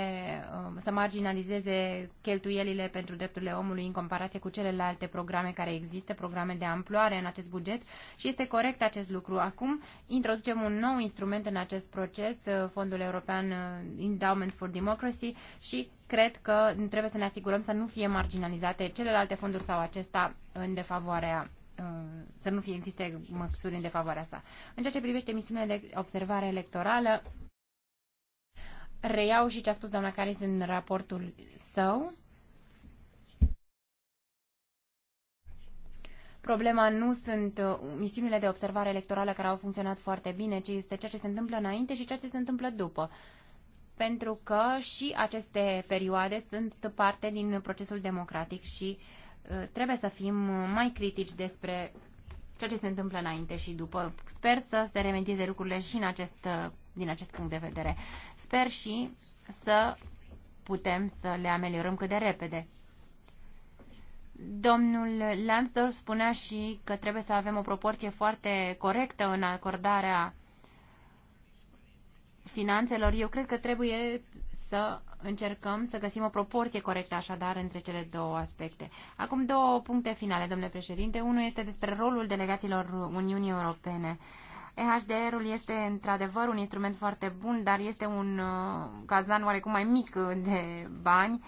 um, să marginalizeze cheltuielile pentru drepturile omului în comparație cu celelalte programe care există, programe de amploare în acest buget și este corect acest lucru. Acum introducem un nou instrument în acest proces, uh, Fondul European uh, Endowment for Democracy și cred că trebuie să ne asigurăm să nu fie marginalizate celelalte fonduri sau acesta în defavoarea Uh, să nu fie existe măsuri în defavoarea sa. În ceea ce privește misiunile de observare electorală, reiau și ce a spus doamna Caris în raportul său. Problema nu sunt uh, misiunile de observare electorală care au funcționat foarte bine, ci este ceea ce se întâmplă înainte și ceea ce se întâmplă după pentru că și aceste perioade sunt parte din procesul democratic și Eh, trebuie să fim mai critici despre ceea ce se întâmplă înainte și după. Sper să se remedieze lucrurile și în acest, eh, din acest punct de vedere. Sper și să putem să le ameliorăm cât de repede. Domnul Lambsdorff spunea și că trebuie să avem o proporție foarte corectă în acordarea finanțelor. Eu cred că trebuie să încercăm să găsim o proporție corectă așadar între cele două aspecte. Acum două puncte finale, domnule președinte. Unul este despre rolul delegațiilor Uniunii Europene. EHDR-ul este într-adevăr un instrument foarte bun, dar este un uh, cazan oarecum mai mic de bani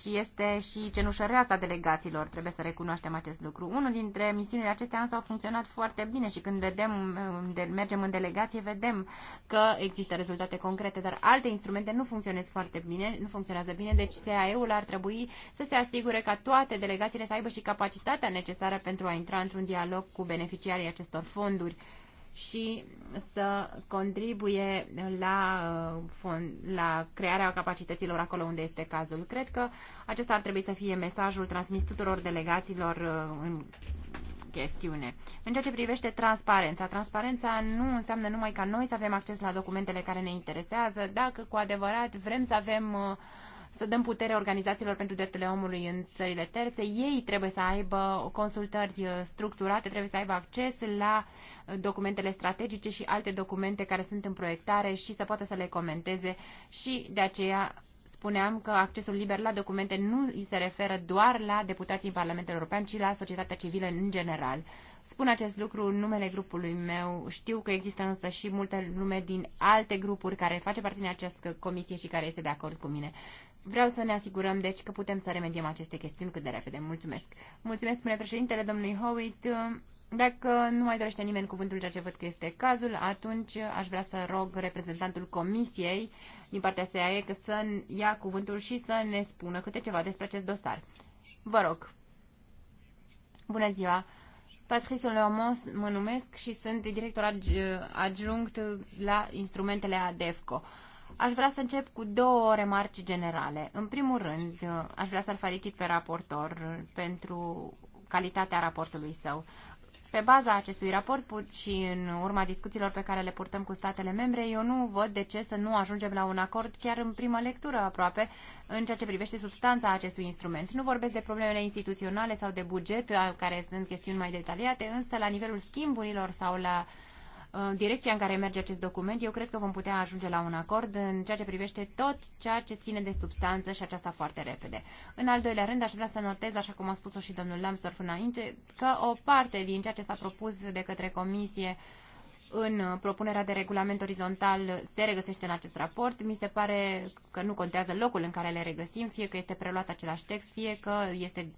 și este și cenușăreața delegaților, trebuie să recunoaștem acest lucru. Unul dintre misiunile acestea însă au funcționat foarte bine și când vedem, mergem în delegație, vedem că există rezultate concrete, dar alte instrumente nu funcționează foarte bine, nu funcționează bine, deci SAE-ul ar trebui să se asigure ca toate delegațiile să aibă și capacitatea necesară pentru a intra într-un dialog cu beneficiarii acestor fonduri și să contribuie la, uh, la crearea capacităților acolo unde este cazul. Cred că acesta ar trebui să fie mesajul transmis tuturor delegaților uh, în chestiune. În ceea ce privește transparența, transparența nu înseamnă numai ca noi să avem acces la documentele care ne interesează, dacă cu adevărat vrem să avem uh, să dăm putere organizațiilor pentru drepturile omului în țările terțe, ei trebuie să aibă consultări structurate, trebuie să aibă acces la uh, documentele strategice și alte documente care sunt în proiectare și să poată să le comenteze și de aceea spuneam că accesul liber la documente nu îi se referă doar la deputații în Parlamentul European, ci la societatea civilă în general. Spun acest lucru în numele grupului meu. Știu că există însă și multe lume din alte grupuri care face parte din această comisie și care este de acord cu mine. Vreau să ne asigurăm, deci, că putem să remediem aceste chestiuni cât de repede. Mulțumesc. Mulțumesc, spune președintele domnului Howitt. Dacă nu mai dorește nimeni cuvântul, ceea ce văd că este cazul, atunci aș vrea să rog reprezentantul comisiei din partea SAE că să ia cuvântul și să ne spună câte ceva despre acest dosar. Vă rog. Bună ziua. Patrice Leomos mă numesc și sunt director adjunct la instrumentele ADEFCO. Aș vrea să încep cu două remarci generale. În primul rând, aș vrea să-l felicit pe raportor pentru calitatea raportului său. Pe baza acestui raport și în urma discuțiilor pe care le purtăm cu statele membre, eu nu văd de ce să nu ajungem la un acord chiar în prima lectură aproape în ceea ce privește substanța acestui instrument. Nu vorbesc de problemele instituționale sau de buget, care sunt chestiuni mai detaliate, însă la nivelul schimburilor sau la uh, direcția în care merge acest document, eu cred că vom putea ajunge la un acord în ceea ce privește tot ceea ce ține de substanță și aceasta foarte repede. În al doilea rând, aș vrea să notez, așa cum a spus-o și domnul Lambsdorff înainte, că o parte din ceea ce s-a propus de către Comisie în propunerea de regulament orizontal se regăsește în acest raport. Mi se pare că nu contează locul în care le regăsim, fie că este preluat același text, fie că este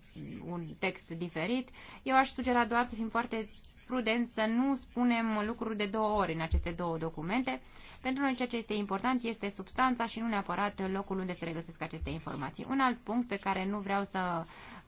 un text diferit. Eu aș sugera doar să fim foarte prudent să nu spunem lucruri de două ori în aceste două documente. Pentru noi ceea ce este important este substanța și nu neapărat locul unde se regăsesc aceste informații. Un alt punct pe care nu vreau să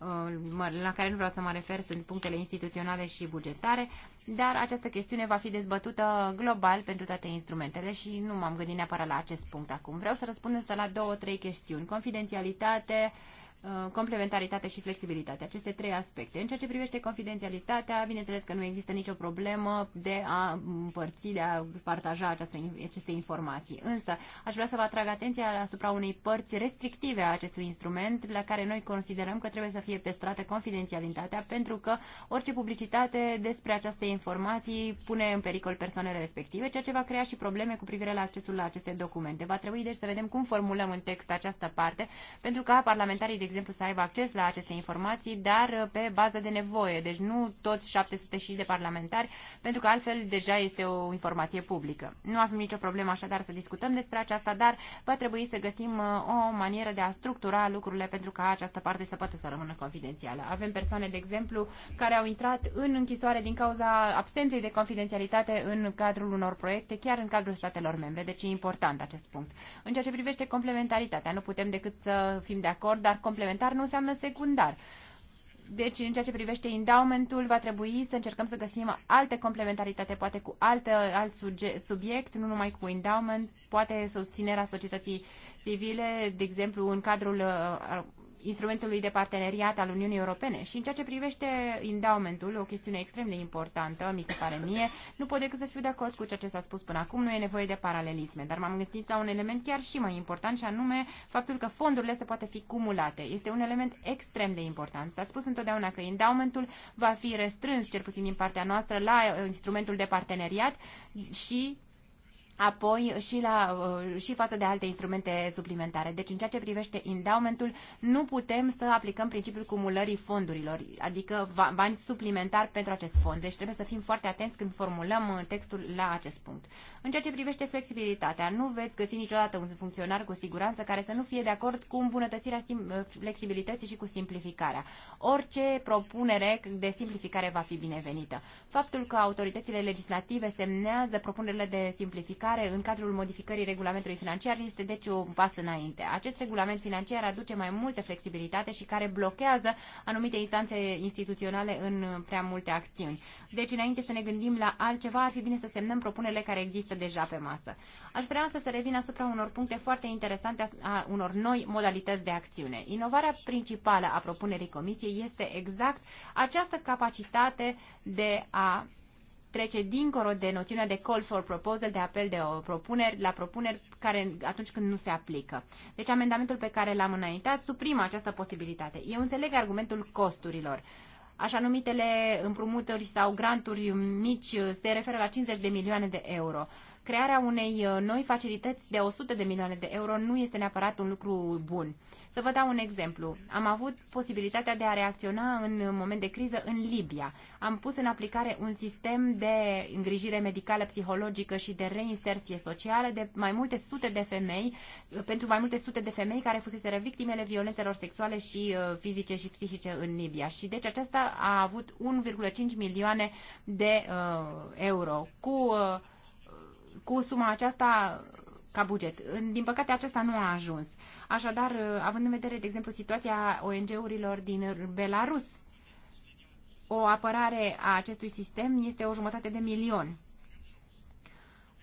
Uh, la care nu vreau să mă refer, sunt punctele instituționale și bugetare, dar această chestiune va fi dezbătută global pentru toate instrumentele și nu m-am gândit neapărat la acest punct acum. Vreau să răspund însă la două, trei chestiuni. Confidențialitate, uh, complementaritate și flexibilitate. Aceste trei aspecte. În ceea ce privește confidențialitatea, bineînțeles că nu există nicio problemă de a împărți, de a partaja această, aceste informații. Însă, aș vrea să vă atrag atenția asupra unei părți restrictive a acestui instrument, la care noi considerăm că trebuie să fie fie păstrată confidențialitatea, pentru că orice publicitate despre aceste informații pune în pericol persoanele respective, ceea ce va crea și probleme cu privire la accesul la aceste documente. Va trebui deci să vedem cum formulăm în text această parte, pentru ca parlamentarii, de exemplu, să aibă acces la aceste informații, dar pe bază de nevoie, deci nu toți 700 și de parlamentari, pentru că altfel deja este o informație publică. Nu avem nicio problemă așadar să discutăm despre aceasta, dar va trebui să găsim uh, o manieră de a structura lucrurile pentru ca această parte să poată să rămână confidențială. Avem persoane, de exemplu, care au intrat în închisoare din cauza absenței de confidențialitate în cadrul unor proiecte, chiar în cadrul statelor membre. Deci e important acest punct. În ceea ce privește complementaritatea, nu putem decât să fim de acord, dar complementar nu înseamnă secundar. Deci, în ceea ce privește endowmentul, va trebui să încercăm să găsim alte complementaritate, poate cu alte, alt suge, subiect, nu numai cu endowment, poate susținerea societății civile, de exemplu, în cadrul uh, instrumentului de parteneriat al Uniunii Europene. Și în ceea ce privește endowmentul, o chestiune extrem de importantă, mi se pare mie, nu pot decât să fiu de acord cu ceea ce s-a spus până acum, nu e nevoie de paralelisme, dar m-am gândit la un element chiar și mai important și anume faptul că fondurile se poate fi cumulate. Este un element extrem de important. S-a spus întotdeauna că endowmentul va fi restrâns, cel puțin din partea noastră, la uh, instrumentul de parteneriat și apoi și, la, uh, și față de alte instrumente suplimentare. Deci în ceea ce privește endowmentul, nu putem să aplicăm principiul cumulării fondurilor, adică bani suplimentari pentru acest fond. Deci trebuie să fim foarte atenți când formulăm uh, textul la acest punct. În ceea ce privește flexibilitatea, nu veți găsi niciodată un funcționar cu siguranță care să nu fie de acord cu îmbunătățirea uh, flexibilității și cu simplificarea. Orice propunere de simplificare va fi binevenită. Faptul că autoritățile legislative semnează propunerile de simplificare aplicare în cadrul modificării regulamentului financiar este deci un pas înainte. Acest regulament financiar aduce mai multă flexibilitate și care blochează anumite instanțe instituționale în prea multe acțiuni. Deci, înainte să ne gândim la altceva, ar fi bine să semnăm propunerile care există deja pe masă. Aș vrea să se revin asupra unor puncte foarte interesante a unor noi modalități de acțiune. Inovarea principală a propunerii Comisiei este exact această capacitate de a trece dincolo de noțiunea de call for proposal, de apel de propuneri, la propuneri care atunci când nu se aplică. Deci amendamentul pe care l-am înaintat suprimă această posibilitate. Eu înțeleg argumentul costurilor. Așa numitele împrumuturi sau granturi mici se referă la 50 de milioane de euro crearea unei uh, noi facilități de 100 de milioane de euro nu este neapărat un lucru bun. Să vă dau un exemplu. Am avut posibilitatea de a reacționa în moment de criză în Libia. Am pus în aplicare un sistem de îngrijire medicală, psihologică și de reinserție socială de mai multe sute de femei, pentru mai multe sute de femei care fusese victimele violențelor sexuale și uh, fizice și psihice în Libia. Și deci aceasta a avut 1,5 milioane de uh, euro cu uh, cu suma aceasta ca buget. Din păcate, acesta nu a ajuns. Așadar, uh, având în vedere, de exemplu, situația ONG-urilor din Belarus, o apărare a acestui sistem este o jumătate de milion.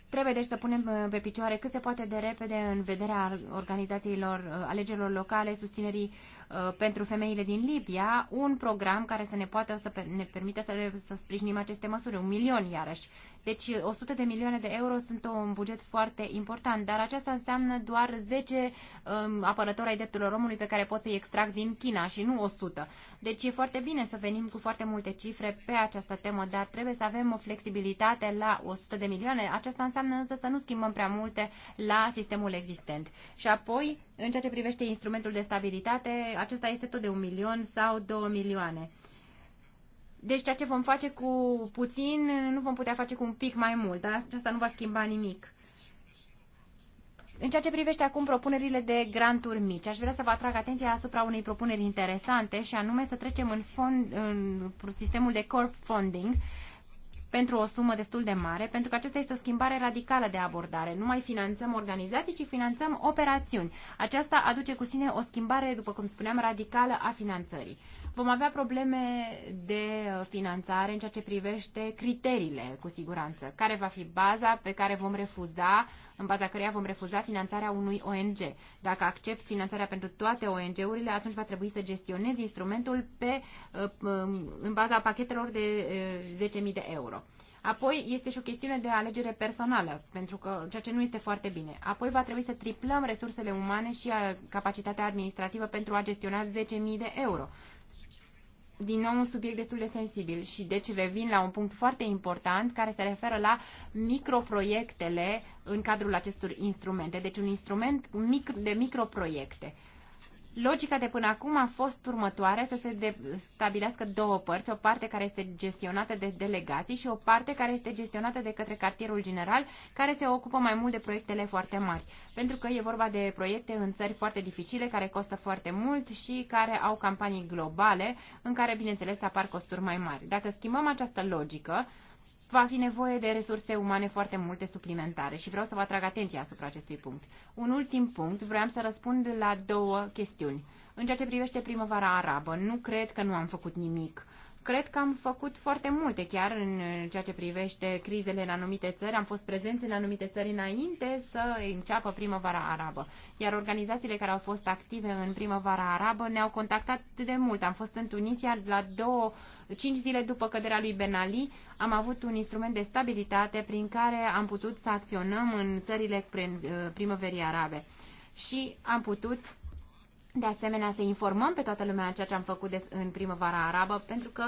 Trebuie deci să punem uh, pe picioare cât se poate de repede în vederea organizațiilor, uh, alegerilor locale, susținerii uh, Uh, pentru femeile din Libia un program care să ne poată să ne permită să, să sprijinim aceste măsuri, un milion iarăși. Deci 100 uh, de milioane de euro sunt un buget foarte important, dar aceasta înseamnă doar 10 um, apărători ai drepturilor omului pe care pot să-i extrag din China și nu 100. Deci e foarte bine să venim cu foarte multe cifre pe această temă, dar trebuie să avem o flexibilitate la 100 de milioane. Aceasta înseamnă însă să nu schimbăm prea multe la sistemul existent. Și apoi în ceea ce privește instrumentul de stabilitate, acesta este tot de un milion sau două milioane. Deci ceea ce vom face cu puțin, nu vom putea face cu un pic mai mult, dar asta nu va schimba nimic. În ceea ce privește acum propunerile de granturi mici, aș vrea să vă atrag atenția asupra unei propuneri interesante și anume să trecem în, fond, în sistemul de corp funding, pentru o sumă destul de mare, pentru că aceasta este o schimbare radicală de abordare. Nu mai finanțăm organizații, ci finanțăm operațiuni. Aceasta aduce cu sine o schimbare, după cum spuneam, radicală a finanțării. Vom avea probleme de finanțare în ceea ce privește criteriile, cu siguranță. Care va fi baza pe care vom refuza în baza căreia vom refuza finanțarea unui ONG. Dacă accept finanțarea pentru toate ONG-urile, atunci va trebui să gestionez instrumentul pe, uh, în baza pachetelor de 10.000 uh, de euro. Apoi este și o chestiune de alegere personală, pentru că ceea ce nu este foarte bine. Apoi va trebui să triplăm resursele umane și uh, capacitatea administrativă pentru a gestiona 10.000 de euro din nou un subiect destul de sensibil și deci revin la un punct foarte important care se referă la microproiectele în cadrul acestor instrumente. Deci un instrument de microproiecte. Logica de până acum a fost următoare, să se de- stabilească două părți, o parte care este gestionată de delegații și o parte care este gestionată de către cartierul general, care se ocupă mai mult de proiectele foarte mari. Pentru că e vorba de proiecte în țări foarte dificile, care costă foarte mult și care au campanii globale, în care, bineînțeles, apar costuri mai mari. Dacă schimbăm această logică, va fi nevoie de resurse umane foarte multe suplimentare și vreau să vă atrag atenția asupra acestui punct. Un ultim punct, vreau să răspund la două chestiuni. În ceea ce privește primăvara arabă, nu cred că nu am făcut nimic Cred că am făcut foarte multe chiar în ceea ce privește crizele în anumite țări. Am fost prezenți în anumite țări înainte să înceapă primăvara arabă. Iar organizațiile care au fost active în primăvara arabă ne-au contactat de mult. Am fost în Tunisia la două, cinci zile după căderea lui Ben Ali. Am avut un instrument de stabilitate prin care am putut să acționăm în țările uh, primăverii arabe. Și am putut de asemenea, să informăm pe toată lumea ceea ce am făcut în primăvara arabă, pentru că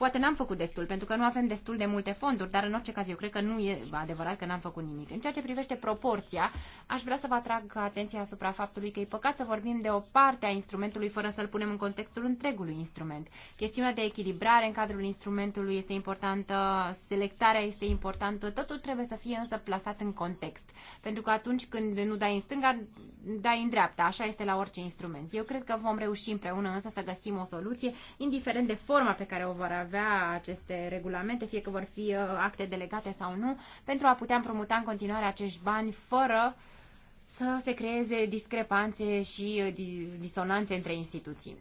Poate n-am făcut destul, pentru că nu avem destul de multe fonduri, dar în orice caz eu cred că nu e adevărat că n-am făcut nimic. În ceea ce privește proporția, aș vrea să vă atrag atenția asupra faptului că e păcat să vorbim de o parte a instrumentului fără să-l punem în contextul întregului instrument. Chestiunea de echilibrare în cadrul instrumentului este importantă, selectarea este importantă, totul trebuie să fie însă plasat în context. Pentru că atunci când nu dai în stânga, dai în dreapta, așa este la orice instrument. Eu cred că vom reuși împreună însă să găsim o soluție, indiferent de forma pe care o vor avea avea aceste regulamente, fie că vor fi uh, acte delegate sau nu, pentru a putea împrumuta în continuare acești bani fără să se creeze discrepanțe și uh, disonanțe între instituții.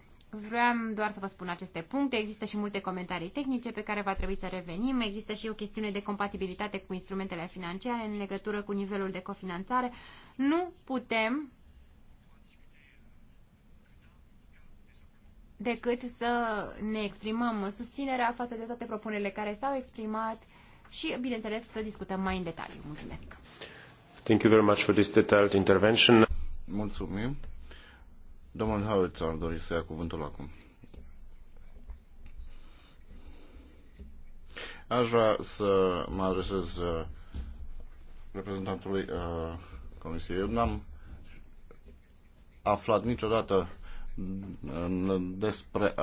Vreau doar să vă spun aceste puncte. Există și multe comentarii tehnice pe care va trebui să revenim. Există și o chestiune de compatibilitate cu instrumentele financiare în legătură cu nivelul de cofinanțare. Nu putem decât să ne exprimăm susținerea față de toate propunerile care s-au exprimat și, bineînțeles, să discutăm mai în detaliu. Mulțumesc! Thank you very much for this detailed intervention. Mulțumim. Domnul Howitz ar dori să ia cuvântul acum. Aș vrea să mă adresez uh, reprezentantului uh, Comisiei. Eu n-am aflat niciodată despre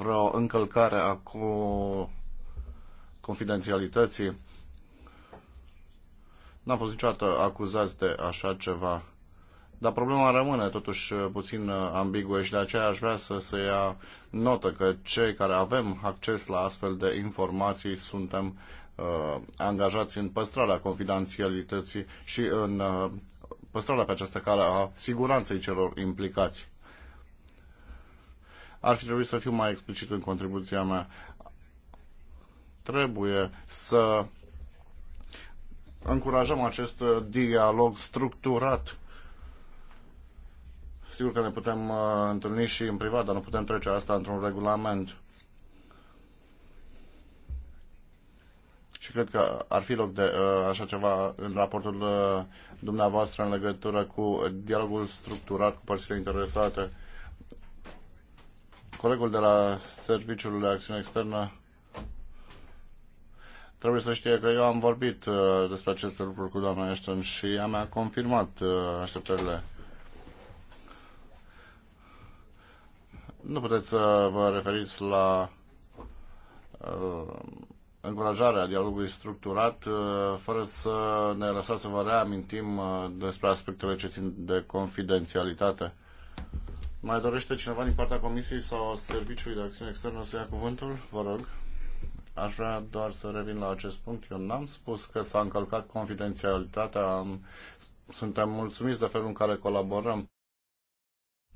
vreo încălcare a co- confidențialității. N-am fost niciodată acuzați de așa ceva. Dar problema rămâne totuși puțin ambiguă și de aceea aș vrea să se ia notă că cei care avem acces la astfel de informații suntem uh, angajați în păstrarea confidențialității și în uh, păstrarea pe această cale a siguranței celor implicați. Ar fi trebuit să fiu mai explicit în contribuția mea. Trebuie să încurajăm acest dialog structurat. Sigur că ne putem uh, întâlni și în privat, dar nu putem trece asta într-un regulament. și cred că ar fi loc de uh, așa ceva în raportul uh, dumneavoastră în legătură cu dialogul structurat cu părțile interesate colegul de la Serviciul de Acțiune Externă trebuie să știe că eu am vorbit uh, despre aceste lucruri cu doamna Ashton și ea mi-a confirmat uh, așteptările. Nu puteți să vă referiți la uh, încurajarea dialogului structurat, uh, fără să ne lăsați să vă reamintim uh, despre aspectele ce țin de confidențialitate. Mai dorește cineva din partea Comisiei sau Serviciului de Acțiune Externă să ia cuvântul? Vă rog. Aș vrea doar să revin la acest punct. Eu n-am spus că s-a încălcat confidențialitatea. Suntem mulțumiți de felul în care colaborăm.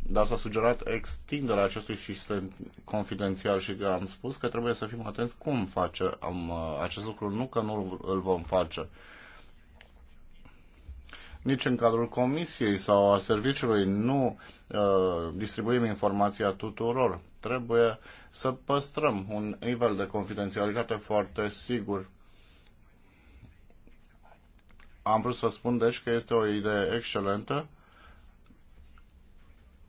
Dar s-a sugerat extinderea acestui sistem confidențial și am spus că trebuie să fim atenți cum facem acest lucru, nu că nu îl vom face nici în cadrul comisiei sau a serviciului nu uh, distribuim informația tuturor. Trebuie să păstrăm un nivel de confidențialitate foarte sigur. Am vrut să spun deci că este o idee excelentă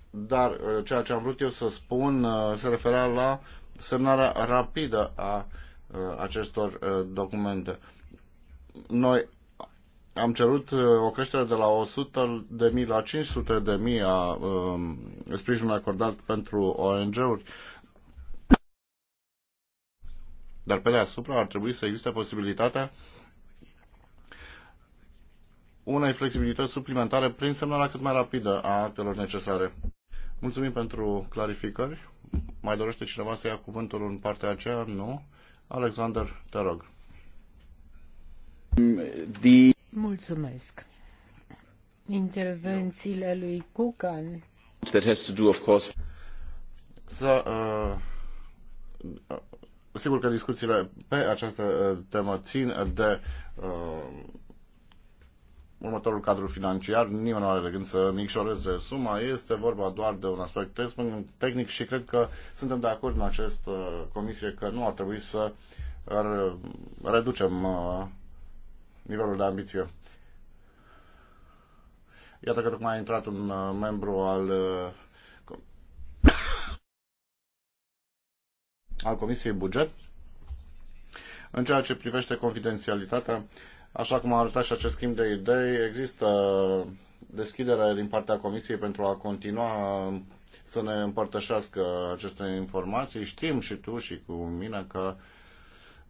dar uh, ceea ce am vrut eu să spun uh, se referea la semnarea rapidă a uh, acestor documente. Noi am cerut uh, o creștere de la 100 de mii la 500 de mii a um, sprijinului acordat pentru ONG-uri. Dar pe deasupra ar trebui să existe posibilitatea unei flexibilități suplimentare prin semnarea cât mai rapidă a actelor necesare. Mulțumim pentru clarificări. Mai dorește cineva să ia cuvântul în partea aceea? Nu. Alexander, te rog. The... Mulțumesc. lui Cucan. That has to do, of course. Să, uh, sigur că discuțiile pe această uh, temă țin de uh, următorul cadru financiar, nimeni nu are de gând să micșoreze suma, este vorba doar de un aspect tehnic și cred că suntem de acord în această uh, comisie că nu ar trebui să uh, reducem nivelul de ambiție. Iată că tocmai a intrat un uh, membru al uh, [COUGHS] al Comisiei Buget. În ceea ce privește confidențialitatea, așa cum a arătat și acest schimb de idei, există deschidere din partea Comisiei pentru a continua uh, să ne împărtășească aceste informații. Știm și tu și cu mine că uh,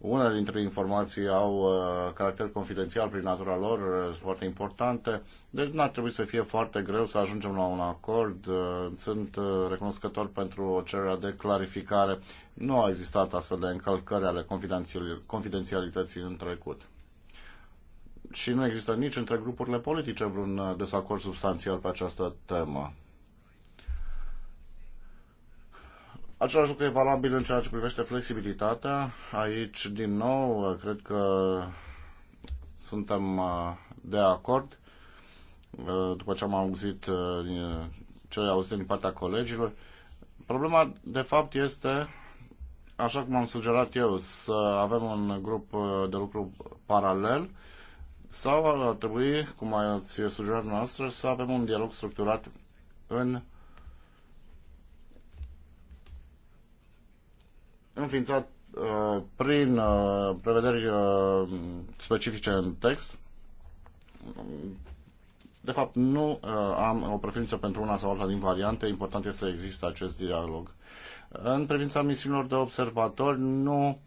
unele dintre informații au uh, caracter confidențial prin natura lor, uh, sunt foarte importante, deci nu ar trebui să fie foarte greu să ajungem la un acord. Uh, sunt recunoscător pentru o cerere de clarificare. Nu au existat astfel de încălcări ale confidențialității în trecut. Și nu există nici între grupurile politice vreun desacord substanțial pe această temă. Același lucru e valabil în ceea ce privește flexibilitatea. Aici, din nou, cred că suntem uh, de acord. Uh, după ce am auzit uh, ce auzit din partea colegilor, problema, de fapt, este, așa cum am sugerat eu, să avem un grup de lucru paralel sau ar trebui, cum ați sugerat noastră, să avem un dialog structurat în înființat uh, prin uh, prevederi uh, specifice în text. De fapt, nu uh, am o preferință pentru una sau alta din variante. Important este să existe acest dialog. În privința misiunilor de observatori, nu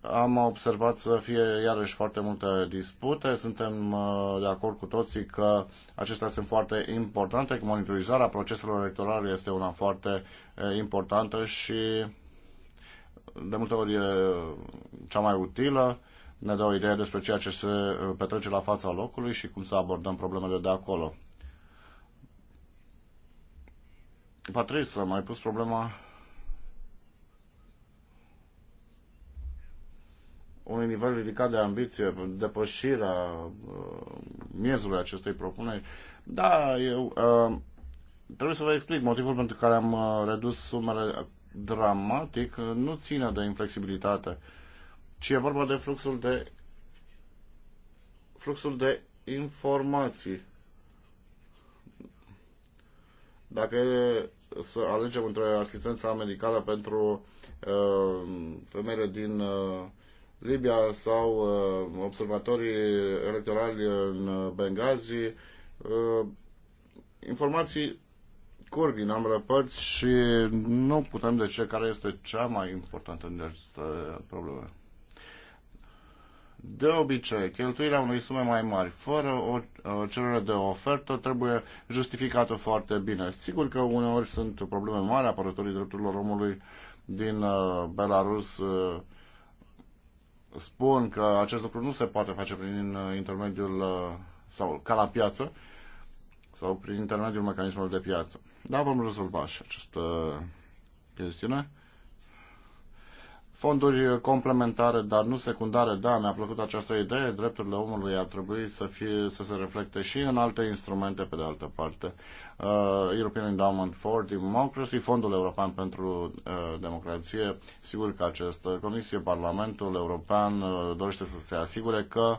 am observat să fie iarăși foarte multe dispute. Suntem uh, de acord cu toții că acestea sunt foarte importante, că monitorizarea proceselor electorale este una foarte uh, importantă și de multe ori e cea mai utilă, ne dă o idee despre ceea ce se uh, petrece la fața locului și cum să abordăm problemele de acolo. Patrice, am mai pus problema unui nivel ridicat de ambiție, depășirea uh, miezului acestei propuneri. Da, eu uh, trebuie să vă explic motivul pentru care am uh, redus sumele dramatic nu ține de inflexibilitate, ci e vorba de fluxul de fluxul de informații. Dacă e să alegem între asistența medicală pentru uh, femeile din uh, Libia sau uh, observatorii electorali în Benghazi, uh, informații n am răpăți și nu putem de ce care este cea mai importantă în această problemă. De obicei, cheltuirea unei sume mai mari fără o cerere de ofertă trebuie justificată foarte bine. Sigur că uneori sunt probleme mari apărătorii drepturilor omului din uh, Belarus uh, spun că acest lucru nu se poate face prin uh, intermediul sau ca la piață sau prin intermediul mecanismelor de piață. Da, vom rezolva și această chestiune. Fonduri complementare, dar nu secundare, da, mi-a plăcut această idee. Drepturile omului ar trebui să, fie, să se reflecte și în alte instrumente, pe de altă parte. Uh, European Endowment for Democracy, Fondul European pentru uh, Democrație. Sigur că această Comisie, Parlamentul European uh, dorește să se asigure că uh,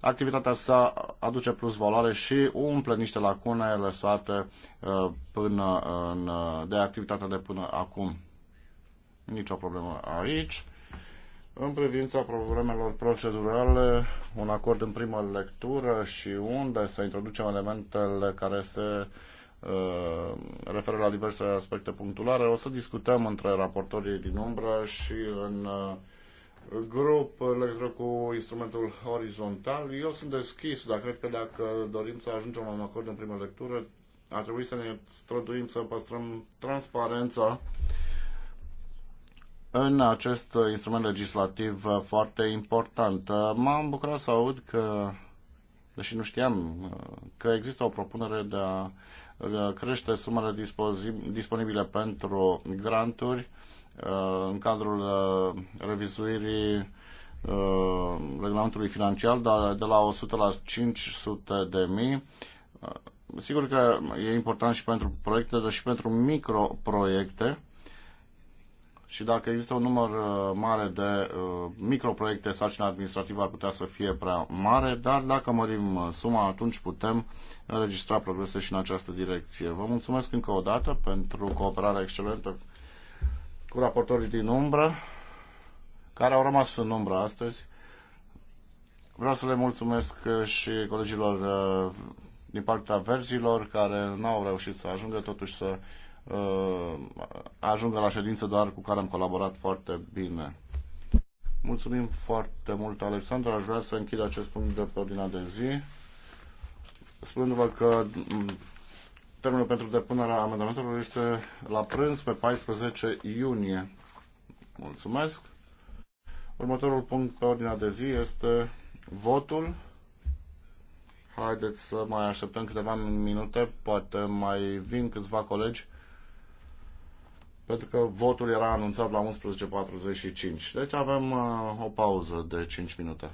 activitatea sa aduce plus valoare și umple niște lacune lăsate uh, până în, uh, de activitatea de până acum. Nicio problemă aici. În privința problemelor procedurale, un acord în primă lectură și unde să introducem elementele care se uh, referă la diverse aspecte punctuale. O să discutăm între raportorii din umbră și în grup în legătură cu instrumentul orizontal. Eu sunt deschis, dar cred că dacă dorim să ajungem la un acord în prima lectură, ar trebui să ne străduim să păstrăm transparența în acest instrument legislativ foarte important. M-am bucurat să aud că, deși nu știam, că există o propunere de a crește sumele disponibile pentru granturi Uh, în cadrul uh, revizuirii uh, regulamentului financiar de la 100 la 500 de mii. Sigur că e important și pentru proiecte, dar și pentru microproiecte. Și dacă există un număr mare de microproiecte, sarcina administrativă ar putea să fie prea mare, dar dacă mărim suma, atunci putem înregistra progrese și în această direcție. Vă mulțumesc încă o dată pentru cooperarea excelentă cu raportorii din umbră, care au rămas în umbră astăzi. Vreau să le mulțumesc uh, și colegilor uh, din partea verzilor care n-au reușit să ajungă, totuși să uh, ajungă la ședință, doar cu care am colaborat foarte bine. Mulțumim foarte mult, Alexandra. Aș vrea să închid acest punct de pe ordinea de zi, spunându-vă că Termenul pentru depunerea amendamentelor este la prânz pe 14 iunie. Mulțumesc. Următorul punct pe ordinea de zi este votul. Haideți să mai așteptăm câteva minute, poate mai vin câțiva colegi, pentru că votul era anunțat la 11.45. Deci avem uh, o pauză de 5 minute.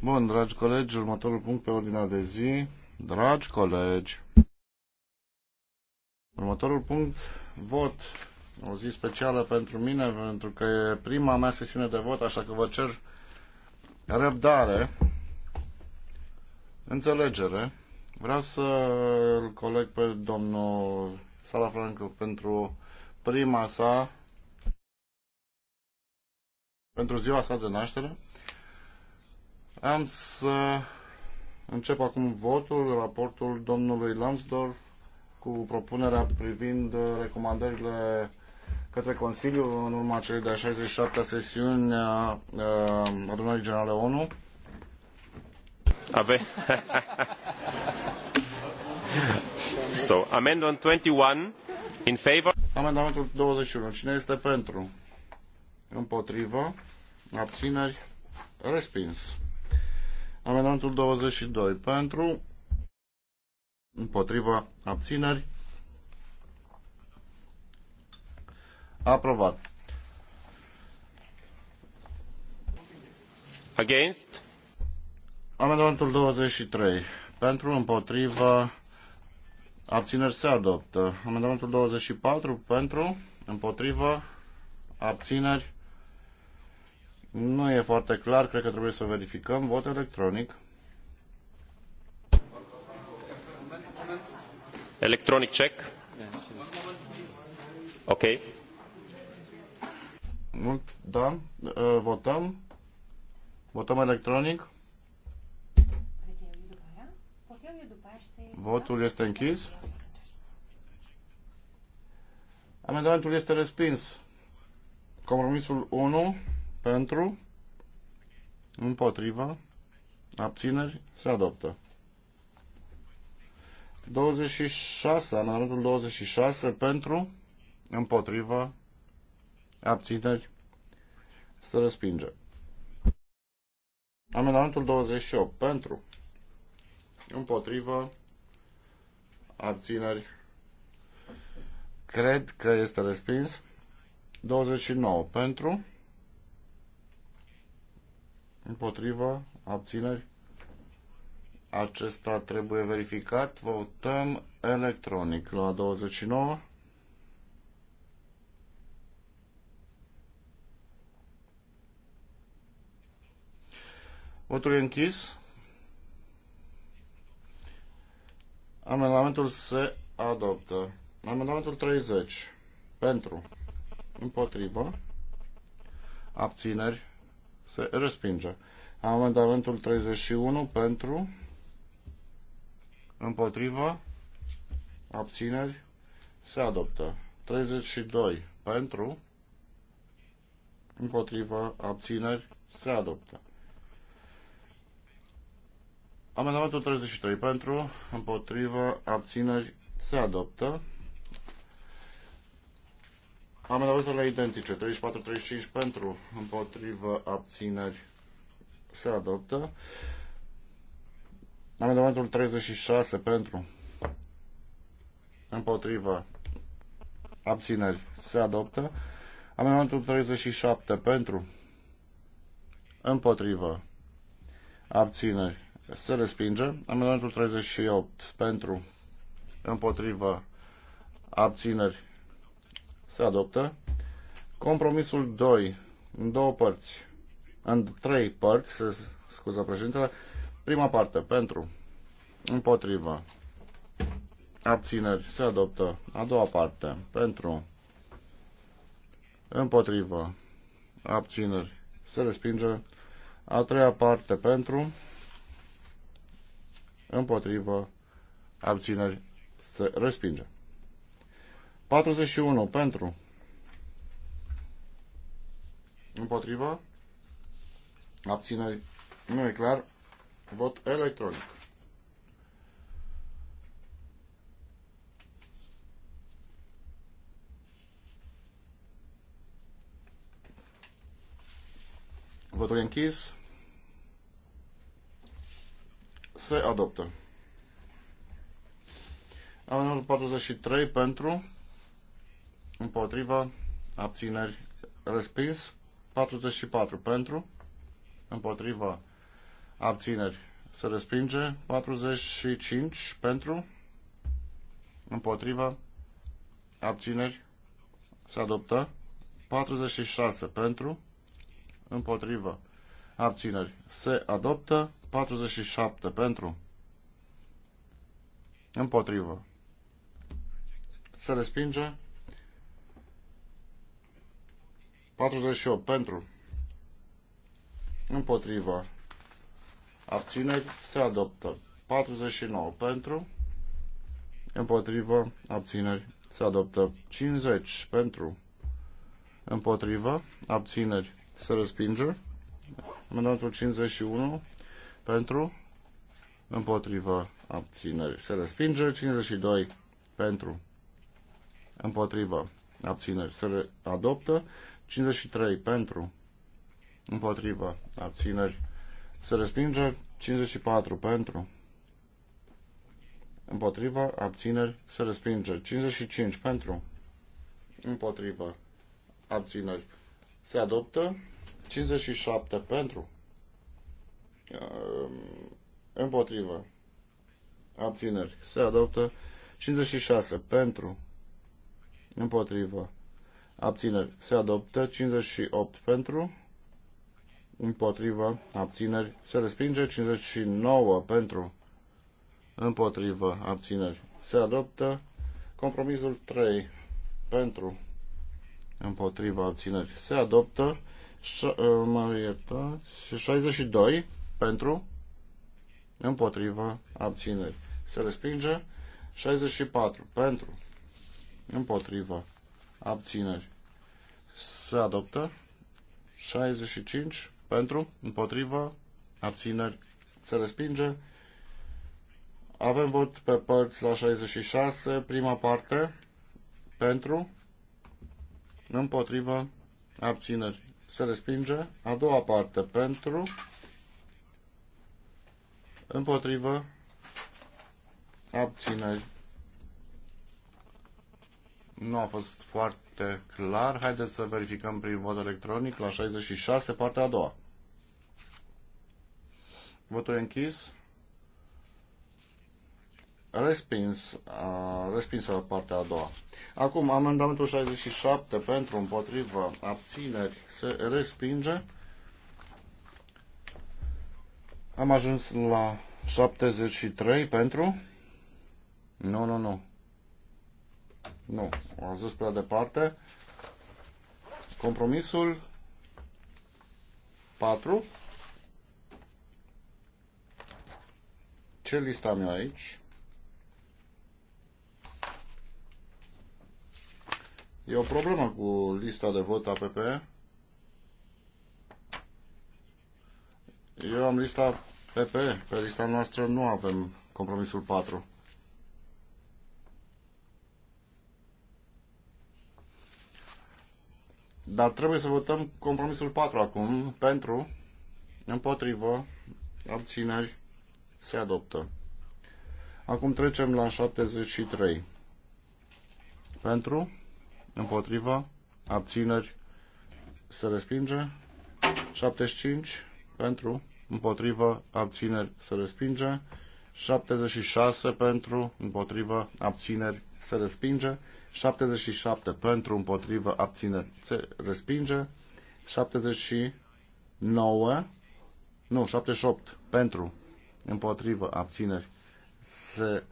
Bun, dragi colegi, următorul punct pe ordinea de zi. Dragi colegi, următorul punct, vot. O zi specială pentru mine, pentru că e prima mea sesiune de vot, așa că vă cer răbdare, înțelegere. Vreau să îl coleg pe domnul Salafranco pentru prima sa pentru ziua sa de naștere. Am să încep acum votul, raportul domnului Lansdorf cu propunerea privind recomandările către Consiliu în urma celei de-a 67-a sesiuni a Adunării Generale ONU. Ave. [LAUGHS] so, amendment 21 in favor. Amendamentul 21. Cine este pentru? împotrivă, abțineri, respins. Amendamentul 22 pentru, împotrivă, abțineri, aprobat. Against? Amendamentul 23 pentru, împotrivă, abțineri se adoptă. Amendamentul 24 pentru, împotrivă, abțineri, nu e foarte clar, cred că trebuie să verificăm. Vot electronic. Electronic check. Ok. Mult, da. Votăm. Votăm electronic. Votul este închis. Amendamentul este respins. Compromisul 1 pentru, împotriva, abțineri, se adoptă. 26, amendamentul 26 pentru, împotriva, abțineri, se respinge. Amendamentul 28 pentru, împotriva, abțineri, cred că este respins. 29 pentru, Împotrivă? Abțineri? Acesta trebuie verificat. Votăm electronic la 29. Votul e închis. Amendamentul se adoptă. Amendamentul 30. Pentru. Împotrivă. Abțineri se respinge. Amendamentul 31 pentru, împotrivă, abțineri, se adoptă. 32 pentru, împotrivă, abțineri, se adoptă. Amendamentul 33 pentru, împotrivă, abțineri, se adoptă. Amendamentele identice, 34-35 pentru, împotrivă, abțineri, se adoptă. Amendamentul 36 pentru, împotrivă, abțineri, se adoptă. Amendamentul 37 pentru, împotrivă, abțineri, se respinge. Amendamentul 38 pentru, împotrivă, abțineri, se adoptă. Compromisul 2. În două părți. În trei părți, se scuză președintele. Prima parte. Pentru. Împotriva. Abțineri. Se adoptă. A doua parte. Pentru. Împotriva. Abțineri. Se respinge. A treia parte. Pentru. Împotrivă. Abțineri. Se respinge. 41 pentru. Împotriva. Abțineri. Nu e clar. Vot electronic. Votul e închis. Se adoptă. Amenul 43 pentru împotriva, abțineri, respins. 44 pentru, împotriva, abțineri, se respinge. 45 pentru, împotriva, abțineri, se adoptă. 46 pentru, împotriva, abțineri, se adoptă. 47 pentru, împotrivă. Se respinge 48 pentru, împotriva, abțineri, se adoptă. 49 pentru, împotriva, abțineri, se adoptă. 50 pentru, împotriva, abțineri, se respinge. Amendamentul 51 pentru, împotriva, abțineri, se respinge. 52 pentru, împotriva, abțineri, se adoptă. 53 pentru, împotrivă, abțineri, se respinge. 54 pentru, împotrivă, abțineri, se respinge. 55 pentru, împotrivă, abțineri, se adoptă. 57 pentru, ehm, împotrivă, abțineri, se adoptă. 56 pentru, împotrivă, abțineri se adoptă, 58 pentru, împotrivă, abțineri se respinge, 59 pentru, împotrivă, abțineri se adoptă, compromisul 3 pentru, împotriva abțineri se adoptă, uh, mă iertați, 62 pentru, împotriva abțineri se respinge, 64 pentru, împotriva abțineri se adoptă. 65 pentru, împotriva, abțineri, se respinge. Avem vot pe părți la 66, prima parte, pentru, împotriva, abțineri, se respinge. A doua parte, pentru, împotriva, abțineri, nu a fost foarte clar. Haideți să verificăm prin vot electronic la 66, partea a doua. Votul e închis. Respins, uh, respinsă partea a doua. Acum, amendamentul 67 pentru împotrivă abțineri se respinge. Am ajuns la 73 pentru. Nu, nu, nu. Nu, am zis prea departe. Compromisul 4. Ce listă am eu aici? E o problemă cu lista de vot APP. Eu am lista PP, pe lista noastră nu avem compromisul 4. Dar trebuie să votăm compromisul 4 acum pentru, împotrivă, abțineri, se adoptă. Acum trecem la 73. Pentru, împotriva, abțineri, se respinge. 75 pentru, împotrivă, abțineri, se respinge. 76 pentru, împotrivă, abțineri, se respinge, 77 pentru, împotrivă, abțineri, se respinge, 79, nu, 78 pentru, împotrivă, abțineri, se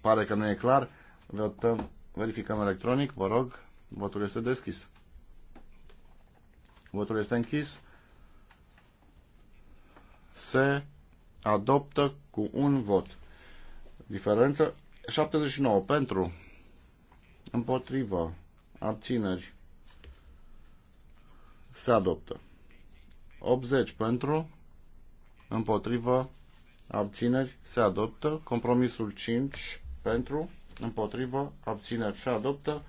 pare că nu e clar, votăm, verificăm electronic, vă rog, votul este deschis. Votul este închis. Se adoptă cu un vot. Diferență 79 pentru, împotriva, abțineri, se adoptă. 80 pentru, împotriva, abțineri, se adoptă. Compromisul 5 pentru, împotriva, abțineri, se adoptă.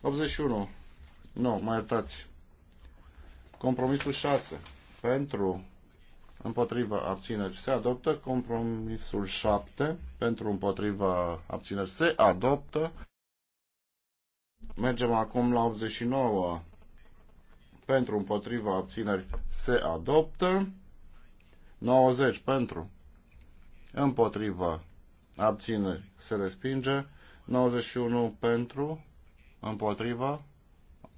81. Nu, mai iertați. Compromisul 6 pentru, împotriva abțineri se adoptă, compromisul 7 pentru împotriva abțineri se adoptă. Mergem acum la 89 pentru împotriva abțineri se adoptă. 90 pentru împotriva abțineri se respinge. 91 pentru împotriva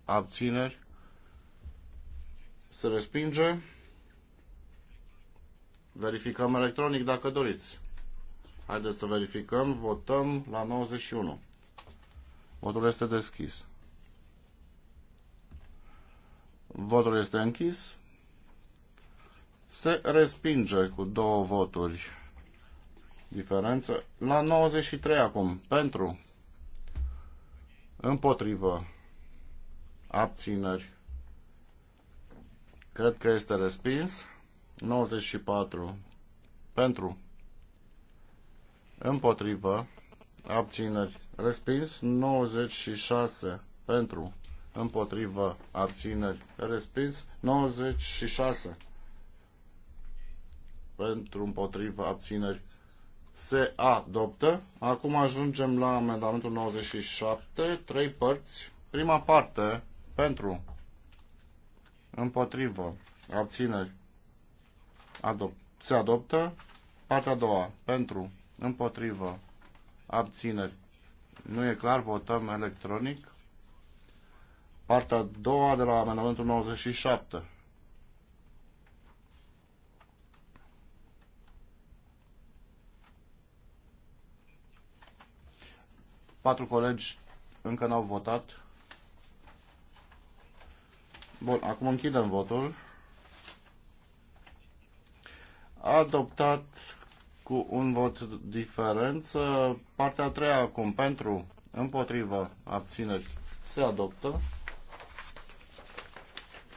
abțineri se respinge. Verificăm electronic dacă doriți. Haideți să verificăm. Votăm la 91. Votul este deschis. Votul este închis. Se respinge cu două voturi diferență. La 93 acum. Pentru. Împotrivă. Abțineri. Cred că este respins. 94 pentru împotrivă abțineri respins 96 pentru împotrivă abțineri respins 96 pentru împotrivă abțineri se adoptă. Acum ajungem la amendamentul 97, trei părți. Prima parte pentru împotrivă abțineri adopt, se adoptă. Partea a doua. Pentru. Împotrivă. Abțineri. Nu e clar. Votăm electronic. Partea a doua de la amendamentul 97. Patru colegi încă n-au votat. Bun, acum închidem votul adoptat cu un vot diferență. Partea a treia acum, pentru, împotrivă, abțineri, se adoptă.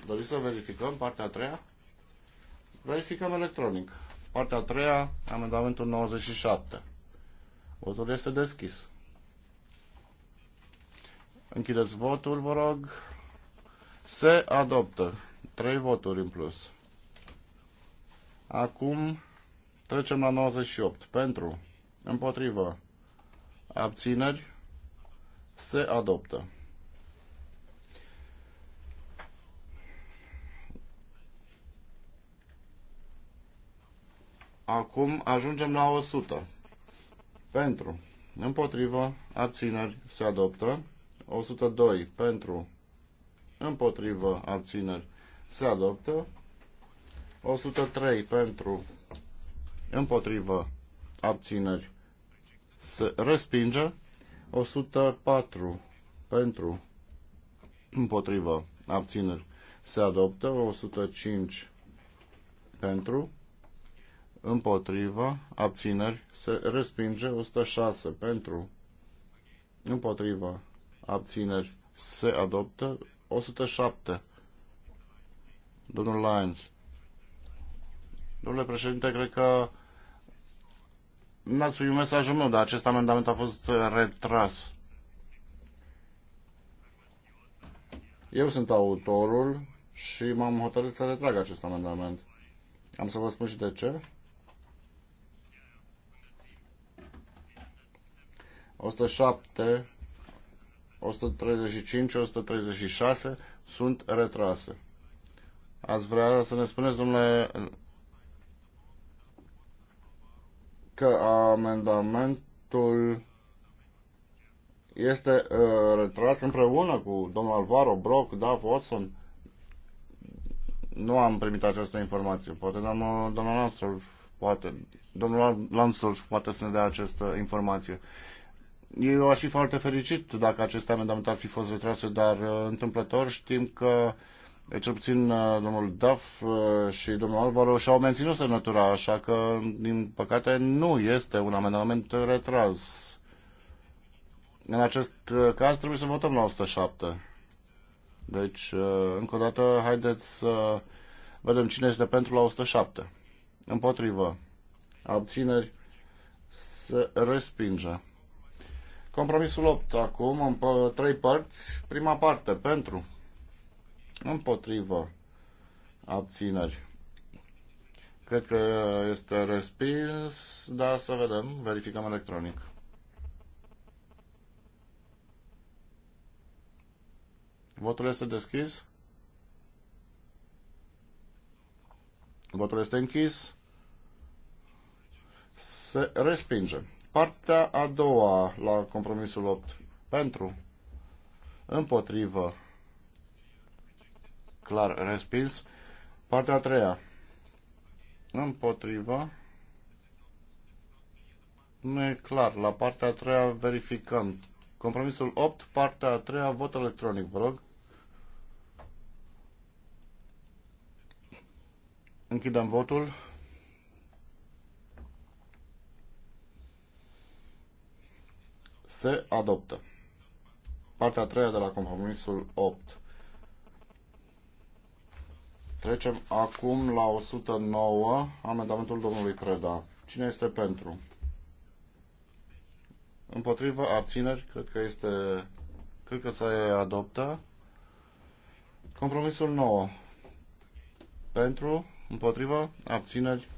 Doriți să verificăm partea a treia? Verificăm electronic. Partea a treia, amendamentul 97. Votul este deschis. Închideți votul, vă rog. Se adoptă. Trei voturi în plus. Acum trecem la 98. Pentru, împotrivă, abțineri, se adoptă. Acum ajungem la 100. Pentru, împotrivă, abțineri, se adoptă. 102. Pentru, împotrivă, abțineri, se adoptă. 103 pentru împotrivă abțineri se respinge 104 pentru împotrivă abțineri se adoptă 105 pentru împotrivă abțineri se respinge 106 pentru împotrivă abțineri se adoptă 107 domnul Lyons Domnule președinte, cred că n-ați primit mesajul meu, dar acest amendament a fost retras. Eu sunt autorul și m-am hotărât să retrag acest amendament. Am să vă spun și de ce. 107, 135, 136 sunt retrase. Ați vrea să ne spuneți, domnule că amendamentul este uh, retras împreună cu domnul Alvaro Brock, da, Watson. Nu am primit această informație. Poate domnul, domnul Lansdorf poate, domnul Lansdorf poate să ne dea această informație. Eu aș fi foarte fericit dacă aceste amendamente ar fi fost retrase, dar uh, întâmplător știm că uh, Eh, cel puțin eh, domnul Daf eh, și domnul Alvaro și-au menținut semnătura, așa că, din păcate, nu este un amendament retras. În acest caz trebuie să votăm la 107. Deci, încă o dată, haideți să vedem cine este pentru la 107. Împotrivă. Abțineri. Se respinge. Compromisul 8 acum, în trei părți. Prima parte, pentru împotrivă, abțineri. Cred că este respins, dar să vedem, verificăm electronic. Votul este deschis. Votul este închis. Se respinge. Partea a doua la compromisul 8. Pentru. Împotrivă clar respins. Partea a treia. Împotriva. Nu e clar. La partea a treia verificăm. Compromisul 8, partea a treia, vot electronic, vă rog. Închidem votul. Se adoptă. Partea a treia de la compromisul 8. Trecem acum la 109, amendamentul domnului Preda. Cine este pentru? Împotrivă, abțineri, cred că este, cred că se adoptă. Compromisul 9. Pentru, împotrivă, abțineri,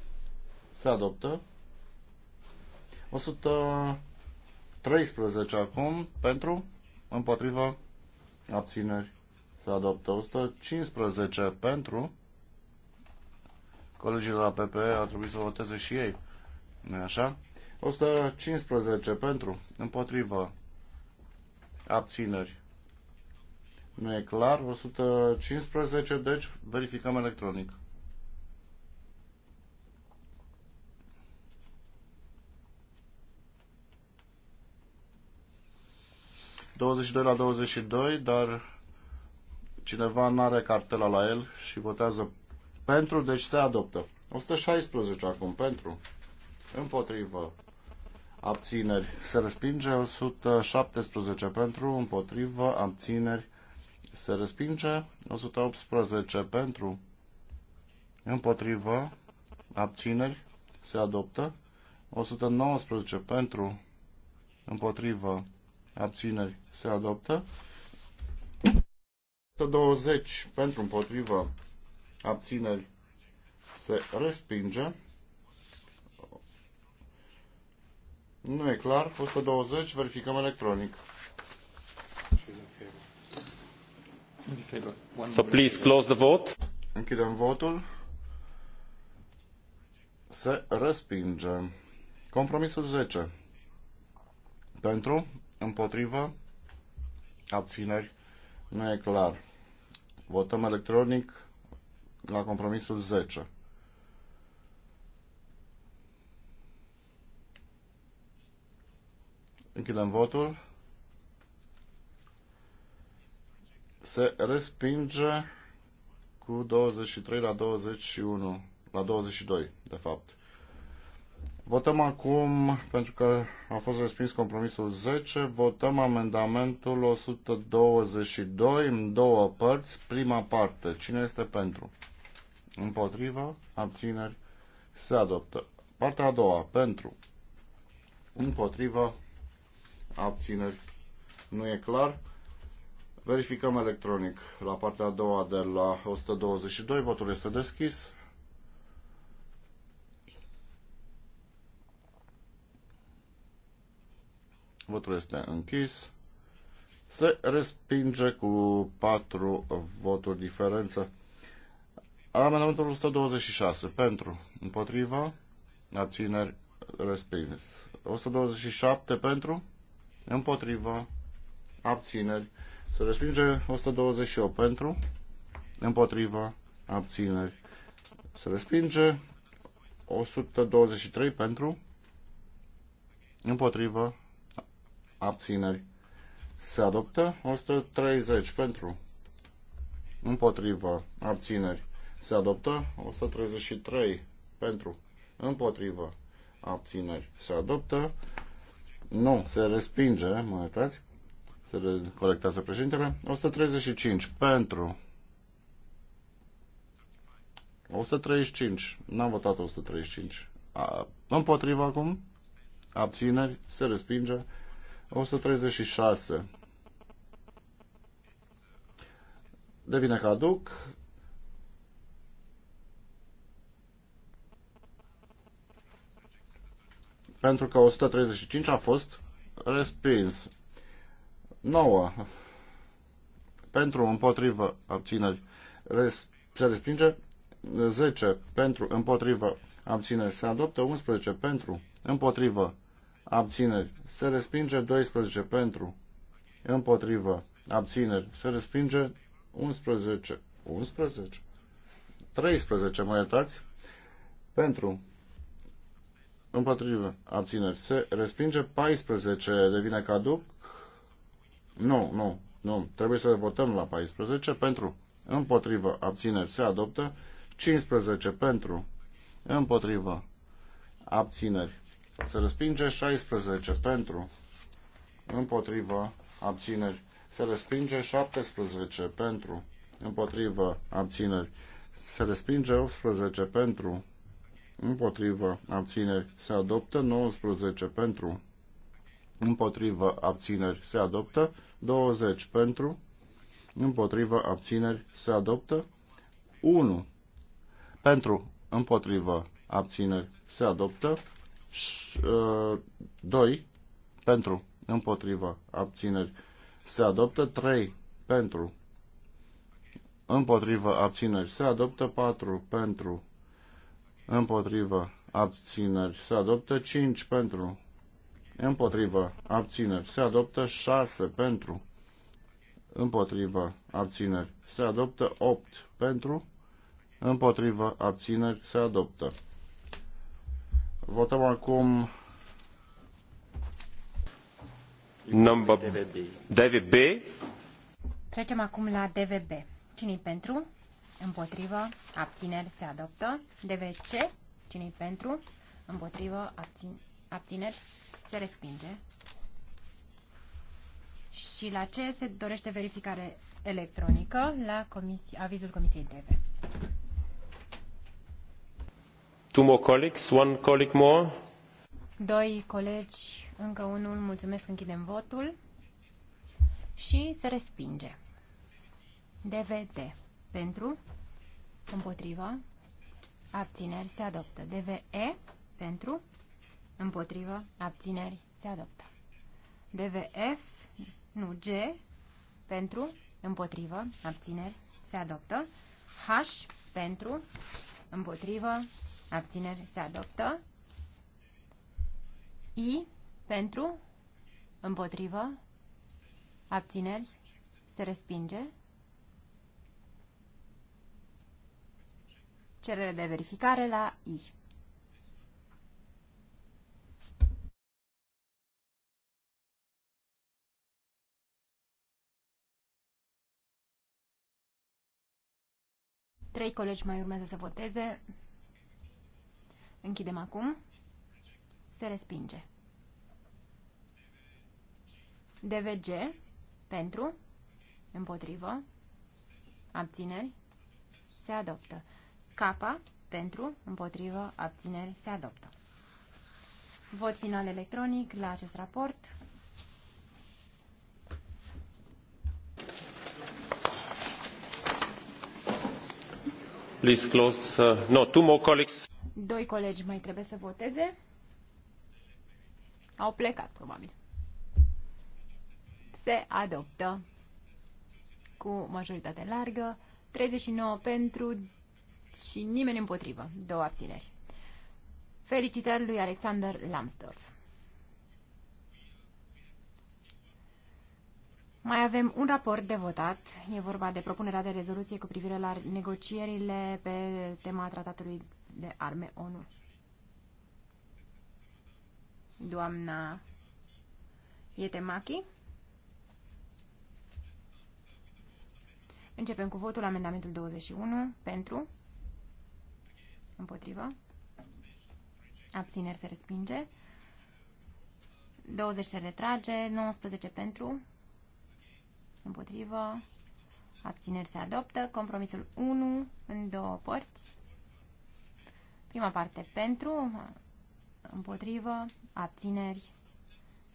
se adoptă. 113 acum, pentru, împotrivă, abțineri, se adoptă 115 pentru. Colegii de la PP ar trebui să voteze și ei. nu așa? 115 pentru. Împotrivă. Abțineri. Nu e clar. 115, deci verificăm electronic. ...22 la 22, dar cineva nu are cartela la el și votează pentru, deci se adoptă. 116 acum pentru, împotrivă, abțineri, se respinge. 117 pentru, împotrivă, abțineri, se respinge. 118 pentru, împotrivă, abțineri, se adoptă. 119 pentru, împotrivă, abțineri, se adoptă. 120 pentru împotrivă abțineri se respinge. Nu e clar. 120, verificăm electronic. So please close the vote. Închidem votul. Se respinge. Compromisul 10. Pentru, împotrivă, abțineri, nu e clar. Votăm electronic la compromisul 10. Închidem votul. Se respinge cu 23 la 21, la 22, de fapt. Votăm acum, pentru că a fost respins compromisul 10, votăm amendamentul 122 în două părți. Prima parte, cine este pentru? împotrivă, abțineri, se adoptă. Partea a doua, pentru, împotrivă, abțineri, nu e clar. Verificăm electronic la partea a doua de la 122, votul este deschis. Votul este închis. Se respinge cu 4 voturi diferență. Amendamentul 126. Pentru. Împotriva. Abțineri. Respins. 127 pentru. Împotriva. Abțineri. Se respinge 128 pentru. Împotriva. Abțineri. Se respinge 123 pentru. Împotrivă abțineri, se adoptă. 130 pentru, împotrivă, abțineri, se adoptă. 133 pentru, împotrivă, abțineri, se adoptă. Nu, se respinge, mă uitați Se corectează președintele. 135 pentru. 135. N-am votat 135. A, împotriva acum. Abțineri. Se respinge. 136 devine caduc. Pentru că 135 a fost respins. 9. Pentru împotrivă abțineri se respinge. 10 pentru împotrivă abțineri se adoptă. 11 pentru împotrivă abțineri, se respinge 12 pentru, împotrivă, abțineri, se respinge 11, 11, 13, mă iertați, pentru, împotrivă, abțineri, se respinge 14, devine caduc, nu, nu, nu, trebuie să votăm la 14, pentru, împotrivă, abțineri, se adoptă, 15 pentru, împotrivă, abțineri, se respinge 16 pentru împotriva abțineri se respinge 17 pentru împotriva abțineri se respinge 18 pentru împotriva abțineri se adoptă 19 pentru împotriva abțineri se adoptă 20 pentru împotriva abțineri se adoptă 1 pentru împotriva abțineri se adoptă 2 uh, pentru, împotriva, abțineri se adoptă, 3 pentru, împotriva, abțineri se adoptă, 4 pentru, împotriva, abțineri se adoptă, 5 pentru, împotriva, abțineri se adoptă, 6 pentru, împotriva, abțineri se adoptă, 8 pentru, împotriva, abțineri se adoptă. Votăm acum Number DVB. Trecem acum la DVB. Cine-i pentru? Împotrivă, abțineri se adoptă. DVC, cine pentru? Împotrivă, abțin, abțineri se respinge. Și la ce se dorește verificare electronică? La comisie, avizul Comisiei DVB. Doi colegi, încă unul, mulțumesc, închidem votul. Și se respinge. DVD. Pentru, împotriva, abțineri, se adoptă. DVE, pentru, împotriva, abțineri, se adoptă. DVF, nu, G, pentru, împotriva abțineri, se adoptă. H, pentru, împotriva abțineri se adoptă. I pentru, împotrivă, abțineri se respinge. Cerere de verificare la I. Trei colegi mai urmează să voteze. Închidem acum. Se respinge. DVG pentru, împotrivă, abțineri, se adoptă. K pentru, împotrivă, abțineri, se adoptă. Vot final electronic la acest raport. Please close. Uh, no, two more colleagues. Doi colegi mai trebuie să voteze. Au plecat, probabil. Se adoptă cu majoritate largă, 39 pentru și nimeni împotrivă, două abțineri. Felicitări lui Alexander Lambsdorff. Mai avem un raport de votat. E vorba de propunerea de rezoluție cu privire la negocierile pe tema tratatului de arme ONU. Doamna Ietemachi? Începem cu votul amendamentul 21 pentru, împotrivă, abțineri se respinge, 20 se retrage, 19 pentru, împotrivă, abțineri se adoptă, compromisul 1 în două părți, Prima parte pentru, împotrivă, abțineri,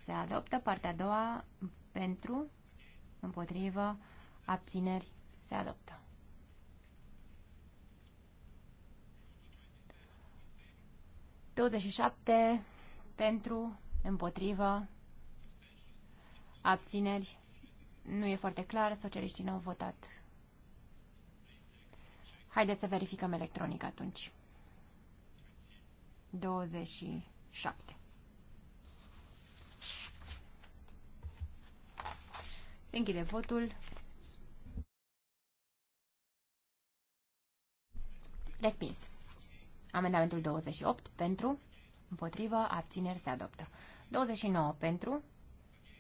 se adoptă. Partea a doua pentru, împotrivă, abțineri, se adoptă. Douăzeci și șapte pentru, împotrivă, abțineri. Nu e foarte clar, socialiștii nu au votat. Haideți să verificăm electronic atunci. 27. Se închide votul. Respins. Amendamentul 28 pentru, împotrivă, abțineri se adoptă. 29 pentru,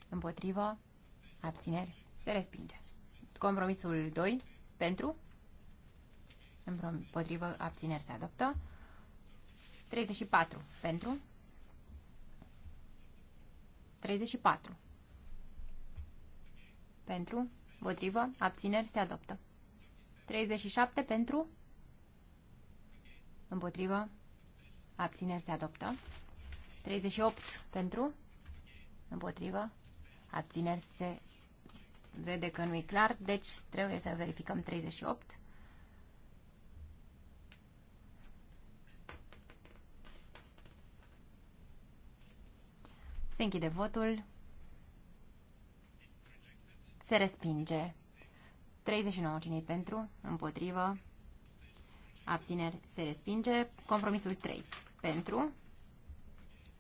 împotrivă, abțineri se respinge. Compromisul 2 pentru, împotrivă, abțineri se adoptă. 34 pentru. 34 pentru. Potrivă. Abțineri se adoptă. 37 pentru. Împotrivă. Abțineri se adoptă. 38 pentru. Împotrivă. Abțineri se vede că nu e clar, deci trebuie să verificăm 38. Se închide votul. Se respinge. 39 cine pentru, împotrivă, abțineri, se respinge. Compromisul 3 pentru,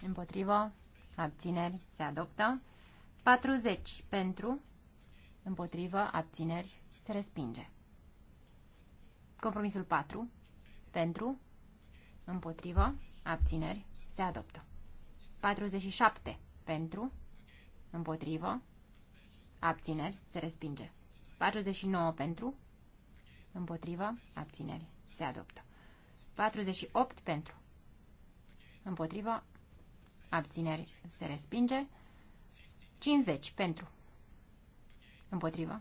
împotrivă, abțineri, se adoptă. 40 pentru, împotrivă, abțineri, se respinge. Compromisul 4 pentru, împotrivă, abțineri, se adoptă. 47 pentru. Împotrivă. Abțineri. Se respinge. 49 pentru. Împotrivă. Abțineri. Se adoptă. 48 pentru. Împotrivă. Abțineri. Se respinge. 50 pentru. Împotrivă.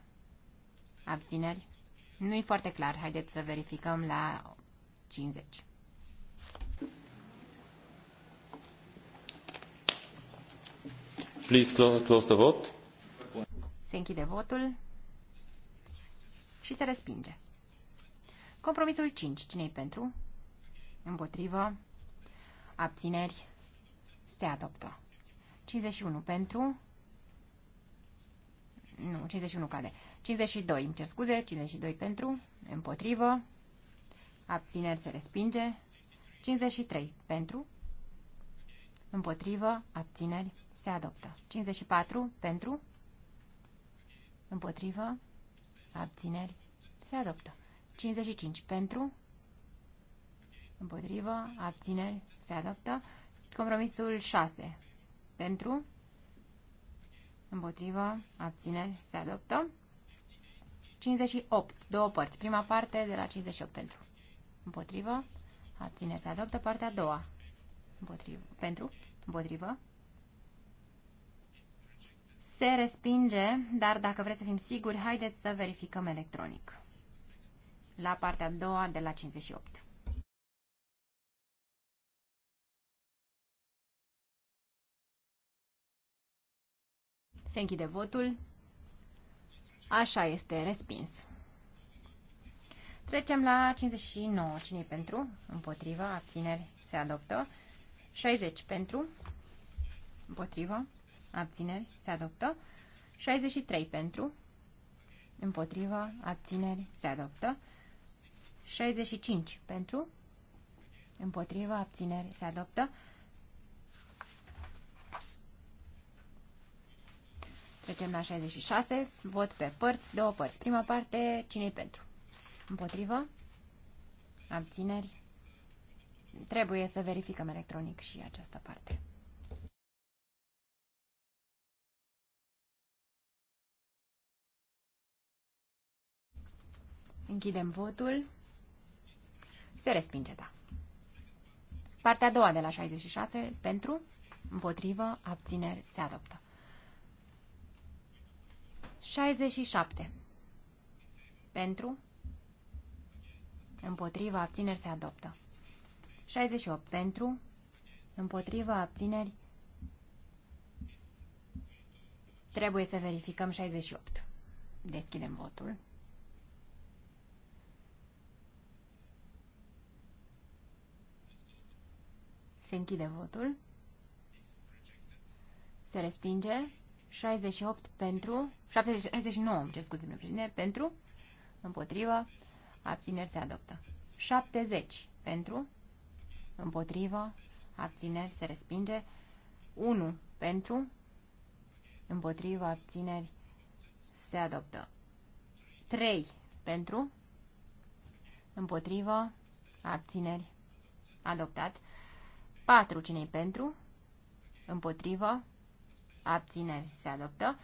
Abțineri. Nu-i foarte clar. Haideți să verificăm la 50. Please close the vote. Se închide votul și se respinge. Compromisul 5. Cine-i pentru? Împotrivă. Abțineri. Se adoptă. 51 pentru. Nu, 51 cade. 52, îmi cer scuze, 52 pentru, împotrivă, abțineri se respinge, 53 pentru, împotrivă, abțineri se adoptă. 54 pentru, împotrivă, abțineri, se adoptă. 55 pentru, împotrivă, abțineri, se adoptă. Compromisul 6 pentru, împotrivă, abțineri, se adoptă. 58, două părți. Prima parte de la 58 pentru, împotrivă, abțineri, se adoptă. Partea a doua, împotrivă, pentru, împotrivă, se respinge, dar dacă vreți să fim siguri, haideți să verificăm electronic. La partea a doua de la 58. Se închide votul. Așa este respins. Trecem la 59. cine pentru? Împotriva. Abțineri. Se adoptă. 60 pentru. Împotriva abțineri, se adoptă. 63 pentru, împotriva, abțineri, se adoptă. 65 pentru, împotriva, abțineri, se adoptă. Trecem la 66, vot pe părți, două părți. Prima parte, cine pentru? Împotrivă? Abțineri? Trebuie să verificăm electronic și această parte. Închidem votul. Se respinge, da. Partea a doua de la 66, pentru, împotrivă, abțineri, se adoptă. 67. Pentru, împotrivă, abțineri, se adoptă. 68. Pentru, împotrivă, abțineri, trebuie să verificăm 68. Deschidem votul. Se închide votul. Se respinge. 68 pentru, 70, 69, ce scuze, președinte, pentru, împotrivă, abțineri se adoptă. 70 pentru, împotrivă, abțineri se respinge. 1 pentru, împotrivă, abțineri se adoptă. 3 pentru, împotrivă, abțineri adoptat. 4. cine pentru? Împotrivă. Abțineri se adoptă.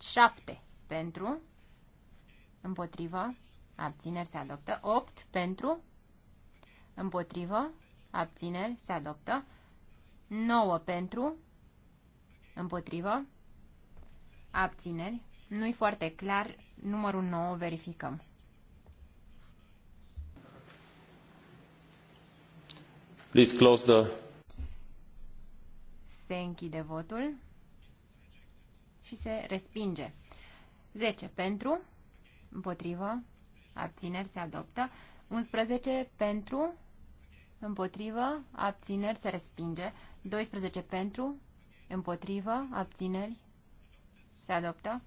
7. Pentru. Împotrivă. Abțineri se adoptă. 8. Pentru. Împotrivă. Abțineri se adoptă. 9. Pentru. Împotrivă. Abțineri. Nu-i foarte clar. Numărul 9 verificăm. Please close the... Se închide votul și se respinge. 10 pentru, împotrivă, abțineri se adoptă. 11 pentru, împotrivă, abțineri se respinge. 12 pentru, împotrivă, abțineri se adoptă.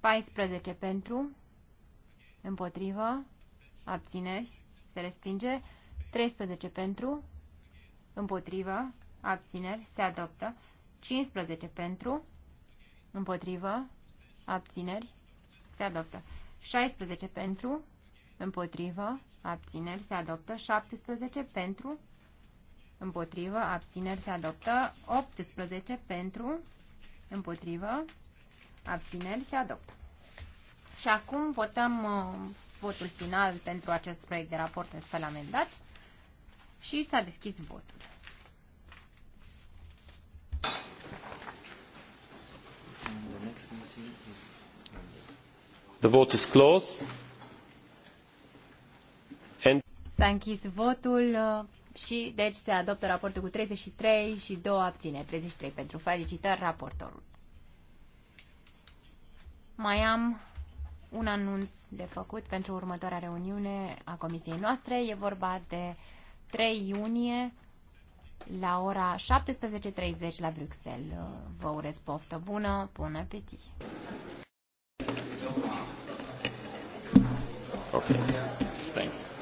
14 pentru, împotrivă, abțineri se respinge. 13 pentru, împotrivă, abțineri, se adoptă. 15 pentru, împotrivă, abțineri, se adoptă. 16 pentru, împotrivă, abțineri, se adoptă. 17 pentru, împotrivă, abțineri, se adoptă. 18 pentru, împotrivă, abțineri, se adoptă. Și acum votăm uh, votul final pentru acest proiect de raport astfel amendat și s-a deschis votul. The vote is closed. And... S-a închis votul uh, și deci se adoptă raportul cu 33 și 2 abține, 33 pentru felicitări raportorul. Mai am un anunț de făcut pentru următoarea reuniune a comisiei noastre. E vorba de 3 iunie la ora 17.30 la Bruxelles. Vă urez poftă bună, bun apetit! Okay. Thanks.